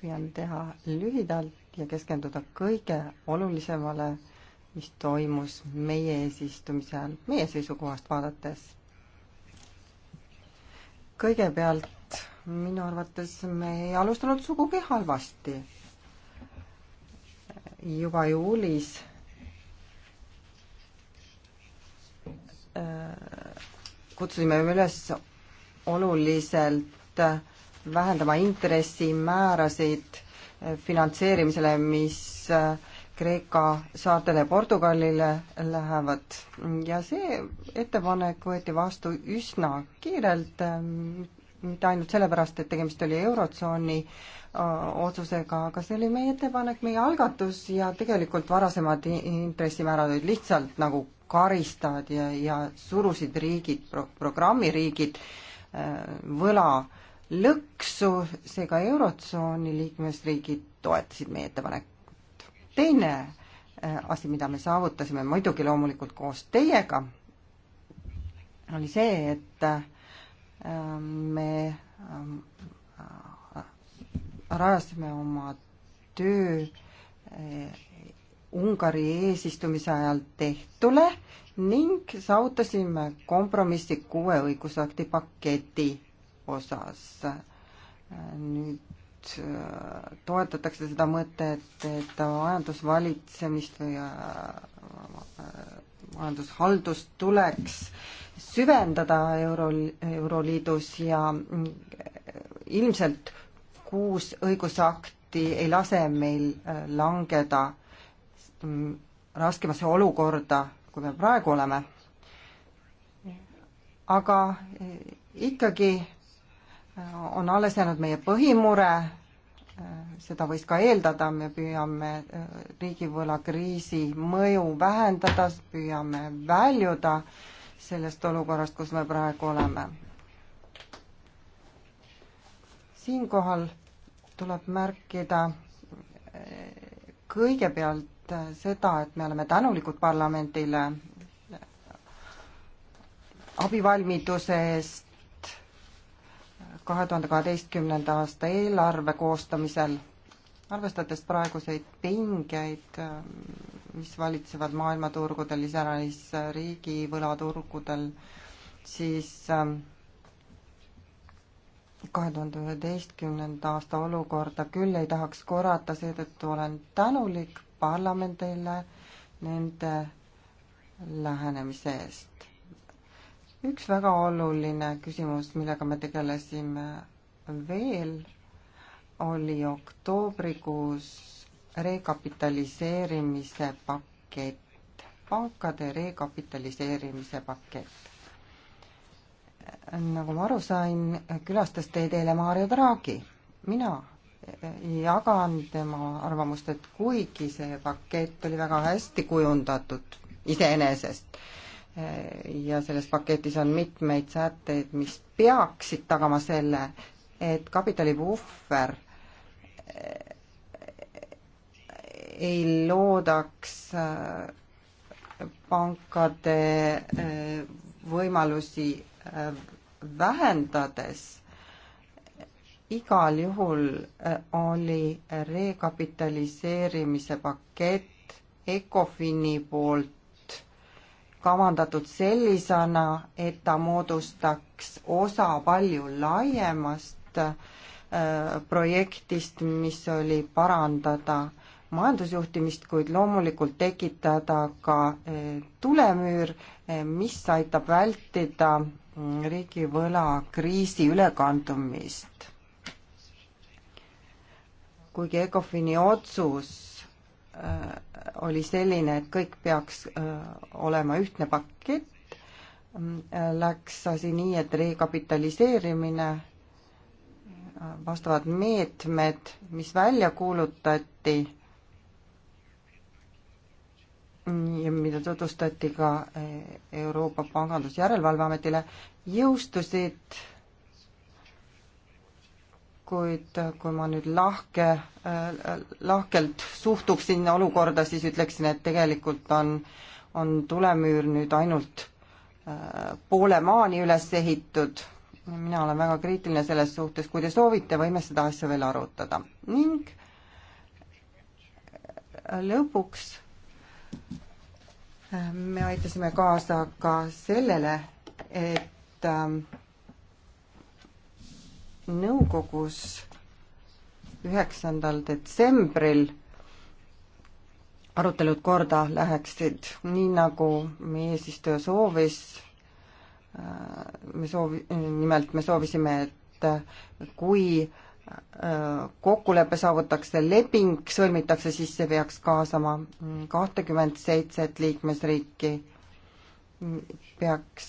püüan teha lühidalt ja keskenduda kõige olulisemale, mis toimus meie eesistumise ajal, meie seisukohast vaadates. kõigepealt minu arvates me ei alustanud sugugi halvasti. juba juulis äh, kutsusime üles oluliselt äh, vähendama intressimäärasid finantseerimisele, mis äh, Kreeka saartele ja Portugalile lähevad ja see ettepanek võeti vastu üsna kiirelt, äh, mitte ainult sellepärast, et tegemist oli Eurotsooni äh, otsusega, aga see oli meie ettepanek, meie algatus ja tegelikult varasemad intressimäärad olid lihtsalt nagu karistavad ja, ja surusid riigid pro, programmiriigid võla äh, lõksu, seega Eurotsooni liikmesriigid toetasid meie ettepanekut. teine äh, asi, mida me saavutasime muidugi loomulikult koos teiega, oli see, et äh, me äh, rajasime oma töö Ungari eesistumise ajal tehtule ning saavutasime kompromissi kuue õigusakti paketi osas. nüüd äh, toetatakse seda mõtet, et majandusvalitsemist või äh, majandushaldust tuleks süvendada euro, Euroliidus ja äh, ilmselt kuus õigusakti ei lase meil langeda mm, raskemasse olukorda, kui me praegu oleme. aga ikkagi on alles jäänud meie põhimure, seda võis ka eeldada, me püüame äh, riigivõlakriisi mõju vähendada, püüame väljuda sellest olukorrast, kus me praegu oleme. siinkohal tuleb märkida äh, kõigepealt äh, seda, et me oleme tänulikud parlamendile abivalmiduse eest kahe tuhande kaheteistkümnenda aasta eelarve koostamisel, arvestades praeguseid pingeid, mis valitsevad maailmaturgudel, iseäranis riigivõlaturgudel, siis ähm, kahe tuhande üheteistkümnenda aasta olukorda küll ei tahaks korrata, seetõttu olen tänulik parlamendile nende lähenemise eest üks väga oluline küsimus, millega me tegelesime veel, oli oktoobrikuus rekapitaliseerimise pakett, pankade rekapitaliseerimise pakett. nagu ma aru sain, külastas teid eile Mario Draghi, mina jagan tema arvamust, et kuigi see pakett oli väga hästi kujundatud iseenesest, ja selles paketis on mitmeid sätteid, mis peaksid tagama selle, et kapitalipuhver eh, ei loodaks eh, pankade eh, võimalusi vähendades igal juhul oli rekapitaliseerimise pakett ECOFIN-i poolt kavandatud sellisena, et ta moodustaks osa palju laiemast äh, projektist, mis oli parandada majandusjuhtimist, kuid loomulikult tekitada ka äh, tulemüür, äh, mis aitab vältida mm, riigivõlakriisi ülekandumist. kuigi ECOFIN-i otsus Äh, oli selline, et kõik peaks äh, olema ühtne pakett, mm, äh, läks asi nii, et rekapitaliseerimine, vastavad meetmed, mis välja kuulutati ja mida tutvustati ka Euroopa Pangandusjärelevalveametile, jõustusid kuid äh, kui ma nüüd lahke, äh, lahkelt suhtuksin olukorda, siis ütleksin, et tegelikult on, on tulemüür nüüd ainult äh, poole maani üles ehitud. mina olen väga kriitiline selles suhtes, kui te soovite, võime seda asja veel arutada. ning lõpuks me aitasime kaasa ka sellele, et ähm, nõukogus üheksandal detsembril arutelud korda läheksid, nii nagu meie eesistuja soovis, me soovi-, nimelt me soovisime, et kui äh, kokkulepe saavutatakse, leping sõlmitakse, siis see peaks kaasama kahtekümmend seitset liikmesriiki, peaks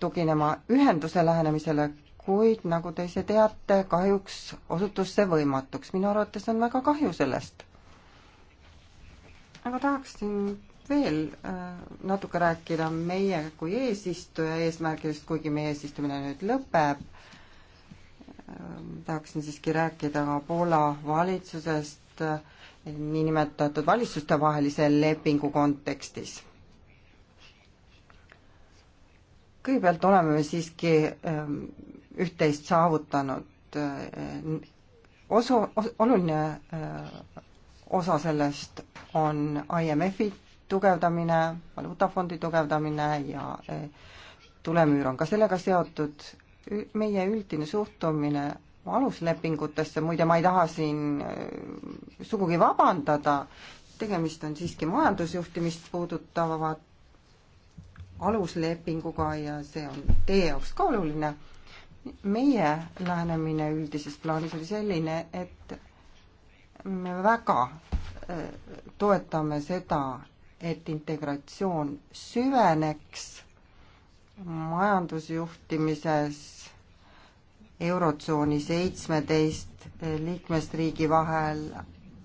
tuginema ühenduse lähenemisele, kuid nagu te ise teate, kahjuks osutus see võimatuks. minu arvates on väga kahju sellest. aga tahaksin veel äh, natuke rääkida meie kui eesistuja eesmärgist, kuigi meie eesistumine nüüd lõpeb. Ähm, tahaksin siiski rääkida ka Poola valitsusest äh, niinimetatud valitsustevahelise lepingu kontekstis kõigepealt oleme me siiski ähm, üht-teist saavutanud. Äh, osu, oluline äh, osa sellest on IMF-i tugevdamine, valuutafondi tugevdamine ja äh, tulemüür on ka sellega seotud. meie üldine suhtumine aluslepingutesse, muide ma ei taha siin sugugi vabandada, tegemist on siiski majandusjuhtimist puudutava aluslepinguga ja see on teie jaoks ka oluline meie lähenemine üldises plaanis oli selline, et me väga äh, toetame seda, et integratsioon süveneks majandusjuhtimises Eurotsooni seitsmeteist äh, liikmesriigi vahel,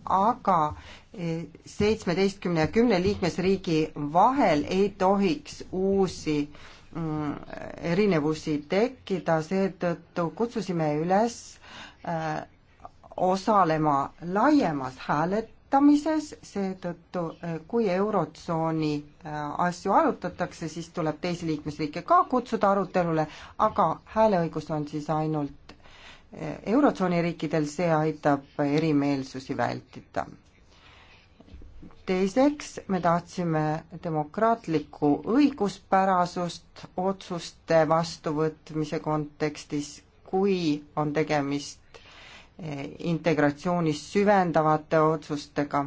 aga äh, seitsmeteistkümne ja kümne liikmesriigi vahel ei tohiks uusi äh, Äh, erinevusi tekkida, seetõttu kutsusime üles äh, osalema laiemas hääletamises, seetõttu äh, kui Eurotsooni asju arutatakse, siis tuleb teisi liikmesriike ka kutsuda arutelule, aga hääleõigus on siis ainult Eurotsooni riikidel, see aitab erimeelsusi vältida teiseks me tahtsime demokraatlikku õiguspärasust otsuste vastuvõtmise kontekstis, kui on tegemist eh, integratsiooni süvendavate otsustega.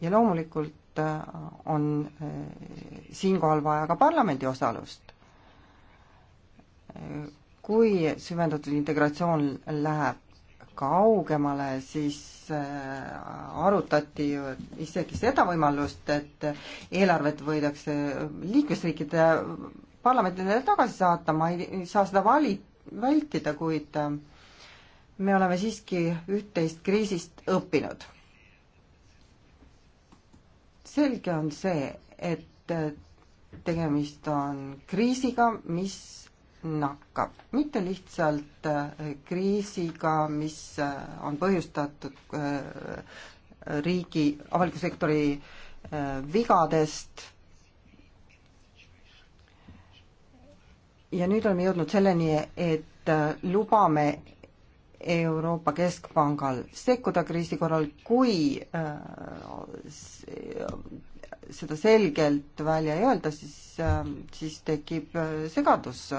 ja loomulikult eh, on eh, siinkohal vaja ka parlamendi osalust. kui süvendatud integratsioon läheb kaugemale, siis äh, arutati ju isegi seda võimalust, et eelarvet võidakse liikmesriikide parlamentidele tagasi saata, ma ei saa seda vali-, vältida, kuid äh, me oleme siiski üht-teist kriisist õppinud. selge on see, et äh, tegemist on kriisiga, mis nakkab, mitte lihtsalt äh, kriisiga, mis äh, on põhjustatud äh, riigi, avaliku sektori vigadest. ja nüüd oleme jõudnud selleni, et lubame Euroopa Keskpangal sekkuda kriisi korral, kui seda selgelt välja ei öelda, siis, ähm, siis tekib äh, segadus.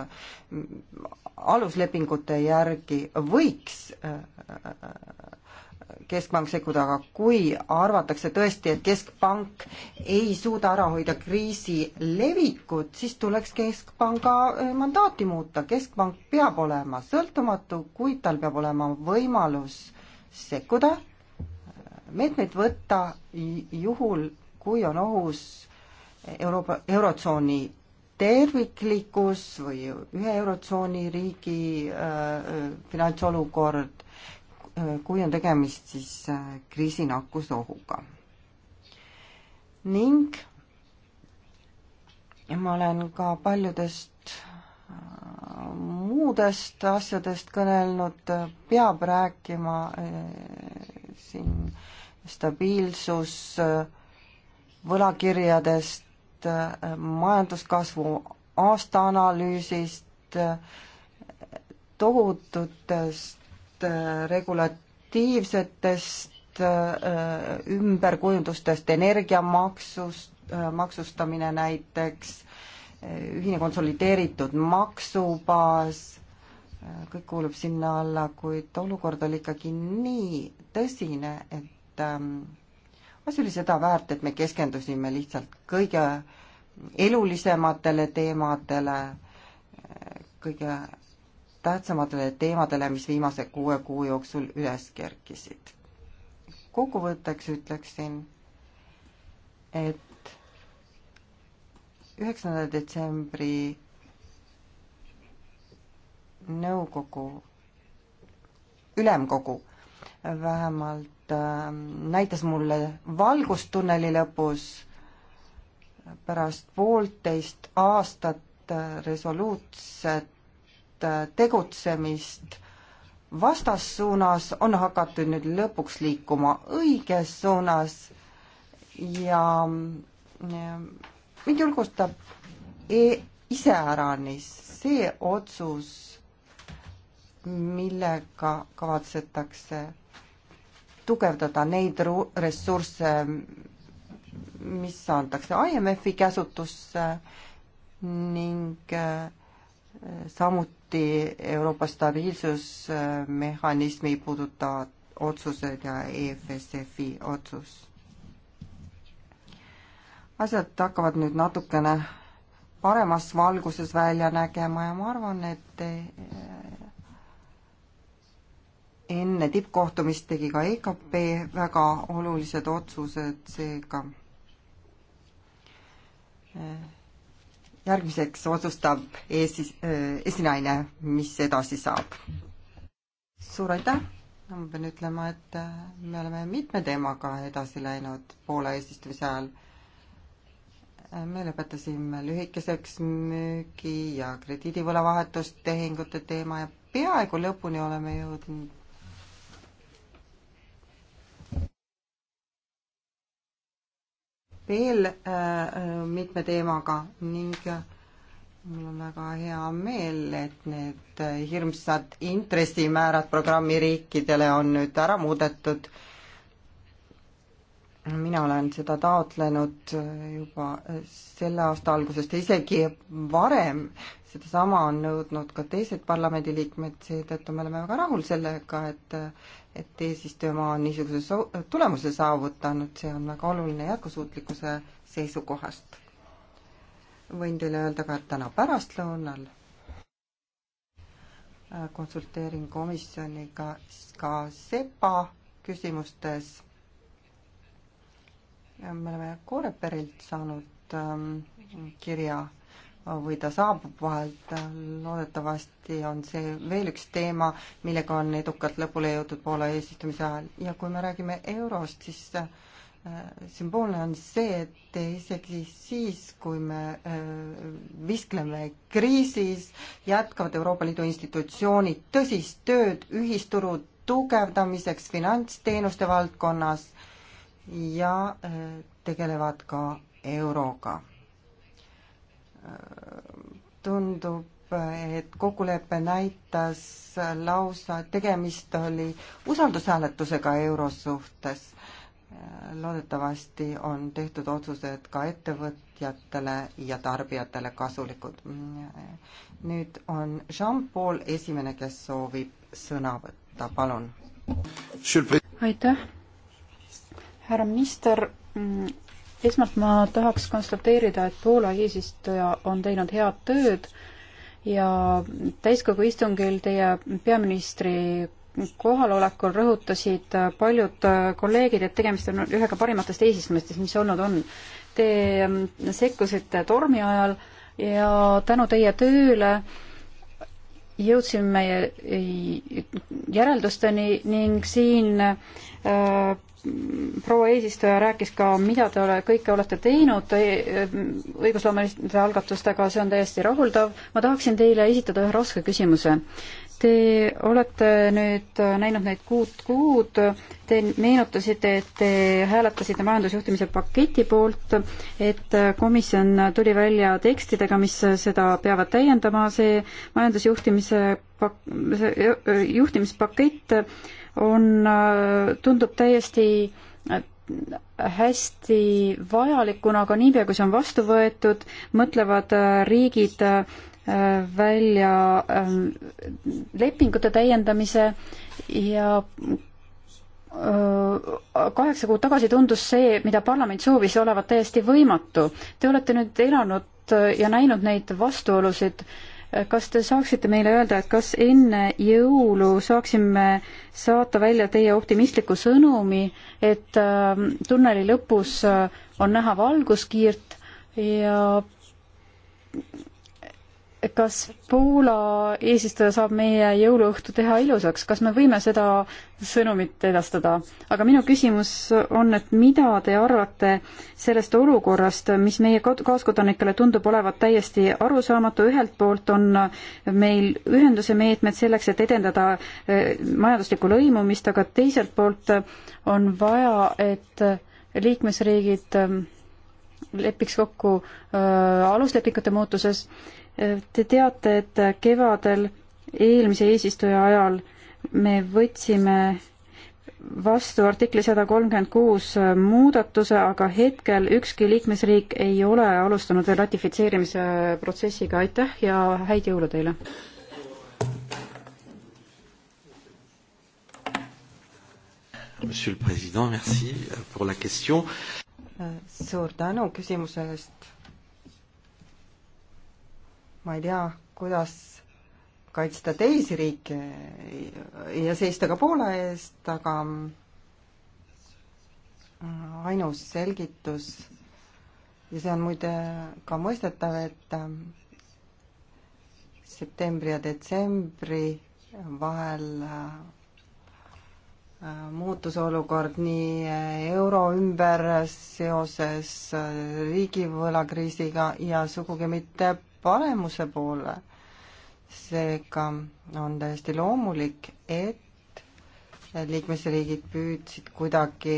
aluslepingute järgi võiks äh, äh, keskpank sekkuda, aga kui arvatakse tõesti, et keskpank ei suuda ära hoida kriisi levikut, siis tuleks keskpanga mandaati muuta. keskpank peab olema sõltumatu, kuid tal peab olema võimalus sekkuda, meetmeid võtta juhul, kui on ohus Euroopa, Eurotsooni terviklikkus või ühe Eurotsooni riigi äh, finantsolukord, äh, kui on tegemist siis äh, kriisinakkusohuga. ning ma olen ka paljudest äh, muudest asjadest kõnelnud, peab rääkima äh, siin stabiilsus äh, võlakirjadest, äh, majanduskasvu aastaanalüüsist, tohututest äh, regulatiivsetest äh, ümberkujundustest, energiamaksust, maksustamine näiteks, ühine konsolideeritud maksubaas, kõik kuulub sinna alla, kuid olukord oli ikkagi nii tõsine, et ähm, kas oli seda väärt, et me keskendusime lihtsalt kõige elulisematele teemadele, kõige tähtsamatele teemadele, mis viimase kuue kuu jooksul üles kerkisid. kokkuvõtteks ütleksin, et üheksanda detsembri nõukogu, ülemkogu vähemalt Ähm, näitas mulle valgust tunneli lõpus pärast poolteist aastat äh, resoluutset äh, tegutsemist vastassuunas on hakatud nüüd lõpuks liikuma õiges suunas ja ähm, mind julgustab e iseäranis see otsus, millega kavatsetakse tugevdada neid ressursse, mis antakse IMF-i käsutusse ning eh, samuti Euroopa stabiilsusmehhanismi puudutavad otsused ja EFSF-i otsus asjad hakkavad nüüd natukene paremas valguses välja nägema ja ma arvan, et eh, enne tippkohtumist tegi ka EKP väga olulised otsused, seega äh, järgmiseks otsustab Eestis, äh, esinaine, mis edasi saab. suur aitäh! ma pean ütlema, et äh, me oleme mitme teemaga edasi läinud Poola eesistumise ajal. me lõpetasime lühikeseks müügi ja krediidivõlavahetustehingute teema ja peaaegu lõpuni oleme jõudnud veel äh, mitme teemaga ning mul on väga hea meel, et need hirmsad intressimäärad programmi riikidele on nüüd ära muudetud. mina olen seda taotlenud juba selle aasta algusest ja isegi varem. sedasama on nõudnud ka teised parlamendiliikmed, seetõttu me oleme väga rahul sellega, et et eesistujamaa on niisuguse tulemuse saavutanud, see on väga oluline jätkusuutlikkuse seisukohast. võin teile öelda ka, et täna pärastlõunal äh, konsulteerin komisjoniga ka SEPA küsimustes. me oleme Koreperilt saanud ähm, kirja või ta saabub vahelt, loodetavasti on see veel üks teema, millega on edukalt lõpule jõutud Poola eesistumise ajal ja kui me räägime eurost, siis äh, sümboolne on see, et isegi siis, kui me äh, viskleme kriisis, jätkavad Euroopa Liidu institutsioonid tõsist tööd ühisturu tugevdamiseks finantsteenuste valdkonnas ja äh, tegelevad ka euroga tundub, et kokkulepe näitas lausa, et tegemist oli usaldushääletusega euro suhtes. loodetavasti on tehtud otsused ka ettevõtjatele ja tarbijatele kasulikud. nüüd on Jean-Paul esimene, kes soovib sõna võtta, palun. aitäh, härra minister esmalt ma tahaks konstateerida, et Poola eesistuja on teinud head tööd ja täiskogu istungil teie peaministri kohalolekul rõhutasid paljud kolleegid, et tegemist on ühega parimatest eesistumistest, mis olnud on. Te mm, sekkusite tormi ajal ja tänu teie tööle jõudsime järeldusteni ning siin Äh, proua eesistuja rääkis ka, mida te ole, kõike olete teinud e, e, õigusloomeliste algatustega, see on täiesti rahuldav. ma tahaksin teile esitada ühe raske küsimuse. Te olete nüüd näinud neid kuut kuud, te meenutasite, et te hääletasite majandusjuhtimise paketi poolt, et komisjon tuli välja tekstidega, mis seda peavad täiendama, see majandusjuhtimise pak-, see juhtimispakett on, äh, tundub täiesti äh, hästi vajalikuna, aga niipea, kui see on vastu võetud, mõtlevad äh, riigid välja lepingute täiendamise ja kaheksa kuud tagasi tundus see, mida parlament soovis, olevat täiesti võimatu. Te olete nüüd elanud ja näinud neid vastuolusid äh, kas te saaksite meile öelda, et kas enne jõulu saaksime saata välja teie optimistliku sõnumi, et ähm, tunneli lõpus äh, on näha valguskiirt ja kas Poola eesistuja saab meie jõuluõhtu teha ilusaks, kas me võime seda sõnumit edastada? aga minu küsimus on, et mida te arvate sellest olukorrast, mis meie kaaskodanikele tundub olevat täiesti arusaamatu, ühelt poolt on meil ühenduse meetmed selleks, et edendada eh, majanduslikku lõimumist, aga teiselt poolt on vaja, et liikmesriigid eh, lepiks kokku äh, aluslepingute muutuses äh, Te teate, et kevadel eelmise eesistuja ajal me võtsime vastu artikli sada kolmkümmend kuus muudatuse, aga hetkel ükski liikmesriik ei ole alustanud veel ratifitseerimise protsessiga, aitäh ja häid jõule teile! Monsieur le Président, merci pour la question. suur tänu küsimuse eest ma ei tea, kuidas kaitsta teisi riike ja seista ka Poola eest, aga äh, ainus selgitus ja see on muide ka mõistetav, et äh, septembri ja detsembri vahel äh, muutus olukord nii euro ümber seoses riigivõlakriisiga ja sugugi mitte paremuse poole. seega on täiesti loomulik, et liikmesriigid püüdsid kuidagi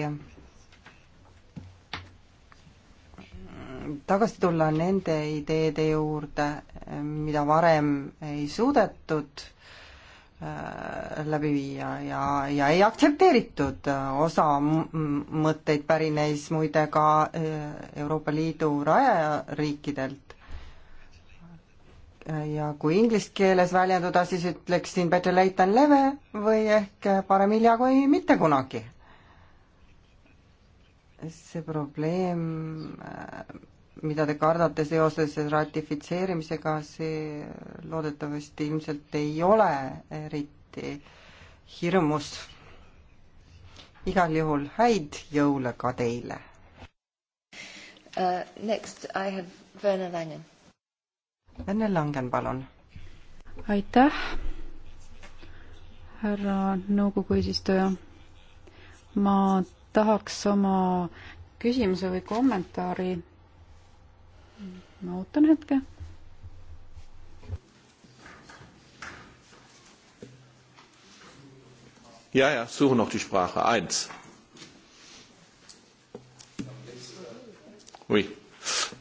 tagasi tulla nende ideede juurde, mida varem ei suudetud äh, läbi viia ja, ja ei aktsepteeritud. osa mõtteid pärines muide ka äh, Euroopa Liidu rajariikidelt ja kui inglise keeles väljenduda, siis ütleksin better late than never või ehk parem hilja kui mitte kunagi. see probleem, mida te kardate seoses ratifitseerimisega, see loodetavasti ilmselt ei ole eriti hirmus. igal juhul häid jõule ka teile uh,. Next I have Werner Langen Enne Langen, palun. aitäh, härra nõukogu eesistuja. ma tahaks oma küsimuse või kommentaari ma ootan hetke. ja, ja, suche noch die Sprache, eins. Oui.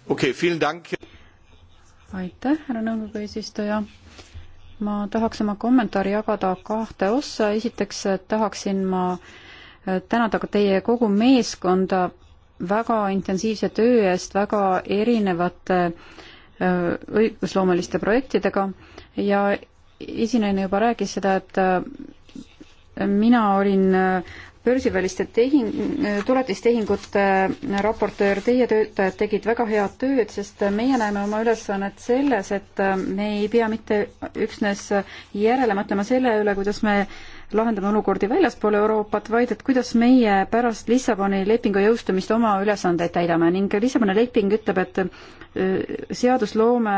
Okay, vielen Dank aitäh, härra nõukogu eesistuja. ma tahaks oma kommentaari jagada kahte ossa, esiteks tahaksin ma tänada ka teie kogu meeskonda väga intensiivse töö eest väga erinevate äh, õigusloomeliste projektidega ja esinaine juba rääkis seda, et äh, mina olin äh, börsiväliste tehing, tuletistehingute äh, raportöör, teie töötajad tegid väga head tööd, sest äh, meie näeme oma ülesannet selles, et äh, me ei pea mitte üksnes järele mõtlema selle üle, kuidas me äh, lahendame olukordi väljaspool Euroopat, vaid et kuidas meie pärast Lissaboni lepingu jõustumist oma ülesandeid täidame ning Lissaboni leping ütleb, et äh, seadusloome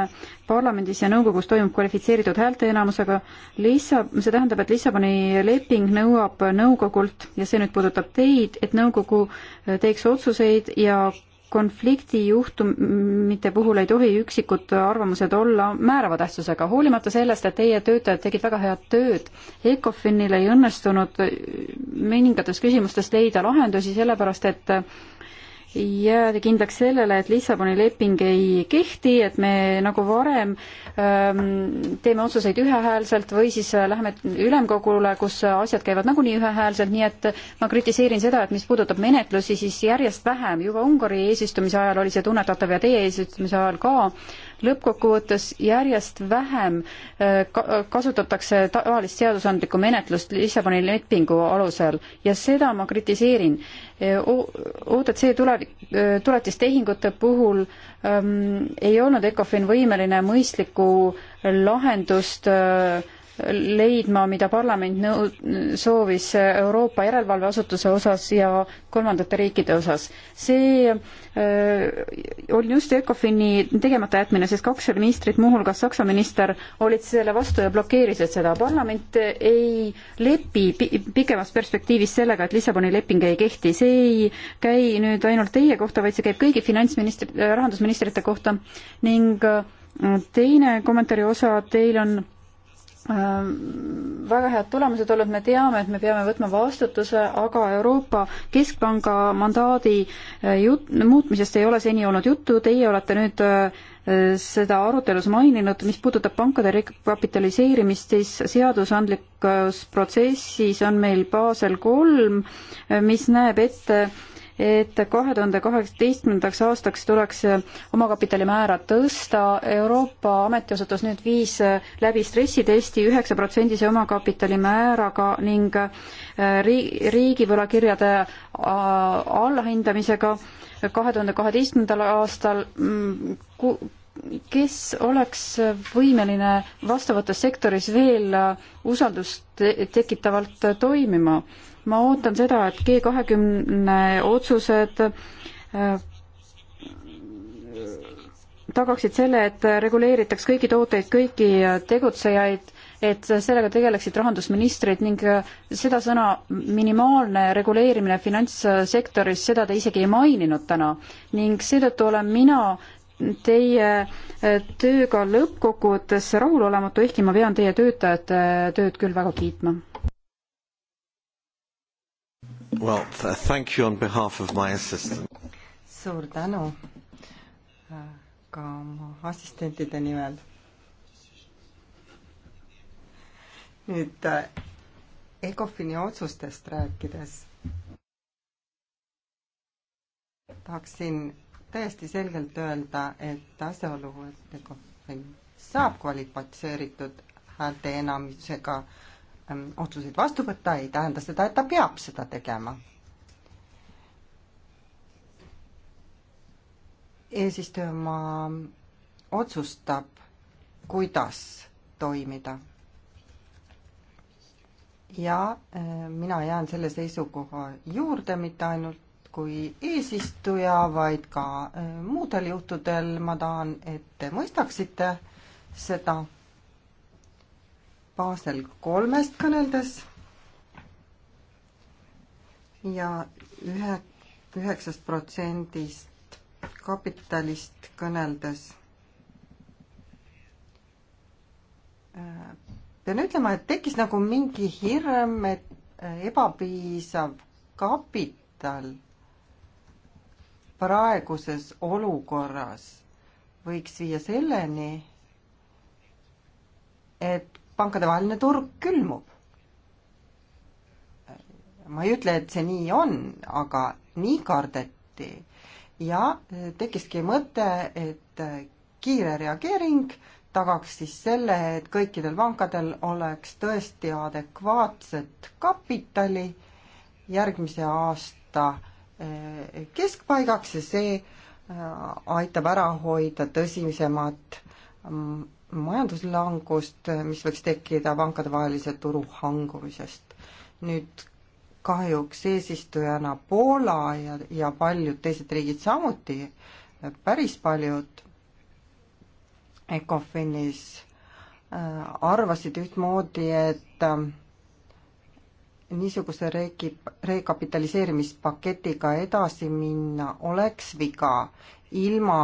parlamendis ja nõukogus toimub kvalifitseeritud häälteenamusega. Lissa-, see tähendab, et Lissaboni leping nõuab nõukogult ja see nüüd puudutab teid, et nõukogu äh, teeks otsuseid ja konfliktijuhtumite puhul ei tohi üksikud arvamused olla määrava tähtsusega, hoolimata sellest, et teie töötajad tegid väga head tööd. ECOFINil ei õnnestunud mõningates küsimustes leida lahendusi, sellepärast et äh, jääda kindlaks sellele, et Lissaboni leping ei kehti, et me nagu varem ähm, teeme otsuseid ühehäälselt või siis äh, läheme ülemkogule, kus asjad käivad nagunii ühehäälselt, nii et ma kritiseerin seda, et mis puudutab menetlusi, siis järjest vähem, juba Ungari eesistumise ajal oli see tunnetatav ja teie eesistumise ajal ka, lõppkokkuvõttes järjest vähem äh, kasutatakse tavalist seadusandlikku menetlust Lissaboni lepingu alusel ja seda ma kritiseerin. Äh, OTC tulevik, äh, tuletistehingute puhul ähm, ei olnud ECOFIN võimeline mõistlikku lahendust äh, leidma, mida parlament nõu-, soovis Euroopa järelevalveasutuse osas ja kolmandate riikide osas. see äh, oli just ECOFIN-i tegemata jätmine, sest kaks ministrit, muuhulgas Saksa minister, olid selle vastu ja blokeerisid seda. parlament ei lepi pi-, pikemas perspektiivis sellega, et Lissaboni leping ei kehti. see ei käi nüüd ainult teie kohta, vaid see käib kõigi finantsministri, rahandusministrite kohta ning äh, teine kommentaari osa teil on Äh, väga head tulemused olnud, me teame, et me peame võtma vastutuse, aga Euroopa Keskpanga mandaadi äh, jut-, muutmisest ei ole seni olnud juttu, teie olete nüüd äh, seda arutelus maininud, mis puudutab pankade rekapitaliseerimist, siis seadusandlikus protsessis on meil baasel kolm, mis näeb ette et kahe tuhande kaheksateistkümnendaks aastaks tuleks omakapitali määra tõsta. Euroopa ametiasutus nüüd viis läbi stressitesti üheksa protsendise omakapitali määraga ning äh, riigivõlakirjade äh, allahindamisega kahe tuhande kaheteistkümnendal aastal mm, kes oleks võimeline vastavates sektoris veel äh, usaldust tekitavalt toimima ma ootan seda, et G kahekümne otsused äh, tagaksid selle, et reguleeritaks kõiki tooteid, kõiki tegutsejaid, et sellega tegeleksid rahandusministrid ning äh, seda sõna minimaalne reguleerimine finantssektoris, seda te isegi ei maininud täna ning seetõttu olen mina teie äh, tööga lõppkokkuvõttes rahulolematu, ehkki ma pean teie töötajate tööd küll väga kiitma Well, thank you on behalf of my assistant. suur tänu äh, ka oma assistentide nimel. nüüd äh, Ecofini otsustest rääkides tahaksin täiesti selgelt öelda, et asjaolu, et Ecofin saab kvalifitseeritud häälteenamusega äh, Ähm, otsuseid vastu võtta, ei tähenda seda, et ta peab seda tegema. eesistujamaa otsustab, kuidas toimida. ja äh, mina jään selle seisukoha juurde, mitte ainult kui eesistuja, vaid ka äh, muudel juhtudel ma tahan, et te mõistaksite seda Basel kolmest kõneldes ja ühe, üheksast protsendist kapitalist kõneldes. pean ütlema, et tekkis nagu mingi hirm, et äh, ebapiisav kapital praeguses olukorras võiks viia selleni, et pankadevaheline turg külmub. ma ei ütle, et see nii on, aga nii kardeti ja tekkiski mõte, et kiire reageering tagaks siis selle, et kõikidel pankadel oleks tõesti adekvaatset kapitali järgmise aasta eh, keskpaigaks ja see eh, aitab ära hoida tõsisemat mm, majanduslangust, mis võiks tekkida pankadevahelise turu hangumisest. nüüd kahjuks eesistujana Poola ja, ja paljud teised riigid samuti, päris paljud ECOFINis äh, arvasid ühtmoodi, et äh, niisuguse reegi-, rekapitaliseerimispaketiga edasi minna oleks viga, ilma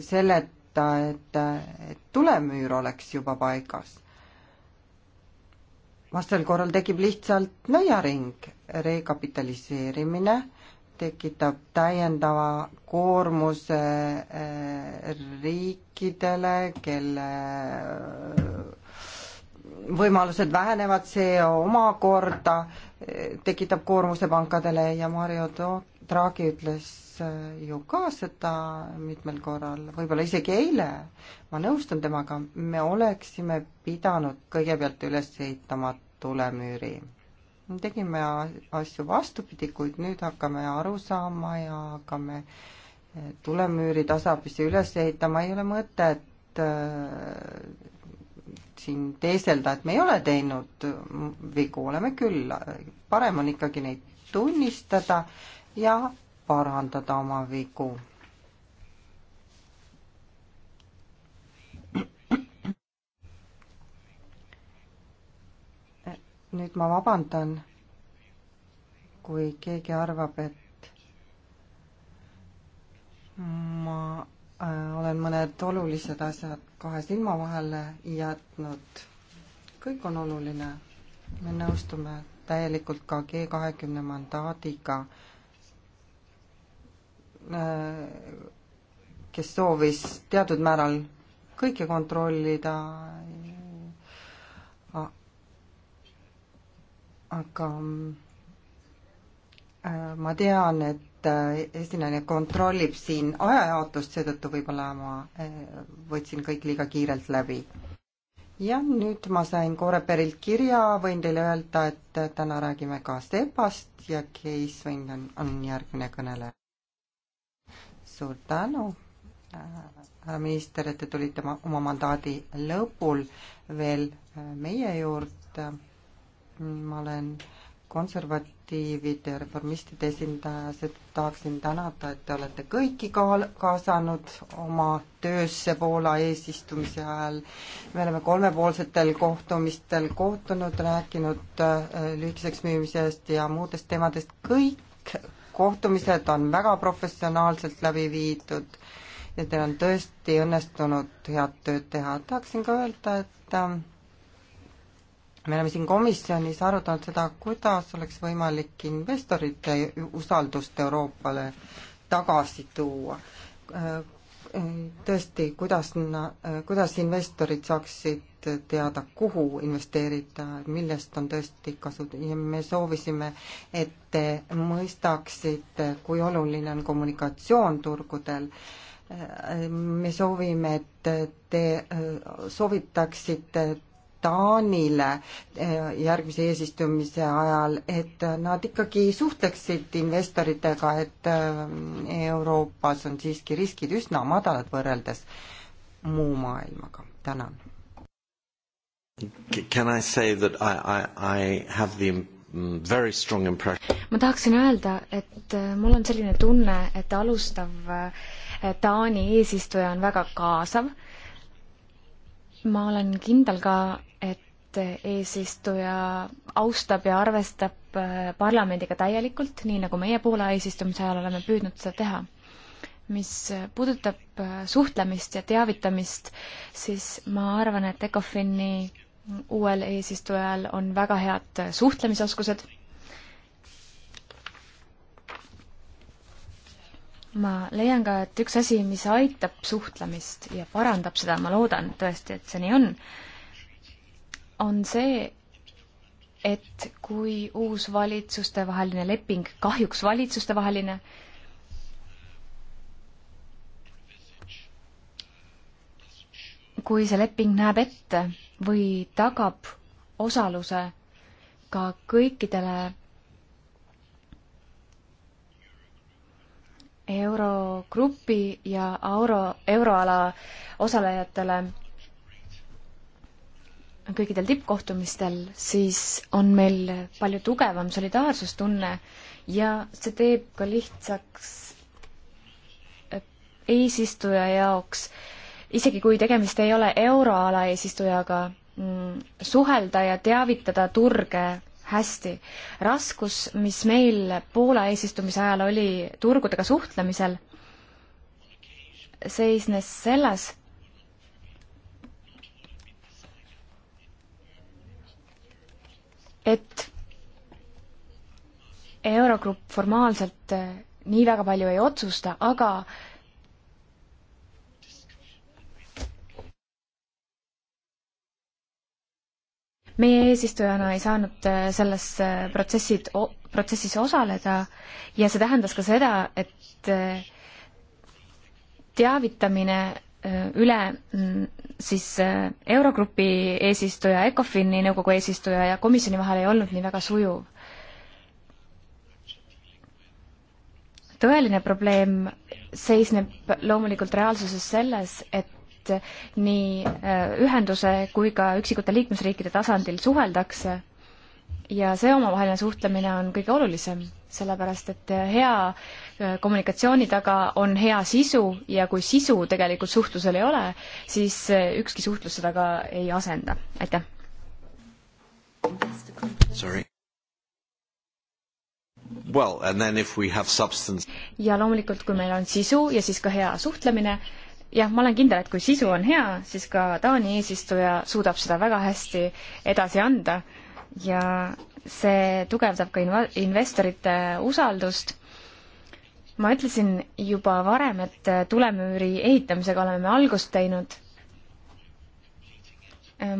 selle oodata, et, et tulemüür oleks juba paigas. vastasel korral tekib lihtsalt nõiaring, rekapitaliseerimine tekitab täiendava koormuse eh, riikidele, kelle eh, võimalused vähenevad, see omakorda tekitab koormuse pankadele ja Mario Draghi ütles äh, ju ka seda mitmel korral, võib-olla isegi eile, ma nõustun temaga, me oleksime pidanud kõigepealt üles ehitama tulemüüri. tegime asju vastupidi, kuid nüüd hakkame aru saama ja hakkame äh, tulemüüri tasapisi üles ehitama, ei ole mõtet äh, siin teeselda, et me ei ole teinud vigu, oleme küll, parem on ikkagi neid tunnistada ja parandada oma vigu. nüüd ma vabandan, kui keegi arvab, et ma Äh, olen mõned olulised asjad kahe silma vahele jätnud. kõik on oluline. me nõustume täielikult ka G kahekümne mandaadiga, äh, kes soovis teatud määral kõike kontrollida, aga äh, ma tean, et et äh, esinaine kontrollib siin ajajaotust, seetõttu võib-olla ma äh, võtsin kõik liiga kiirelt läbi. ja nüüd ma sain Coreperilt kirja, võin teile öelda, et äh, täna räägime ka Sebast ja Keis Vind on, on järgmine kõneleja. suur tänu, härra minister, et te tulite oma mandaadi lõpul veel meie juurde. ma olen äh, konservatiivide ja reformistide esindaja, seda tahaksin tänada, et te olete kõiki kaal-, kaasanud oma töösse Poola eesistumise ajal. me oleme kolmepoolsetel kohtumistel kohtunud, rääkinud äh, lühikeseks müümisest ja muudest teemadest, kõik kohtumised on väga professionaalselt läbi viidud ja teil on tõesti õnnestunud head tööd teha. tahaksin ka öelda, et äh, me oleme siin komisjonis arutanud seda, kuidas oleks võimalik investorite usaldust Euroopale tagasi tuua. tõesti, kuidas, kuidas investorid saaksid teada, kuhu investeerida, millest on tõesti kasu ja me soovisime, et te mõistaksite, kui oluline on kommunikatsioon turgudel me soovime, et te soovitaksite Taanile eh, järgmise eesistumise ajal, et nad ikkagi suhtleksid investoritega, et eh, Euroopas on siiski riskid üsna madalad võrreldes muu maailmaga. tänan. Can I say that I, I, I have the mm, very strong impression? ma tahaksin öelda, et eh, mul on selline tunne, et alustav Taani eesistuja on väga kaasav ma olen kindel ka, et eesistuja austab ja arvestab äh, parlamendiga täielikult, nii nagu meie Poola eesistumise ajal oleme püüdnud seda teha. mis puudutab äh, suhtlemist ja teavitamist, siis ma arvan, et ECOFIN-i uuel eesistujal on väga head äh, suhtlemisoskused. ma leian ka, et üks asi, mis aitab suhtlemist ja parandab seda, ma loodan tõesti, et see nii on, on see, et kui uus valitsustevaheline leping, kahjuks valitsustevaheline, kui see leping näeb ette või tagab osaluse ka kõikidele eurogrupi ja euro, euroala osalejatele kõikidel tippkohtumistel, siis on meil palju tugevam solidaarsustunne ja see teeb ka lihtsaks äh, eesistuja jaoks, isegi kui tegemist ei ole euroala eesistujaga, mm, suhelda ja teavitada turge hästi. raskus, mis meil Poola eesistumise ajal oli turgudega suhtlemisel, seisnes selles, et Eurogrupp formaalselt äh, nii väga palju ei otsusta, aga meie eesistujana ei saanud äh, selles äh, protsessid, protsessis osaleda ja see tähendas ka seda, et teavitamine Äh, üle mm, siis äh, Eurogrupi eesistuja, ECOFIN-i nõukogu eesistuja ja komisjoni vahel ei olnud nii väga sujuv. tõeline probleem seisneb loomulikult reaalsuses selles, et nii äh, ühenduse kui ka üksikute liikmesriikide tasandil suheldakse ja see omavaheline suhtlemine on kõige olulisem, sellepärast et hea äh, Eh, kommunikatsiooni taga on hea sisu ja kui sisu tegelikult suhtlusel ei ole, siis eh, ükski suhtlus seda ka ei asenda. aitäh. Sorry. Well, and then if we have substance. ja loomulikult, kui meil on sisu ja siis ka hea suhtlemine, jah, ma olen kindel, et kui sisu on hea, siis ka Taani eesistuja suudab seda väga hästi edasi anda ja see tugevdab ka inv-, investorite usaldust ma ütlesin juba varem, et tulemüüri ehitamisega oleme me algust teinud.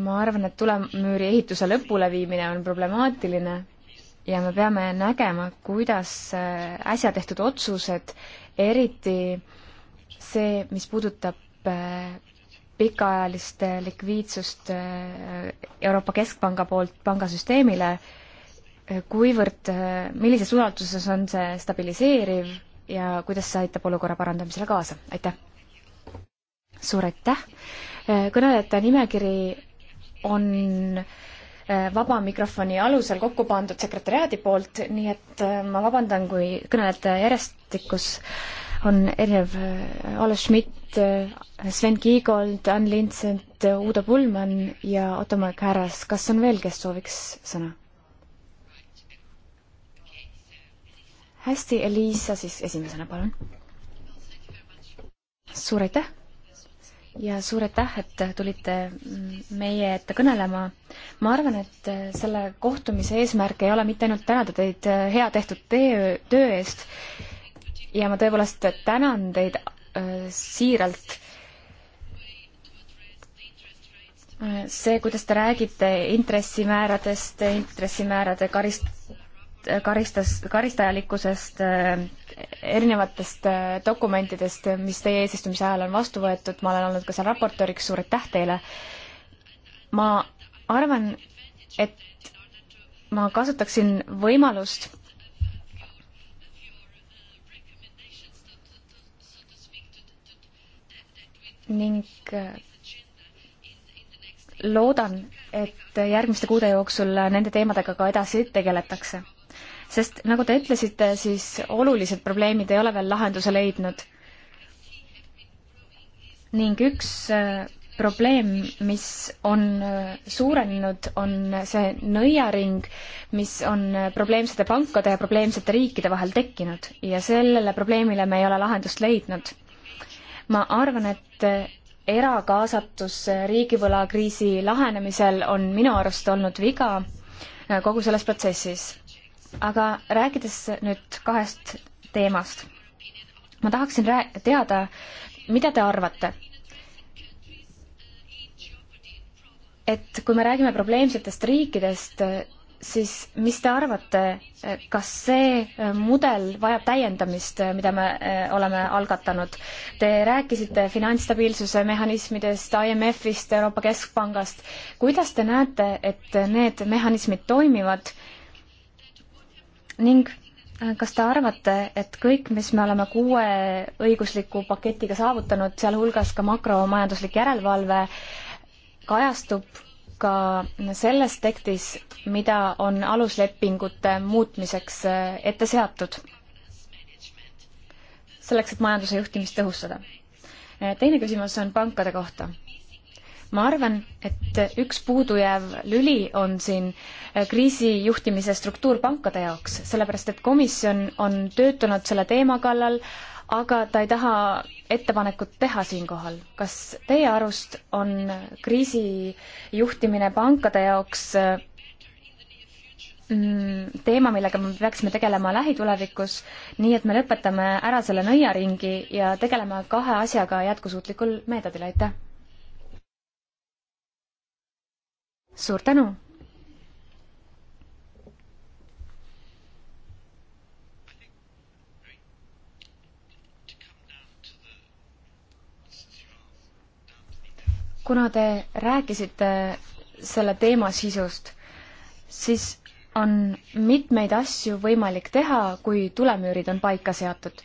ma arvan, et tulemüüri ehituse lõpuleviimine on problemaatiline ja me peame nägema, kuidas äsja tehtud otsused, eriti see, mis puudutab eh, pikaajalist eh, likviidsust eh, Euroopa Keskpanga poolt pangasüsteemile, kuivõrd, millises ulatuses on see stabiliseeriv ja kuidas see aitab olukorra parandamisele kaasa, aitäh! suur aitäh! Äh, kõnelejate nimekiri on äh, vaba mikrofoni alusel kokku pandud sekretäriaadi poolt, nii et äh, ma vabandan, kui kõnelejate järjestikus on erinev Olle Schmidt, Sven Kiigold, Ann Lindsent, Uudo Pulman ja Otto Mäe-Käras. kas on veel, kes sooviks sõna? hästi, Elisa siis esimesena, palun. suur aitäh ja suur aitäh, et tulite meie ette kõnelema. ma arvan, et selle kohtumise eesmärk ei ole mitte ainult tänada teid hea tehtud töö, töö eest ja ma tõepoolest tänan teid äh, siiralt. Äh, see, kuidas te räägite intressimääradest, intressimäärade karist-, karistas, karistajalikkusest, äh, erinevatest äh, dokumentidest, mis teie eesistumise ajal on vastu võetud, ma olen olnud ka seal raportööriks, suur aitäh teile. ma arvan, et ma kasutaksin võimalust ning äh, loodan, et järgmiste kuude jooksul nende teemadega ka edasi tegeletakse sest nagu te ütlesite, siis olulised probleemid ei ole veel lahenduse leidnud. ning üks äh, probleem, mis on äh, suurenenud, on see nõiaring, mis on äh, probleemsete pankade ja probleemsete riikide vahel tekkinud ja sellele probleemile me ei ole lahendust leidnud. ma arvan, et erakaasatus riigivõlakriisi lahenemisel on minu arust olnud viga kogu selles protsessis aga rääkides nüüd kahest teemast, ma tahaksin rää-, teada, mida te arvate? et kui me räägime probleemsetest riikidest, siis mis te arvate, kas see äh, mudel vajab täiendamist, äh, mida me äh, oleme algatanud? Te rääkisite finantsstabiilsuse mehhanismidest, IMF-ist, Euroopa Keskpangast. kuidas te näete, et need mehhanismid toimivad ning äh, kas te arvate, et kõik, mis me oleme kuue õigusliku paketiga saavutanud, sealhulgas ka makromajanduslik järelevalve, kajastub ka selles tekstis, mida on aluslepingute muutmiseks äh, ette seatud? selleks, et majanduse juhtimist tõhustada. Äh, teine küsimus on pankade kohta ma arvan, et üks puudujääv lüli on siin äh, kriisijuhtimise struktuur pankade jaoks, sellepärast et komisjon on töötanud selle teema kallal, aga ta ei taha ettepanekut teha siinkohal. kas teie arust on kriisijuhtimine pankade jaoks äh, mm, teema, millega me peaksime tegelema lähitulevikus, nii et me lõpetame ära selle nõiaringi ja tegeleme kahe asjaga jätkusuutlikul meetodil, aitäh! suur tänu! kuna te rääkisite selle teema sisust, siis on mitmeid asju võimalik teha, kui tulemüürid on paika seatud.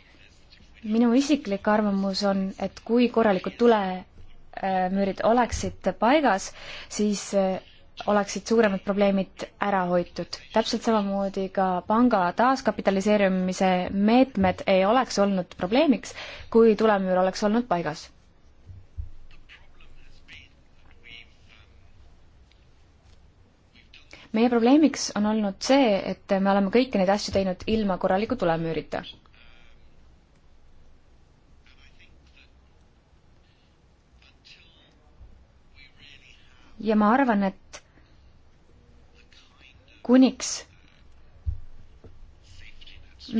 minu isiklik arvamus on, et kui korralikud tulemüürid oleksid paigas, siis oleksid suuremad probleemid ära hoitud. täpselt samamoodi ka panga taaskapitaliseerimise meetmed ei oleks olnud probleemiks, kui tulemüür oleks olnud paigas. meie probleemiks on olnud see, et me oleme kõiki neid asju teinud ilma korraliku tulemüürita ja ma arvan, et kuniks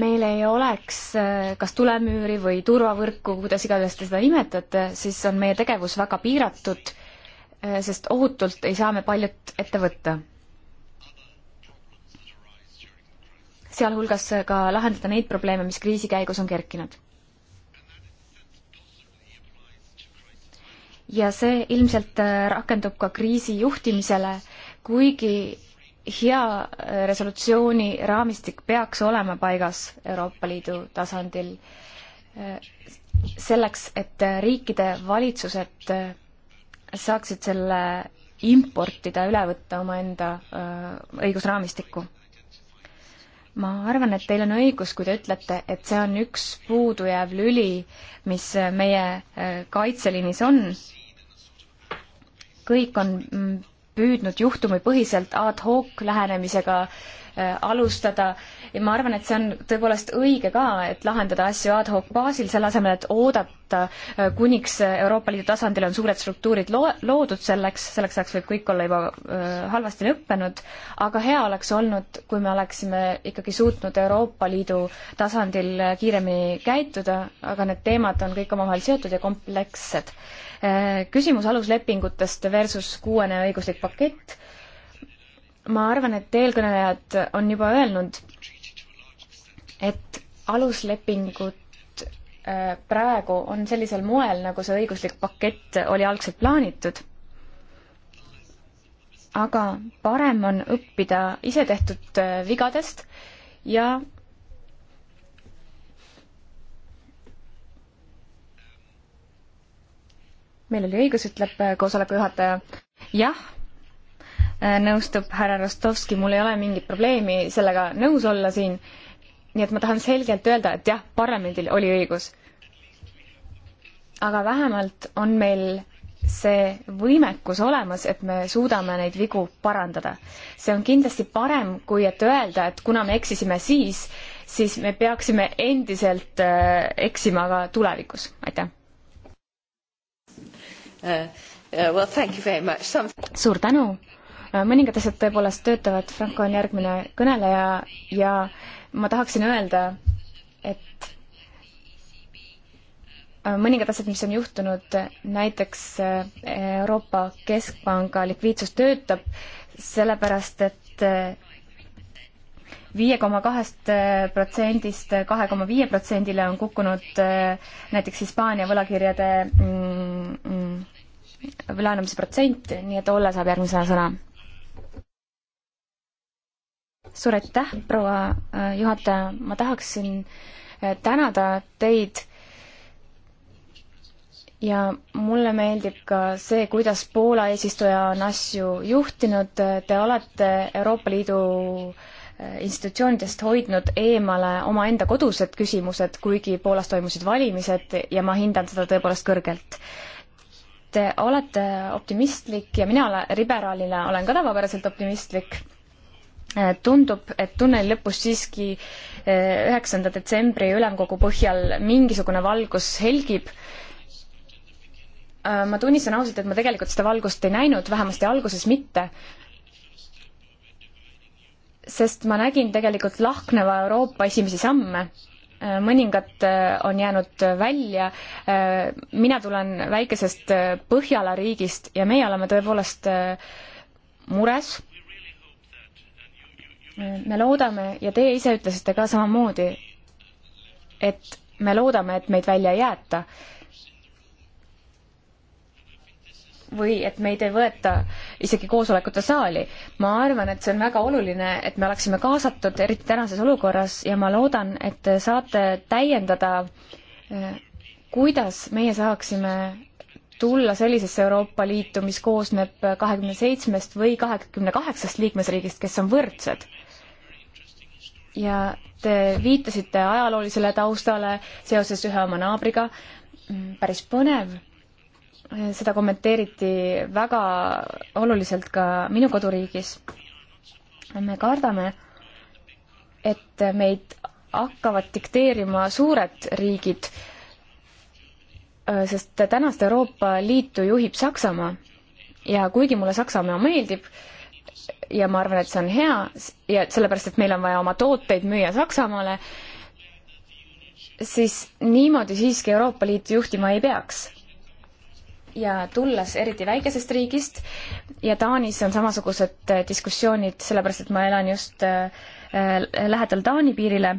meil ei oleks äh, kas tulemüüri või turvavõrku, kuidas iganes te seda nimetate, siis on meie tegevus väga piiratud, äh, sest ohutult ei saa me paljut ette võtta. sealhulgas äh, ka lahendada neid probleeme, mis kriisi käigus on kerkinud. ja see ilmselt rakendub ka kriisi juhtimisele, kuigi hea resolutsiooni raamistik peaks olema paigas Euroopa Liidu tasandil selleks, et riikide valitsused saaksid selle importida, üle võtta omaenda äh, õigusraamistikku. ma arvan, et teil on õigus, kui te ütlete, et see on üks puudujääv lüli, mis meie äh, kaitseliinis on. kõik on mm, püüdnud juhtumipõhiselt ad hoc lähenemisega äh, Äh, alustada ja ma arvan, et see on tõepoolest õige ka, et lahendada asju ad hoc baasil, selle asemel, et oodata, äh, kuniks Euroopa Liidu tasandil on suured struktuurid loo-, loodud selleks, selleks ajaks võib kõik olla juba äh, halvasti lõppenud, aga hea oleks olnud, kui me oleksime ikkagi suutnud Euroopa Liidu tasandil kiiremini käituda, aga need teemad on kõik omavahel seotud ja komplekssed. Küsimus aluslepingutest versus kuuene õiguslik pakett ma arvan, et eelkõnelejad on juba öelnud, et aluslepingut äh, praegu on sellisel moel, nagu see õiguslik pakett oli algselt plaanitud. aga parem on õppida ise tehtud äh, vigadest ja meil oli õigus, ütleb äh, koosoleku juhataja. jah Äh, nõustub härra Rostovski, mul ei ole mingit probleemi sellega nõus olla siin. nii et ma tahan selgelt öelda, et jah, parlamendil oli õigus. aga vähemalt on meil see võimekus olemas, et me suudame neid vigu parandada. see on kindlasti parem, kui et öelda, et kuna me eksisime siis, siis me peaksime endiselt äh, eksima ka tulevikus, aitäh uh,. Uh, well, Some... suur tänu Äh, mõningad asjad tõepoolest töötavad, Franco on järgmine kõneleja ja ma tahaksin öelda, et äh, mõningad asjad, mis on juhtunud, näiteks äh, Euroopa Keskpanga likviidsus töötab, sellepärast et viie koma kahest protsendist kahe koma viie protsendile on kukkunud näiteks Hispaania võlakirjade mm, mm, laenamise protsent, nii et Olle saab järgmisena sõna suur aitäh, proua äh, juhataja, ma tahaksin äh, tänada teid ja mulle meeldib ka see, kuidas Poola eesistuja on asju juhtinud, te olete Euroopa Liidu äh, institutsioonidest hoidnud eemale omaenda kodused küsimused, kuigi Poolas toimusid valimised ja ma hindan seda tõepoolest kõrgelt. Te olete optimistlik ja mina liberaalina olen ka tavapäraselt optimistlik Äh, tundub, et tunneli lõpus siiski äh, üheksanda detsembri ülemkogu põhjal mingisugune valgus helgib. Äh, ma tunnistan ausalt, et ma tegelikult seda valgust ei näinud, vähemasti alguses mitte. sest ma nägin tegelikult lahkneva Euroopa esimesi samme mõningad on jäänud välja. mina tulen väikesest Põhjala riigist ja meie oleme tõepoolest mures me loodame ja teie ise ütlesite ka samamoodi, et me loodame, et meid välja ei jäeta. või et meid ei võeta isegi koosolekute saali. ma arvan, et see on väga oluline, et me oleksime kaasatud, eriti tänases olukorras, ja ma loodan, et saate täiendada, eh, kuidas meie saaksime tulla sellisesse Euroopa Liitu, mis koosneb kahekümne seitsmest või kahekümne kaheksast liikmesriigist, kes on võrdsed ja te viitasite ajaloolisele taustale seoses ühe oma naabriga. Mm, päris põnev. seda kommenteeriti väga oluliselt ka minu koduriigis. me kardame, et meid hakkavad dikteerima suured riigid, sest tänast Euroopa Liitu juhib Saksamaa ja kuigi mulle Saksamaa meeldib, ja ma arvan, et see on hea ja sellepärast, et meil on vaja oma tooteid müüa Saksamaale, siis niimoodi siiski Euroopa Liit juhtima ei peaks. ja tulles eriti väikesest riigist ja Taanis on samasugused äh, diskussioonid, sellepärast et ma elan just äh, äh, lähedal Taani piirile,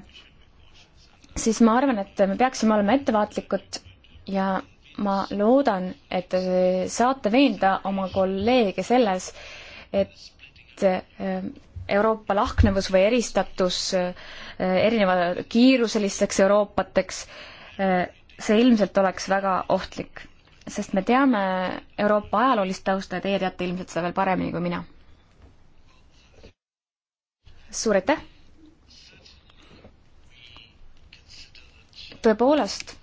siis ma arvan, et me peaksime olema ettevaatlikud ja ma loodan, et te saate veenda oma kolleege selles, et et ähm, Euroopa lahknevus või eristatus äh, erineva kiiruselisteks Euroopateks, äh, see ilmselt oleks väga ohtlik. sest me teame Euroopa ajaloolist tausta ja teie teate ilmselt seda veel paremini kui mina. suur aitäh! tõepoolest,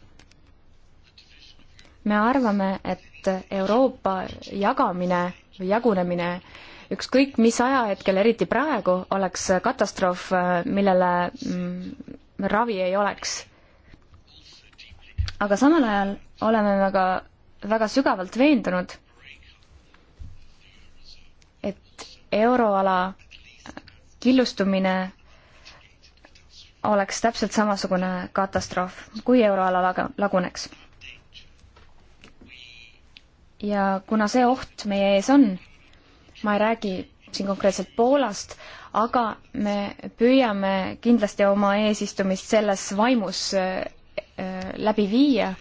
me arvame, et Euroopa jagamine või jagunemine äh, ükskõik mis ajahetkel, eriti praegu, oleks katastroof, millele mm, ravi ei oleks. aga samal ajal oleme me ka väga sügavalt veendunud, et euroala killustumine oleks täpselt samasugune katastroof, kui euroala laga-, laguneks. ja kuna see oht meie ees on, ma ei räägi siin konkreetselt Poolast, aga me püüame kindlasti oma eesistumist selles vaimus äh, äh, läbi viia,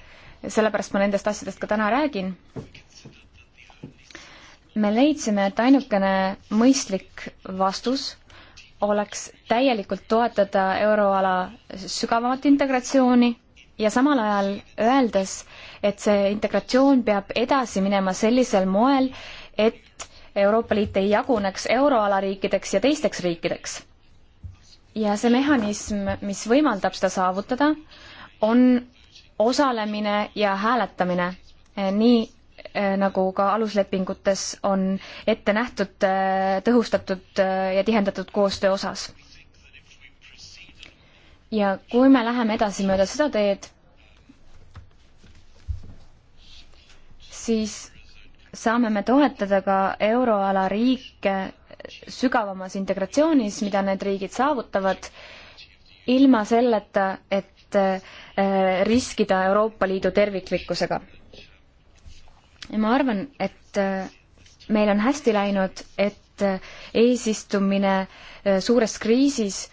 sellepärast ma nendest asjadest ka täna räägin. me leidsime, et ainukene mõistlik vastus oleks täielikult toetada euroala sügavamat integratsiooni ja samal ajal öeldes, et see integratsioon peab edasi minema sellisel moel, et Euroopa Liit ei jaguneks euroala riikideks ja teisteks riikideks. ja see mehhanism, mis võimaldab seda saavutada, on osalemine ja hääletamine, eh, nii eh, nagu ka aluslepingutes on ette nähtud eh, tõhustatud ja tihendatud koostöö osas. ja kui me läheme edasi mööda seda teed, siis saame me toetada ka euroala riike sügavamas integratsioonis, mida need riigid saavutavad, ilma selleta, et eh, riskida Euroopa Liidu terviklikkusega. ja ma arvan, et eh, meil on hästi läinud, et eh, eesistumine suures kriisis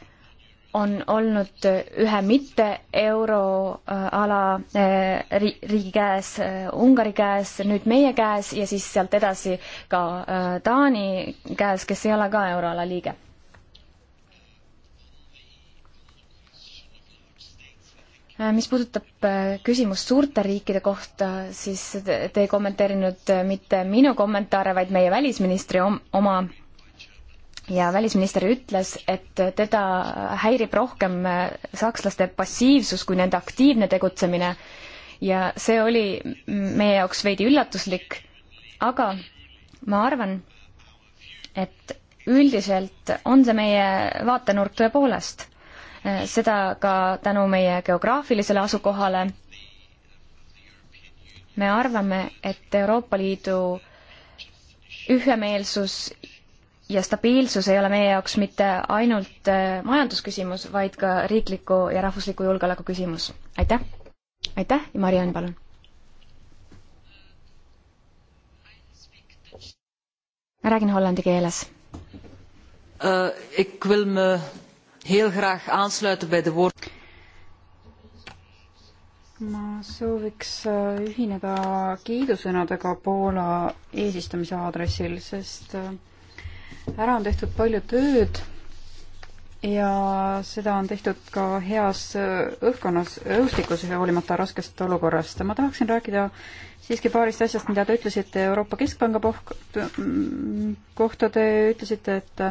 on olnud ühe mitte euroala eh, riigi käes, eh, Ungari käes, nüüd meie käes ja siis sealt edasi ka eh, Taani käes, kes ei ole ka euroala liige. mis puudutab küsimust suurte riikide kohta, siis te ei kommenteerinud mitte minu kommentaare, vaid meie välisministri oma ja välisminister ütles, et teda häirib rohkem sakslaste passiivsus kui nende aktiivne tegutsemine ja see oli meie jaoks veidi üllatuslik, aga ma arvan, et üldiselt on see meie vaatenurk tõepoolest. seda ka tänu meie geograafilisele asukohale. me arvame, et Euroopa Liidu ühemeelsus ja stabiilsus ei ole meie jaoks mitte ainult äh, majandusküsimus, vaid ka riikliku ja rahvusliku julgeoleku küsimus. aitäh! aitäh ja Mariann, palun! ma räägin hollandi keeles uh,. Ik wil me heel graag aansluiten bij de woord- ma sooviks äh, ühineda kiidusõnadega Poola eesistumise aadressil, sest ära on tehtud palju tööd ja seda on tehtud ka heas äh, õhkkonnas, õhustikus, hoolimata raskest olukorrast. ma tahaksin rääkida siiski paarist asjast, mida te ütlesite Euroopa Keskpanga kohta, te ütlesite, et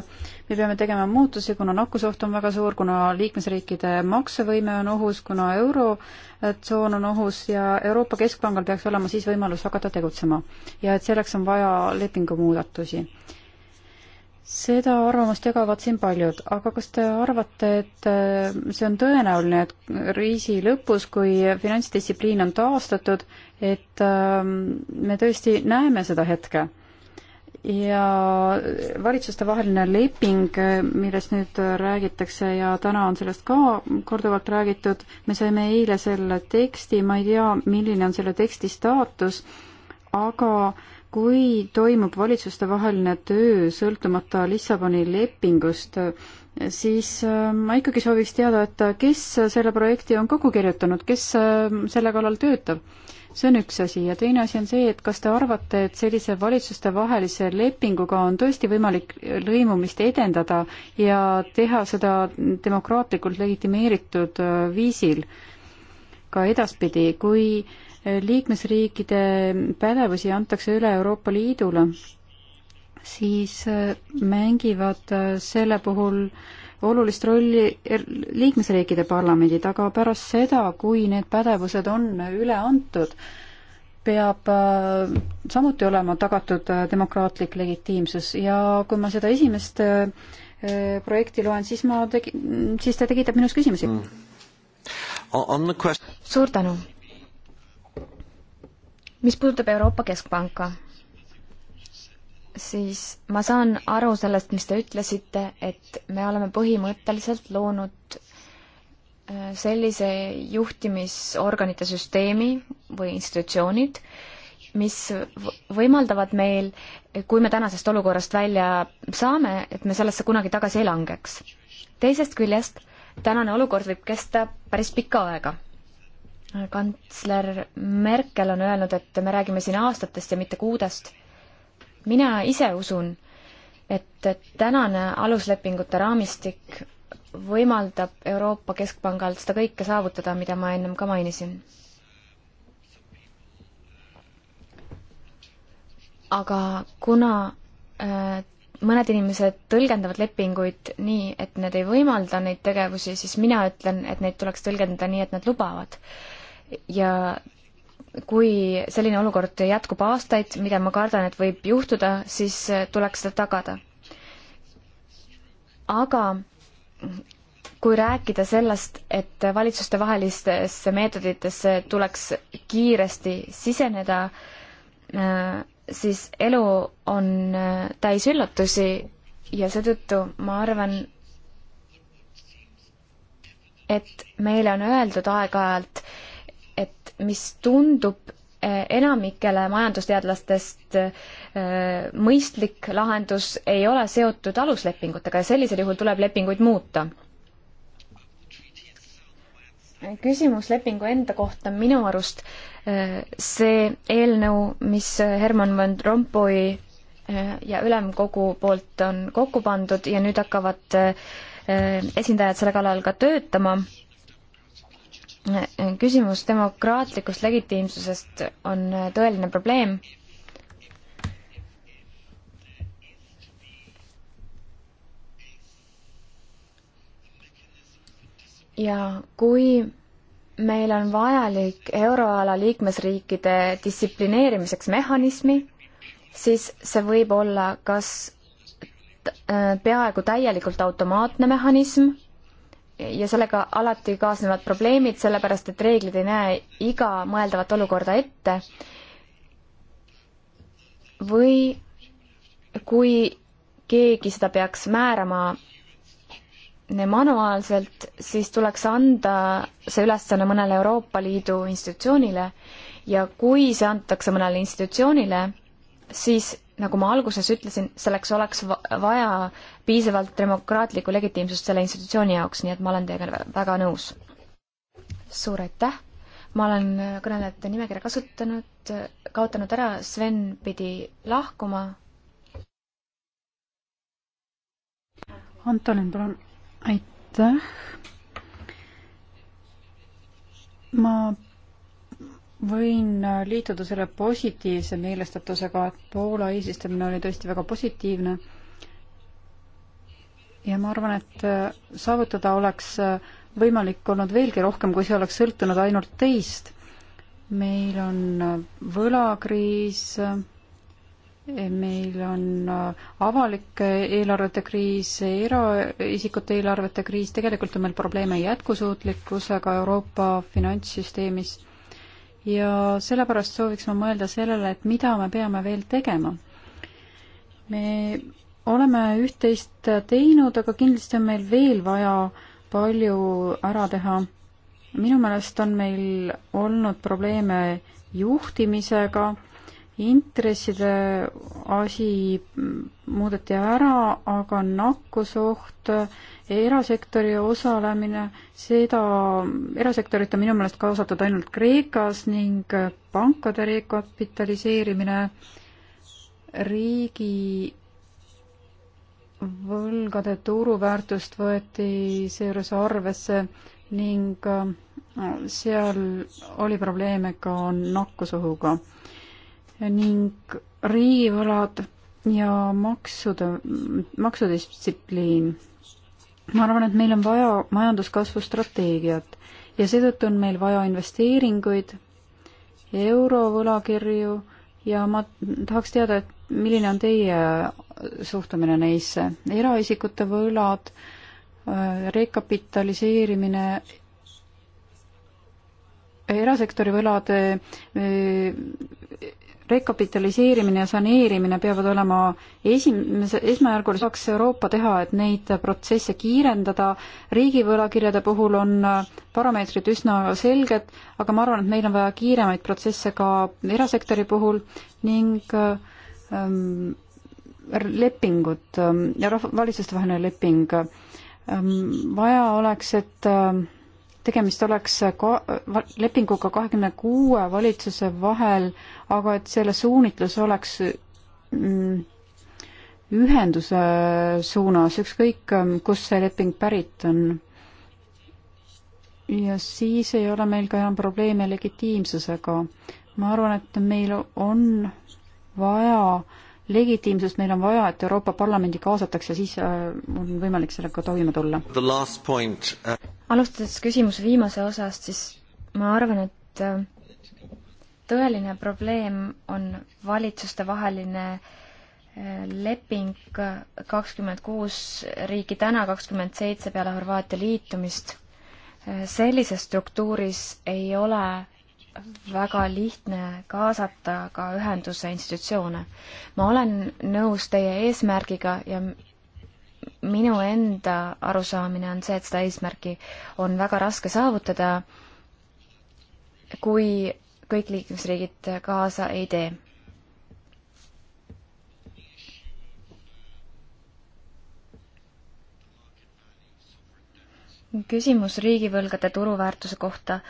me peame tegema muutusi, kuna nakkusoht on väga suur, kuna liikmesriikide maksevõime on ohus, kuna eurotsoon on ohus ja Euroopa Keskpangal peaks olema siis võimalus hakata tegutsema. ja et selleks on vaja lepingumuudatusi seda arvamust jagavad siin paljud, aga kas te arvate, et äh, see on tõenäoline, et kriisi lõpus, kui finantsdistsipliin on taastatud, et ähm, me tõesti näeme seda hetke? ja valitsustevaheline leping, millest nüüd räägitakse ja täna on sellest ka korduvalt räägitud, me saime eile selle teksti, ma ei tea, milline on selle teksti staatus, aga äh, kui toimub valitsustevaheline töö sõltumata Lissaboni lepingust, siis äh, ma ikkagi sooviks teada, et äh, kes selle projekti on kokku kirjutanud, kes äh, selle kallal töötab? see on üks asi ja teine asi on see, et kas te arvate, et sellise valitsustevahelise lepinguga on tõesti võimalik lõimumist edendada ja teha seda demokraatlikult legitimeeritud viisil ka edaspidi, kui äh, liikmesriikide pädevusi antakse üle Euroopa Liidule, siis äh, mängivad äh, selle puhul olulist rolli er-, liikmesriikide parlamendid, aga pärast seda, kui need pädevused on üle antud, peab äh, samuti olema tagatud demokraatlik legitiimsus ja kui ma seda esimest projekti loen, siis ma tegin, siis te tegite minus küsimusi mm.. suur tänu mis puudutab Euroopa Keskpanka, siis ma saan aru sellest, mis te ütlesite, et me oleme põhimõtteliselt loonud äh, sellise juhtimisorganite süsteemi või institutsioonid, mis võimaldavad meil, kui me tänasest olukorrast välja saame, et me sellesse kunagi tagasi ei langeks. teisest küljest, tänane olukord võib kesta päris pikka aega kantsler Merkel on öelnud, et me räägime siin aastatest ja mitte kuudest. mina ise usun, et tänane aluslepingute raamistik võimaldab Euroopa Keskpangal seda kõike saavutada, mida ma ennem ka mainisin. aga kuna äh, mõned inimesed tõlgendavad lepinguid nii, et need ei võimalda neid tegevusi, siis mina ütlen, et neid tuleks tõlgendada nii, et nad lubavad äh, ja kui selline olukord jätkub aastaid, mida ma kardan, et võib juhtuda, siis äh, tuleks seda tagada. aga kui rääkida sellest, et valitsustevahelistesse meetoditesse tuleks kiiresti siseneda, äh, siis elu on äh, täis üllatusi ja seetõttu ma arvan, et meile on öeldud aeg-ajalt, et mis tundub eh, enamikele majandusteadlastest eh, mõistlik lahendus ei ole seotud aluslepingutega ja sellisel juhul tuleb lepinguid muuta. küsimus lepingu enda kohta minu arust eh, see eelnõu, mis Herman Van Rompuy ja ülemkogu poolt on kokku pandud ja nüüd hakkavad esindajad selle kallal ka töötama küsimus demokraatlikust legitiimsusest on äh, tõeline probleem. ja kui meil on vajalik euroala liikmesriikide distsiplineerimiseks mehhanismi, siis see võib olla kas äh, peaaegu täielikult automaatne mehhanism ja sellega alati kaasnevad probleemid, sellepärast et reeglid ei näe iga mõeldavat olukorda ette. või kui keegi seda peaks määrama manuaalselt, siis tuleks anda see ülesanne mõnele Euroopa Liidu institutsioonile ja kui see antakse mõnele institutsioonile, siis nagu ma alguses ütlesin, selleks oleks vaja piisavalt demokraatlikku legitiimsust selle institutsiooni jaoks, nii et ma olen teiega väga nõus. suur aitäh! ma olen kõnelejate nimekirja kasutanud, kaotanud ära, Sven pidi lahkuma. Antonin, palun. aitäh! ma võin äh, liituda selle positiivse meelestatusega, et Poola eesistumine oli tõesti väga positiivne. ja ma arvan, et äh, saavutada oleks äh, võimalik olnud veelgi rohkem, kui see oleks sõltunud ainult teist. meil on võlakriis, meil on avalike eelarvete kriis, eraisikute eelarvete kriis, tegelikult on meil probleeme jätkusuutlikkusega Euroopa finantssüsteemis ja sellepärast sooviks ma mõelda sellele, et mida me peame veel tegema. me oleme üht-teist teinud, aga kindlasti on meil veel vaja palju ära teha. minu meelest on meil olnud probleeme juhtimisega intresside asi muudeti ära, aga nakkusoht, erasektori osalemine, seda, erasektorit on minu meelest kaasatud ainult Kreekas ning pankade rekapitaliseerimine, riigi võlgade turuväärtust võeti seejuures arvesse ning äh, seal oli probleeme ka nakkusohuga ning riigivõlad ja maksude, maksudistsipliin. ma arvan, et meil on vaja majanduskasvu strateegiat ja seetõttu on meil vaja investeeringuid, eurovõlakirju ja ma tahaks teada, et milline on teie suhtumine neisse, eraisikute võlad, äh, rekapitaliseerimine, erasektori võlade äh, rekapitaliseerimine ja saneerimine peavad olema esimese, esmajärgul saaks Euroopa teha, et neid protsesse kiirendada, riigivõlakirjade puhul on parameetrid üsna selged, aga ma arvan, et meil on vaja kiiremaid protsesse ka erasektori puhul ning ähm, lepingud ähm, ja rahv-, valitsustevaheline leping ähm,. vaja oleks, et ähm, tegemist oleks ka lepinguga kahekümne kuue valitsuse vahel, aga et selle suunitlus oleks mm, ühenduse suunas, ükskõik kust see leping pärit on. ja siis ei ole meil ka enam probleeme legitiimsusega. ma arvan, et meil on vaja äh, legitiimsust meil on vaja, et Euroopa Parlamendi kaasatakse, siis äh, on võimalik sellega toime tulla. Äh, alustades küsimuse viimase osast, siis ma arvan, et äh, tõeline probleem on valitsustevaheline leping kakskümmend kuus riiki täna, kakskümmend seitse peale Horvaatia liitumist. sellises struktuuris ei ole väga lihtne kaasata ka ühenduse institutsioone. ma olen nõus teie eesmärgiga ja minu enda arusaamine on see, et seda eesmärki on väga raske saavutada, kui kõik liikmesriigid kaasa ei tee küsimus riigivõlgade turuväärtuse kohta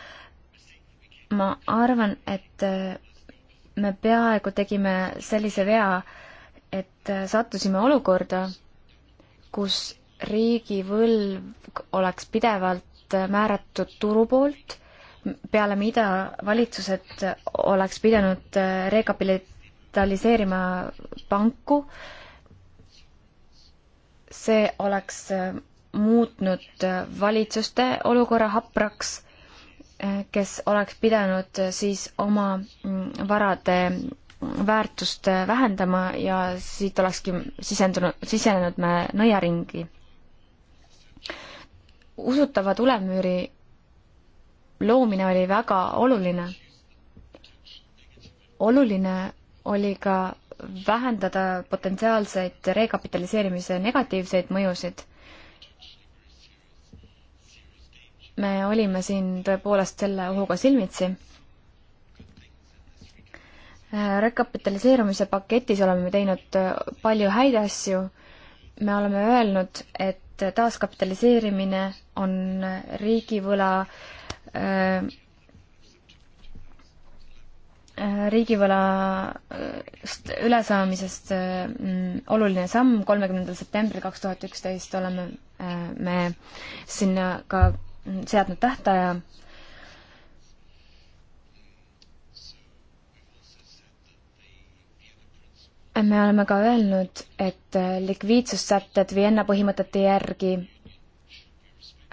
ma arvan, et äh, me peaaegu tegime sellise vea, et äh, sattusime olukorda, kus riigivõlg oleks pidevalt äh, määratud turu poolt, peale mida valitsused oleks pidanud rekapitaliseerima panku. see oleks muutnud valitsuste olukorra hapraks kes oleks pidanud siis oma mm, varade väärtust vähendama ja siit olekski sisendunud, sisenenud me nõiaringi. usutava tulemüüri loomine oli väga oluline. oluline oli ka vähendada potentsiaalseid rekapitaliseerimise negatiivseid mõjusid me olime siin tõepoolest selle ohuga silmitsi. Äh, rekapitaliseerumise paketis oleme teinud äh, palju häid asju. me oleme öelnud, et taaskapitaliseerimine on äh, riigivõla riigivõlast ülesaamisest mm, oluline samm, kolmekümnendal septembril kaks tuhat üksteist oleme me sinna ka seadnud tähtaja. me oleme ka öelnud, et likviidsussätted Vienna põhimõtete järgi,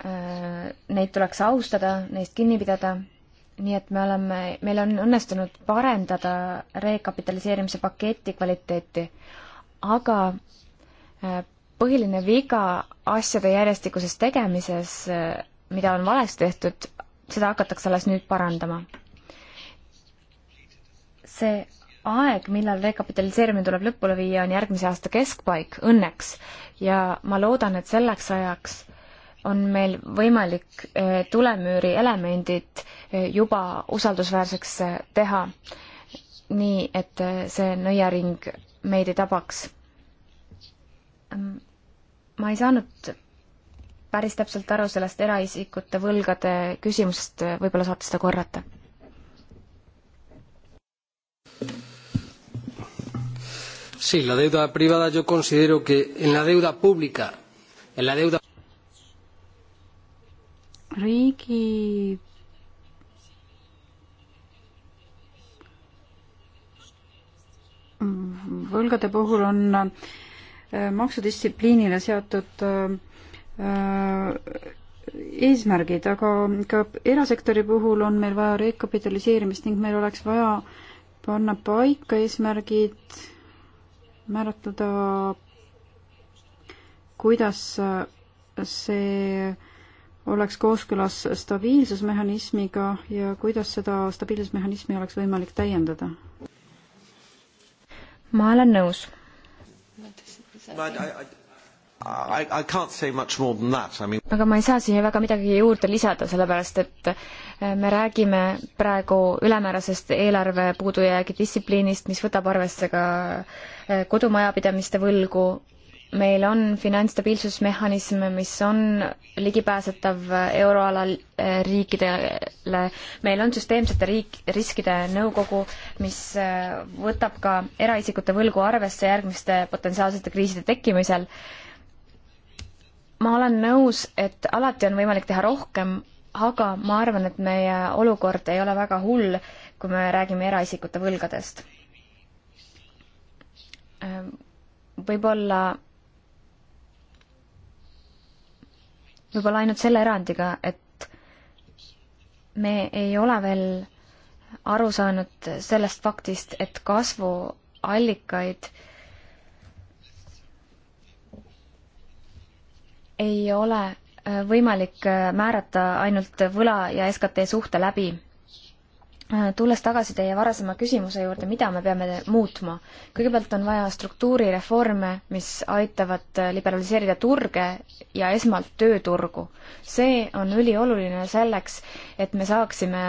äh, neid tuleks austada, neist kinni pidada, nii et me oleme, meil on õnnestunud parendada rekapitaliseerimise paketi kvaliteeti, aga äh, põhiline viga asjade järjestikuses tegemises äh, mida on valesti tehtud, seda hakatakse alles nüüd parandama. see aeg, millal rekapitaliseerimine tuleb lõpule viia, on järgmise aasta keskpaik, õnneks. ja ma loodan, et selleks ajaks on meil võimalik eh, tulemüüri elemendid eh, juba usaldusväärseks eh, teha, nii et see nõiaring meid ei tabaks. ma ei saanud päris täpselt aru sellest eraisikute võlgade küsimusest, võib-olla saate seda korrata? Sí, la deuda privada yo considero que en la deuda pública, en la deuda riigi võlgade puhul on äh, maksudistsipliinile seatud äh, Äh, eesmärgid, aga ka erasektori puhul on meil vaja rekapitaliseerimist ning meil oleks vaja panna paika eesmärgid, määratleda, kuidas see oleks kooskõlas stabiilsusmehhanismiga ja kuidas seda stabiilsusmehhanismi oleks võimalik täiendada? ma olen nõus. I, I can't say much more than that, I mean aga ma ei saa siia väga midagi juurde lisada, sellepärast et äh, me räägime praegu ülemäärasest eelarve puudujäägi distsipliinist, mis võtab arvesse ka äh, kodumajapidamiste võlgu, meil on finantsstabiilsusmehhanism, mis on ligipääsetav äh, euroala riikidele, meil on süsteemsete riik, riskide nõukogu, mis võtab ka eraisikute võlgu arvesse järgmiste potentsiaalsete kriiside tekkimisel ma olen nõus, et alati on võimalik teha rohkem, aga ma arvan, et meie olukord ei ole väga hull, kui me räägime eraisikute võlgadest. Ehm, võib-olla, võib-olla ainult selle erandiga, et me ei ole veel aru saanud sellest faktist, et kasvuallikaid äh, ei ole äh, võimalik äh, määrata ainult võla ja SKT suhte läbi. Äh, tulles tagasi teie varasema küsimuse juurde, mida me peame muutma? kõigepealt on vaja struktuurireforme, mis aitavad liberaliseerida turge ja esmalt tööturgu. see on ülioluline selleks, et me saaksime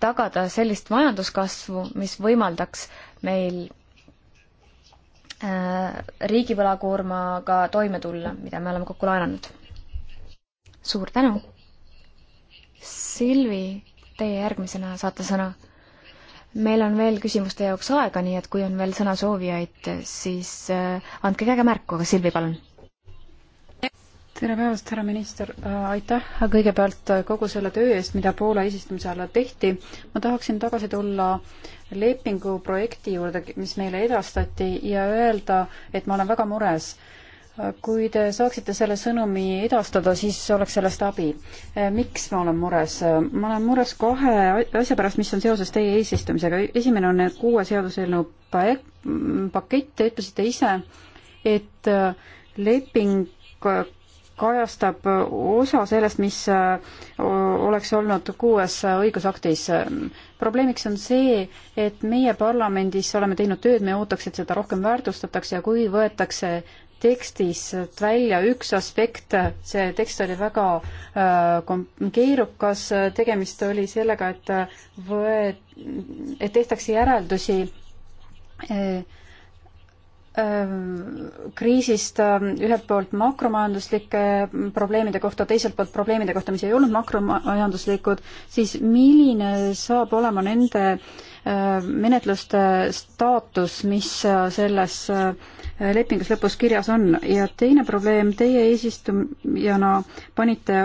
tagada sellist majanduskasvu, mis võimaldaks meil Äh, riigivõlakoormaga toime tulla, mida me oleme kokku laenanud. suur tänu! Silvi, teie järgmisena saate sõna. meil on veel küsimuste jaoks aega, nii et kui on veel sõnasoovijaid, siis äh, andke käega märku, aga Silvi, palun tere päevast, härra minister, äh, aitäh kõigepealt kogu selle töö eest, mida Poola eesistumise ajal tehti. ma tahaksin tagasi tulla lepingu projekti juurde, mis meile edastati ja öelda, et ma olen väga mures. Äh, kui te saaksite selle sõnumi edastada, siis oleks sellest abi. Äh, miks ma olen mures? ma olen mures kahe asja pärast, mis on seoses teie eesistumisega. esimene on kuue seaduseelnõu pakett, te ütlesite ise, et leping kajastab osa sellest, mis äh, oleks olnud kuues äh, õigusaktis. probleemiks on see, et meie parlamendis oleme teinud tööd, me ootaks, et seda rohkem väärtustatakse ja kui võetakse tekstis välja üks aspekt, see tekst oli väga äh, keerukas, tegemist oli sellega, et võe-, et tehtakse järeldusi äh, kriisist ühelt poolt makromajanduslike probleemide kohta, teiselt poolt probleemide kohta, mis ei olnud makromajanduslikud, siis milline saab olema nende menetluste staatus, mis selles lepingus lõpus kirjas on ja teine probleem, teie eesistujana panite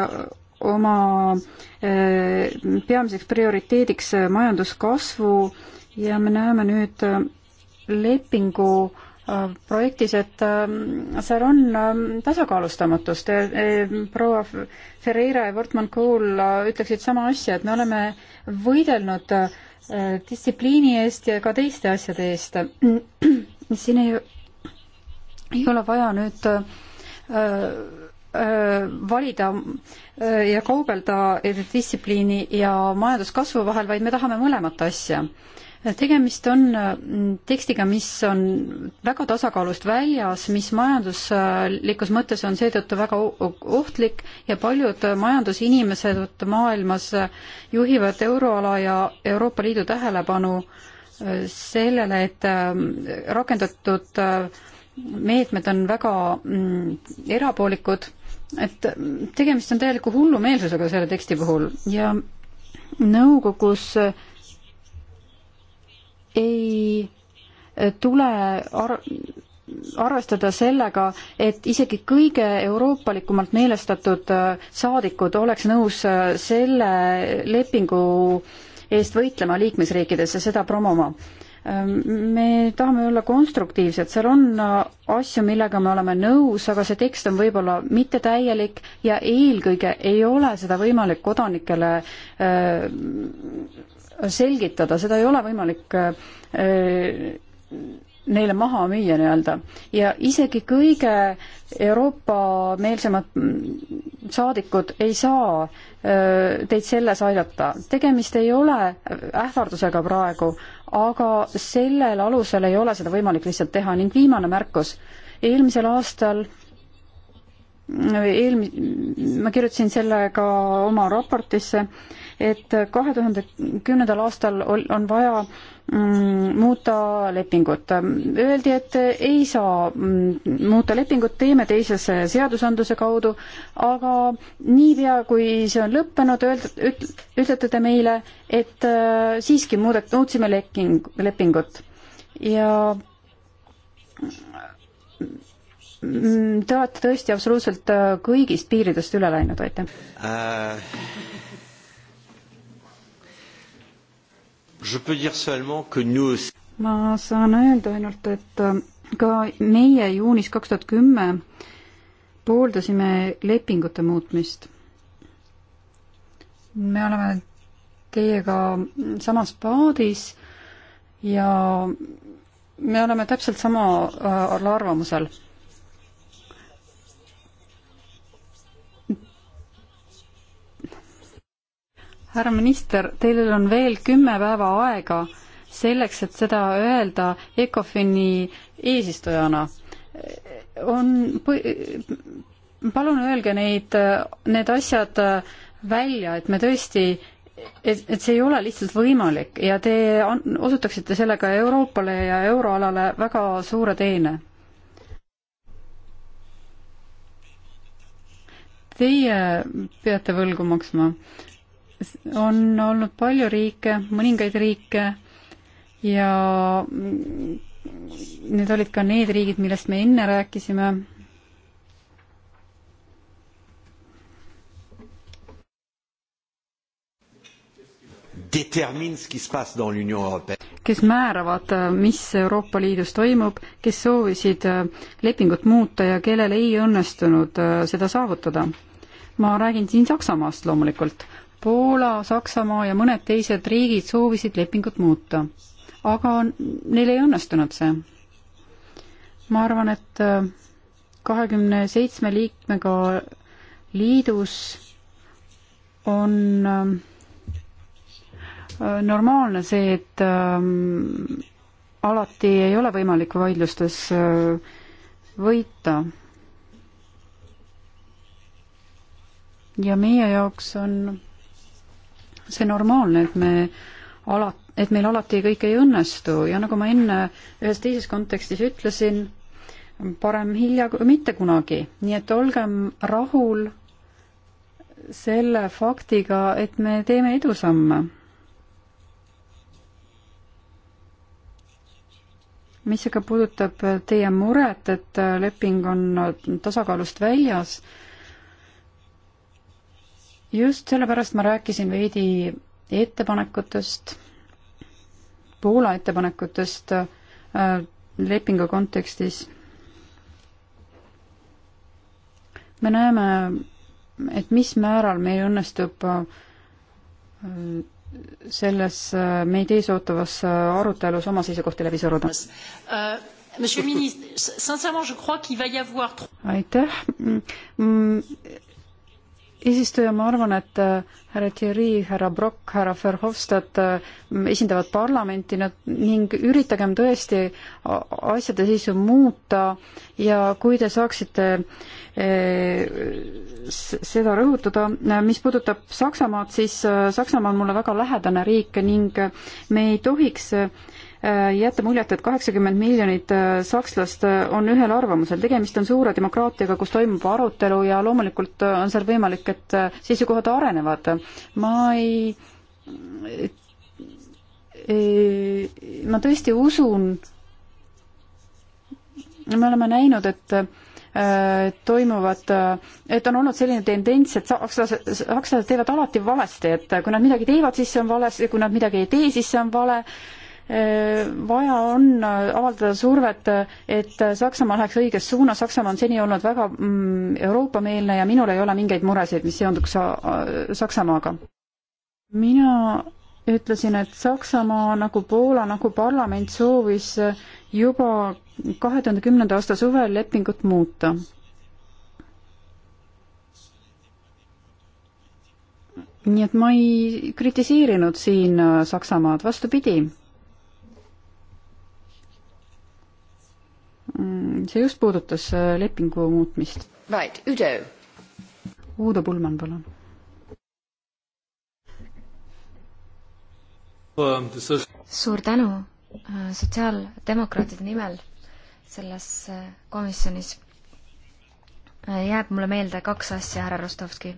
oma peamiseks prioriteediks majanduskasvu ja me näeme nüüd lepingu äh, Äh, projektis, et ähm, seal on ähm, tasakaalustamatust. E, proua Ferreira ja Wortmann Kool äh, ütleksid sama asja, et me oleme võidelnud äh, distsipliini eest ja ka teiste asjade eest. [CLEARS THROAT] siin ei, ei ole vaja nüüd valida ja kaubelda distsipliini ja majanduskasvu vahel, vaid me tahame mõlemat asja tegemist on äh, tekstiga, mis on väga tasakaalust väljas, mis majanduslikus mõttes on seetõttu väga ohtlik ja paljud majandusinimesed maailmas juhivad euroala ja Euroopa Liidu tähelepanu äh, sellele, et äh, rakendatud meetmed on väga mm, erapoolikud, et tegemist on täieliku hullumeelsusega selle teksti puhul ja nõukogus äh, ei tule ar-, arvestada sellega, et isegi kõige euroopalikumalt meelestatud äh, saadikud oleks nõus äh, selle lepingu eest võitlema liikmesriikides ja seda promoma. Ähm, me tahame olla konstruktiivsed, seal on äh, asju, millega me oleme nõus, aga see tekst on võib-olla mittetäielik ja eelkõige ei ole seda võimalik kodanikele öö, selgitada, seda ei ole võimalik äh, neile maha müüa nii-öelda. ja isegi kõige Euroopa-meelsemad saadikud ei saa äh, teid selles aidata. tegemist ei ole ähvardusega praegu, aga sellel alusel ei ole seda võimalik lihtsalt teha ning viimane märkus. eelmisel aastal äh, eelmi-, ma kirjutasin selle ka oma raportisse, et kahe tuhande kümnendal aastal on vaja mm, muuta lepingut. Öeldi, et ei saa mm, muuta lepingut, teeme teises seadusandluse kaudu, aga niipea, kui see on lõppenud, ütlete te meile, et äh, siiski muudet-, muutsime leping, lepingut. ja mm, te olete tõesti absoluutselt äh, kõigist piiridest üle läinud, aitäh uh,! ma saan öelda ainult, et äh, ka meie juunis kaks tuhat kümme pooldasime lepingute muutmist. me oleme teiega samas paadis ja me oleme täpselt samal äh, arvamusel härra minister, teil on veel kümme päeva aega selleks, et seda öelda ECOFIN-i eesistujana. on, palun öelge neid, need asjad välja, et me tõesti et, et see ei ole lihtsalt võimalik ja te osutaksite sellega Euroopale ja euroalale väga suure teene. Teie peate võlgu maksma on olnud palju riike, mõningaid riike ja need olid ka need riigid, millest me enne rääkisime kes määravad, mis Euroopa Liidus toimub, kes soovisid lepingut muuta ja kellel ei õnnestunud seda saavutada. ma räägin siin Saksamaast loomulikult. Poola, Saksamaa ja mõned teised riigid soovisid lepingut muuta. aga neil ei õnnestunud see. ma arvan, et äh, kahekümne seitsme liikmega liidus on äh, normaalne see, et ähm, alati ei ole võimalik vaidlustes äh, võita. ja meie jaoks on see normaalne, et me ala, et meil alati kõik ei õnnestu ja nagu ma enne ühes teises kontekstis ütlesin, parem hilja kui mitte kunagi, nii et olgem rahul selle faktiga, et me teeme edusamme. mis aga puudutab teie muret, et leping on tasakaalust väljas, just sellepärast ma rääkisin veidi ettepanekutest, Poola ettepanekutest äh, lepingu kontekstis. me näeme, et mis määral meil õnnestub äh, selles äh, meid ees ootavas arutelus oma seisukohti läbi suruda. aitäh, mm, mm, eesistuja, ma arvan, et äh, härra Thierry, härra Brock, härra Verhofstadt äh, esindavad parlamenti nad, ning üritagem tõesti asjade seisu muuta ja kui te saaksite äh, seda rõhutada, mis puudutab Saksamaad, siis Saksamaa on mulle väga lähedane riik ning me ei tohiks äh, Äh, jätta muljet, et kaheksakümmend miljonit äh, sakslast äh, on ühel arvamusel. tegemist on suure demokraatiaga, kus toimub arutelu ja loomulikult on seal võimalik, et seisukohad arenevad. ma ei, ei, ma tõesti usun, me oleme näinud, et toimuvad, et on olnud selline tendents, et sakslased, sakslased teevad alati valesti, et kui nad midagi teevad, siis see on vale, kui nad midagi ei tee, siis see on vale vaja on avaldada survet, et Saksamaa läheks õiges suunas, Saksamaa on seni olnud väga mm, Euroopa-meelne ja minul ei ole mingeid muresid, mis seonduks äh, Saksamaaga. mina ütlesin, et Saksamaa nagu Poola, nagu parlament soovis juba kahe tuhande kümnenda aasta suvel lepingut muuta nii et ma ei kritiseerinud siin Saksamaad, vastupidi Mm, see just puudutas äh, lepingu muutmist. Right, Udo. Uudo Pulman, palun. suur tänu äh, sotsiaaldemokraatide nimel selles äh, komisjonis jääb mulle meelde kaks asja, härra Rostovski.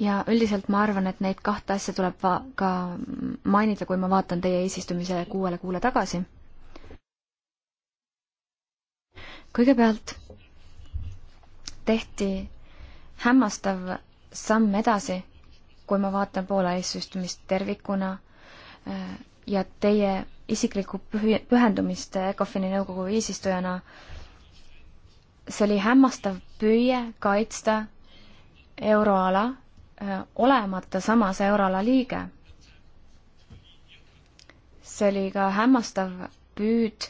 ja üldiselt ma arvan, et neid kahte asja tuleb va-, ka mainida, kui ma vaatan teie eesistumise kuuele kuule tagasi. kõigepealt tehti hämmastav samm edasi, kui ma vaatan Poola eesistumist tervikuna äh, ja teie isiklikku pühi-, pühendumist ECOFIN-i nõukogu eesistujana, see oli hämmastav püüe kaitsta euroala Äh, olemata samas euroala liige. see oli ka hämmastav püüd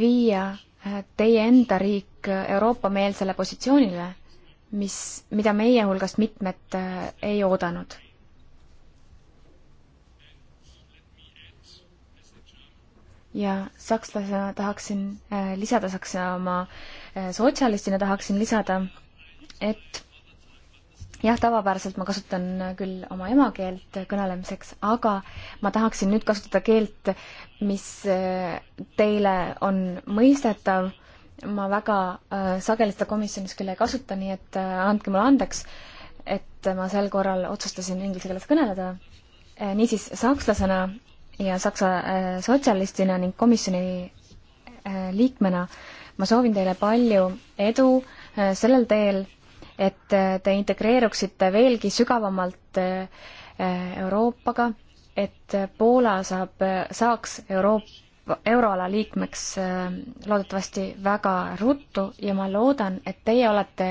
viia äh, teie enda riik Euroopa-meelsele positsioonile, mis, mida meie hulgast mitmed äh, ei oodanud ja sakslasena tahaksin lisada, sakslasena ma sotsialistina tahaksin lisada, et jah, tavapäraselt ma kasutan küll oma emakeelt kõnelemiseks, aga ma tahaksin nüüd kasutada keelt, mis äh, teile on mõistetav. ma väga äh, sageli seda komisjonis küll ei kasuta, nii et äh, andke mulle andeks, et ma sel korral otsustasin inglise keeles kõneleda. niisiis, sakslasena ja saksa sotsialistina ning komisjoni liikmena ma soovin teile palju edu sellel teel et äh, te integreeruksite veelgi sügavamalt äh, äh, Euroopaga, et Poola saab, saaks Euroopa, euroala liikmeks loodetavasti väga ruttu ja ma loodan, et teie olete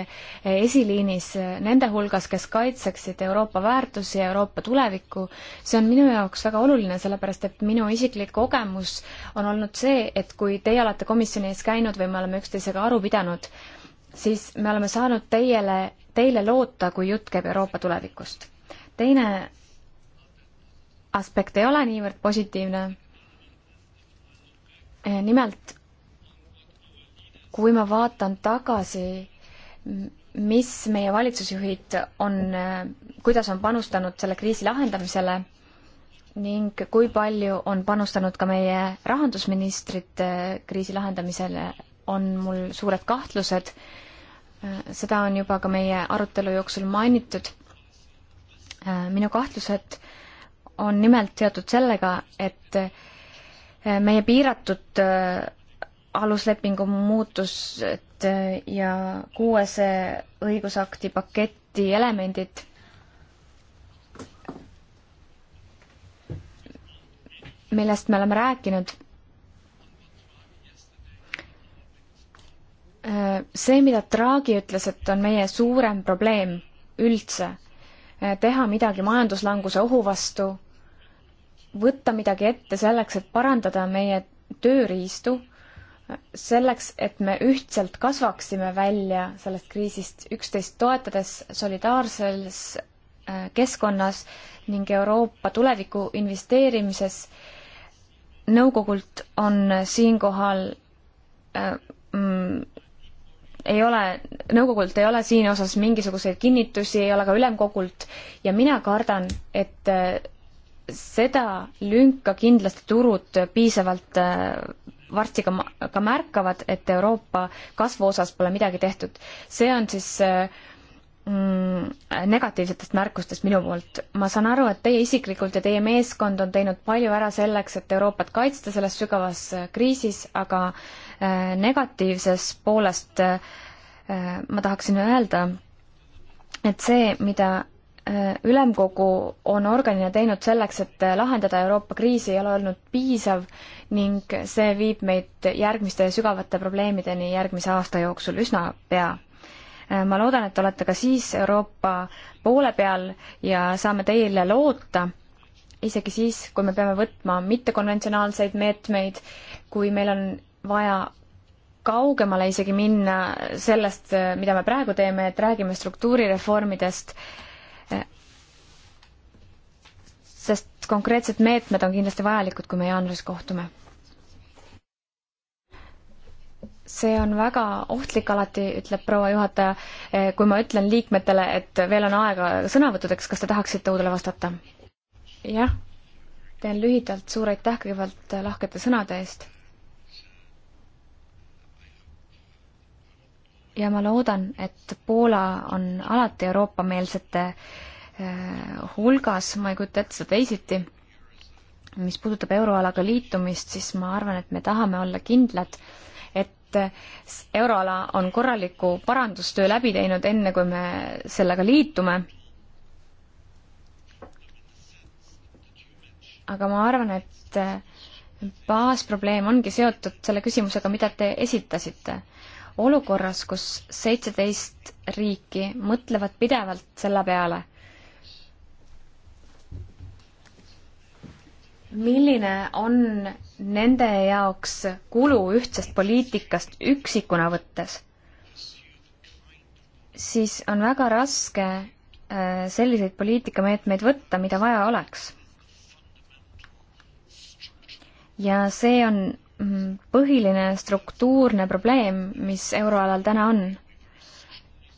esiliinis nende hulgas, kes kaitseksid Euroopa väärtusi ja Euroopa tulevikku. see on minu jaoks väga oluline, sellepärast et minu isiklik kogemus on olnud see, et kui teie olete komisjoni ees käinud või me oleme üksteisega aru pidanud, siis me oleme saanud teiele, teile loota, kui jutt käib Euroopa tulevikust. teine aspekt ei ole niivõrd positiivne. Eh, nimelt, kui ma vaatan tagasi, mis meie valitsusjuhid on, eh, kuidas on panustanud selle kriisi lahendamisele ning kui palju on panustanud ka meie rahandusministrid eh, kriisi lahendamisele, on mul suured kahtlused seda on juba ka meie arutelu jooksul mainitud. minu kahtlused on nimelt seotud sellega, et meie piiratud aluslepingu muutused ja kuuese õigusakti paketi elemendid millest me oleme rääkinud Äh, see, mida Draghi ütles, et on meie suurem probleem üldse, äh, teha midagi majanduslanguse ohu vastu, võtta midagi ette selleks, et parandada meie tööriistu, äh, selleks, et me ühtselt kasvaksime välja sellest kriisist, üksteist toetades solidaarses keskkonnas ning Euroopa tuleviku investeerimises. nõukogult on siinkohal äh, mm, ei ole, nõukogult ei ole siin osas mingisuguseid kinnitusi, ei ole ka ülemkogult ja mina kardan, et äh, seda lünka kindlasti turud piisavalt äh, varsti ka, ka märkavad, et Euroopa kasvu osas pole midagi tehtud. see on siis äh, mm, negatiivsetest märkustest minu poolt. ma saan aru, et teie isiklikult ja teie meeskond on teinud palju ära selleks, et Euroopat kaitsta selles sügavas kriisis, aga äh, Äh, negatiivsest poolest äh, ma tahaksin öelda, et see, mida äh, ülemkogu on organina teinud selleks, et lahendada Euroopa kriisi, ei ole olnud piisav ning see viib meid järgmiste sügavate probleemideni järgmise aasta jooksul üsna pea. ma loodan, et olete ka siis Euroopa poole peal ja saame teile loota, isegi siis, kui me peame võtma mittekonventsionaalseid meetmeid, kui meil on vaja kaugemale isegi minna sellest, mida me praegu teeme, et räägime struktuurireformidest, sest konkreetsed meetmed on kindlasti vajalikud, kui me jaanuaris kohtume. see on väga ohtlik alati, ütleb proua juhataja, kui ma ütlen liikmetele, et veel on aega sõnavõttudeks, kas te tahaksite uudele vastata? jah, teen lühidalt, suur aitäh kõigepealt lahkete sõnade eest ja ma loodan, et Poola on alati Euroopa-meelsete eh, hulgas, ma ei kujuta ette seda teisiti. mis puudutab euroalaga liitumist, siis ma arvan, et me tahame olla kindlad, et euroala on korraliku parandustöö läbi teinud, enne kui me sellega liitume. aga ma arvan, et eh, baasprobleem ongi seotud selle küsimusega, mida te esitasite olukorras, kus seitseteist riiki mõtlevad pidevalt selle peale, milline on nende jaoks kulu ühtsest poliitikast üksikuna võttes, siis on väga raske äh, selliseid poliitikameetmeid võtta, mida vaja oleks. ja see on Mm, põhiline struktuurne probleem, mis euroalal täna on.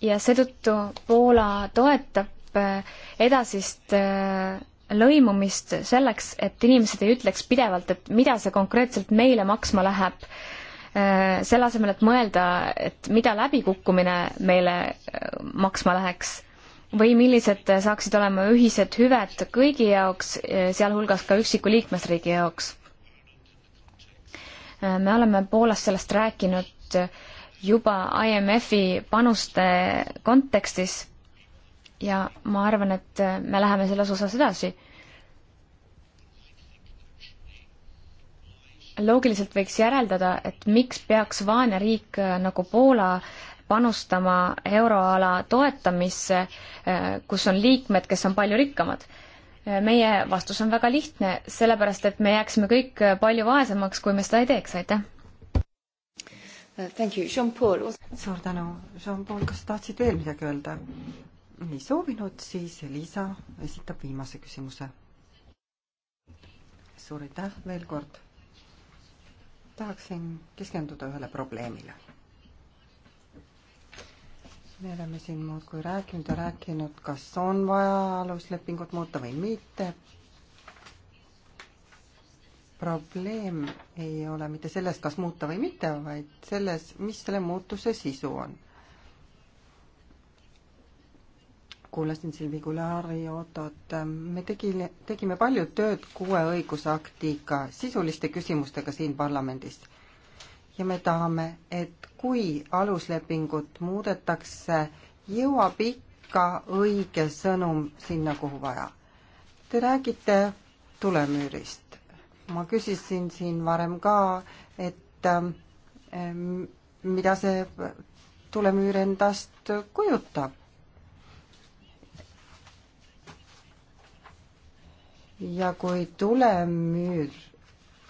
ja seetõttu Poola toetab äh, edasist äh, lõimumist selleks, et inimesed ei ütleks pidevalt, et mida see konkreetselt meile maksma läheb. Äh, selle asemel, et mõelda, et mida läbikukkumine meile maksma läheks või millised saaksid olema ühised hüved kõigi jaoks, sealhulgas ka üksiku liikmesriigi jaoks me oleme Poolas sellest rääkinud juba IMF-i panuste kontekstis ja ma arvan, et me läheme selles osas edasi. loogiliselt võiks järeldada, et miks peaks vaene riik nagu Poola panustama euroala toetamisse, kus on liikmed, kes on palju rikkamad meie vastus on väga lihtne, sellepärast et me jääksime kõik palju vaesemaks, kui me seda ei teeks, aitäh. Thank you, Jean-Paul. suur tänu, Jean-Paul, kas tahtsid veel midagi öelda? ei soovinud, siis Liisa esitab viimase küsimuse. suur aitäh veel kord. tahaksin keskenduda ühele probleemile me oleme siin muudkui rääkinud ja rääkinud, kas on vaja aluslepingut muuta või mitte. probleem ei ole mitte selles, kas muuta või mitte, vaid selles, mis selle muutuse sisu on. kuulasin Silvi Kulari Otot, me tegime, tegime palju tööd kuue õigusaktiga, sisuliste küsimustega siin parlamendis ja me tahame, et kui aluslepingut muudetakse, jõuab ikka õige sõnum sinna, kuhu vaja. Te räägite tulemüürist. ma küsisin siin varem ka, et ähm, mida see tulemüür endast kujutab. ja kui tulemüür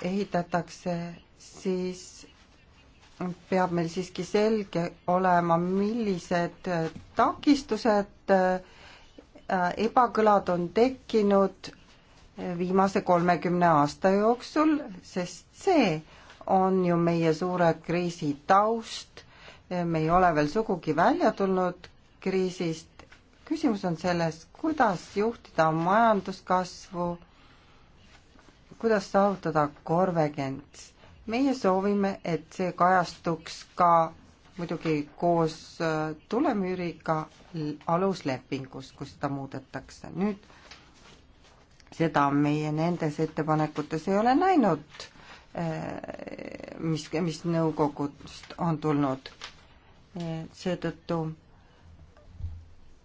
ehitatakse, siis peab meil siiski selge olema, millised takistused, äh, ebakõlad on tekkinud viimase kolmekümne aasta jooksul, sest see on ju meie suure kriisi taust. me ei ole veel sugugi välja tulnud kriisist. küsimus on selles, kuidas juhtida majanduskasvu, kuidas saavutada konvergents meie soovime, et see kajastuks ka muidugi koos äh, tulemüüriga aluslepingus, kus seda muudetakse. nüüd seda meie nendes ettepanekutes ei ole näinud, äh, mis, mis nõukogust on tulnud. Äh, seetõttu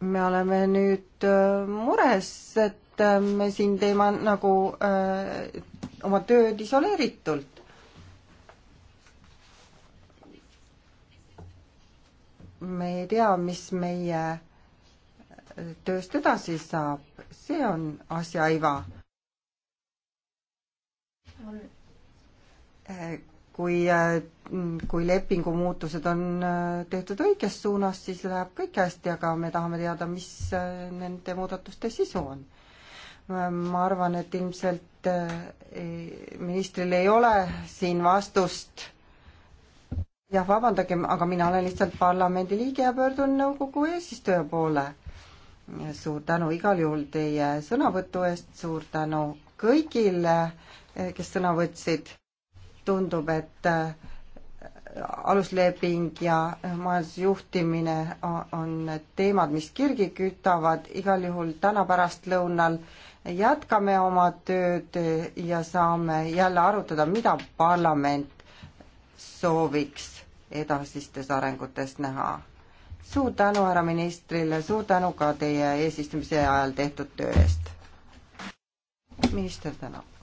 me oleme nüüd mures, et me siin teeme nagu öö, oma tööd isoleeritult. me ei tea, mis meie tööst edasi saab, see on asja iva. kui, kui lepingu muutused on tehtud õiges suunas, siis läheb kõik hästi, aga me tahame teada, mis nende muudatuste sisu on. ma arvan, et ilmselt ministril ei ole siin vastust jah, vabandage, aga mina olen lihtsalt parlamendi liige ja pöördun nõukogu eesistuja poole. suur tänu igal juhul teie sõnavõtu eest, suur tänu kõigile, eh, kes sõna võtsid. tundub, et eh, alusleping ja eh, majandusjuhtimine on teemad, mis kirgi kütavad, igal juhul täna pärastlõunal jätkame oma tööd ja saame jälle arutada, mida parlament sooviks edasistest arengutest näha. suur tänu härra ministrile, suur tänu ka teie eesistumise ajal tehtud töö eest. minister tänab.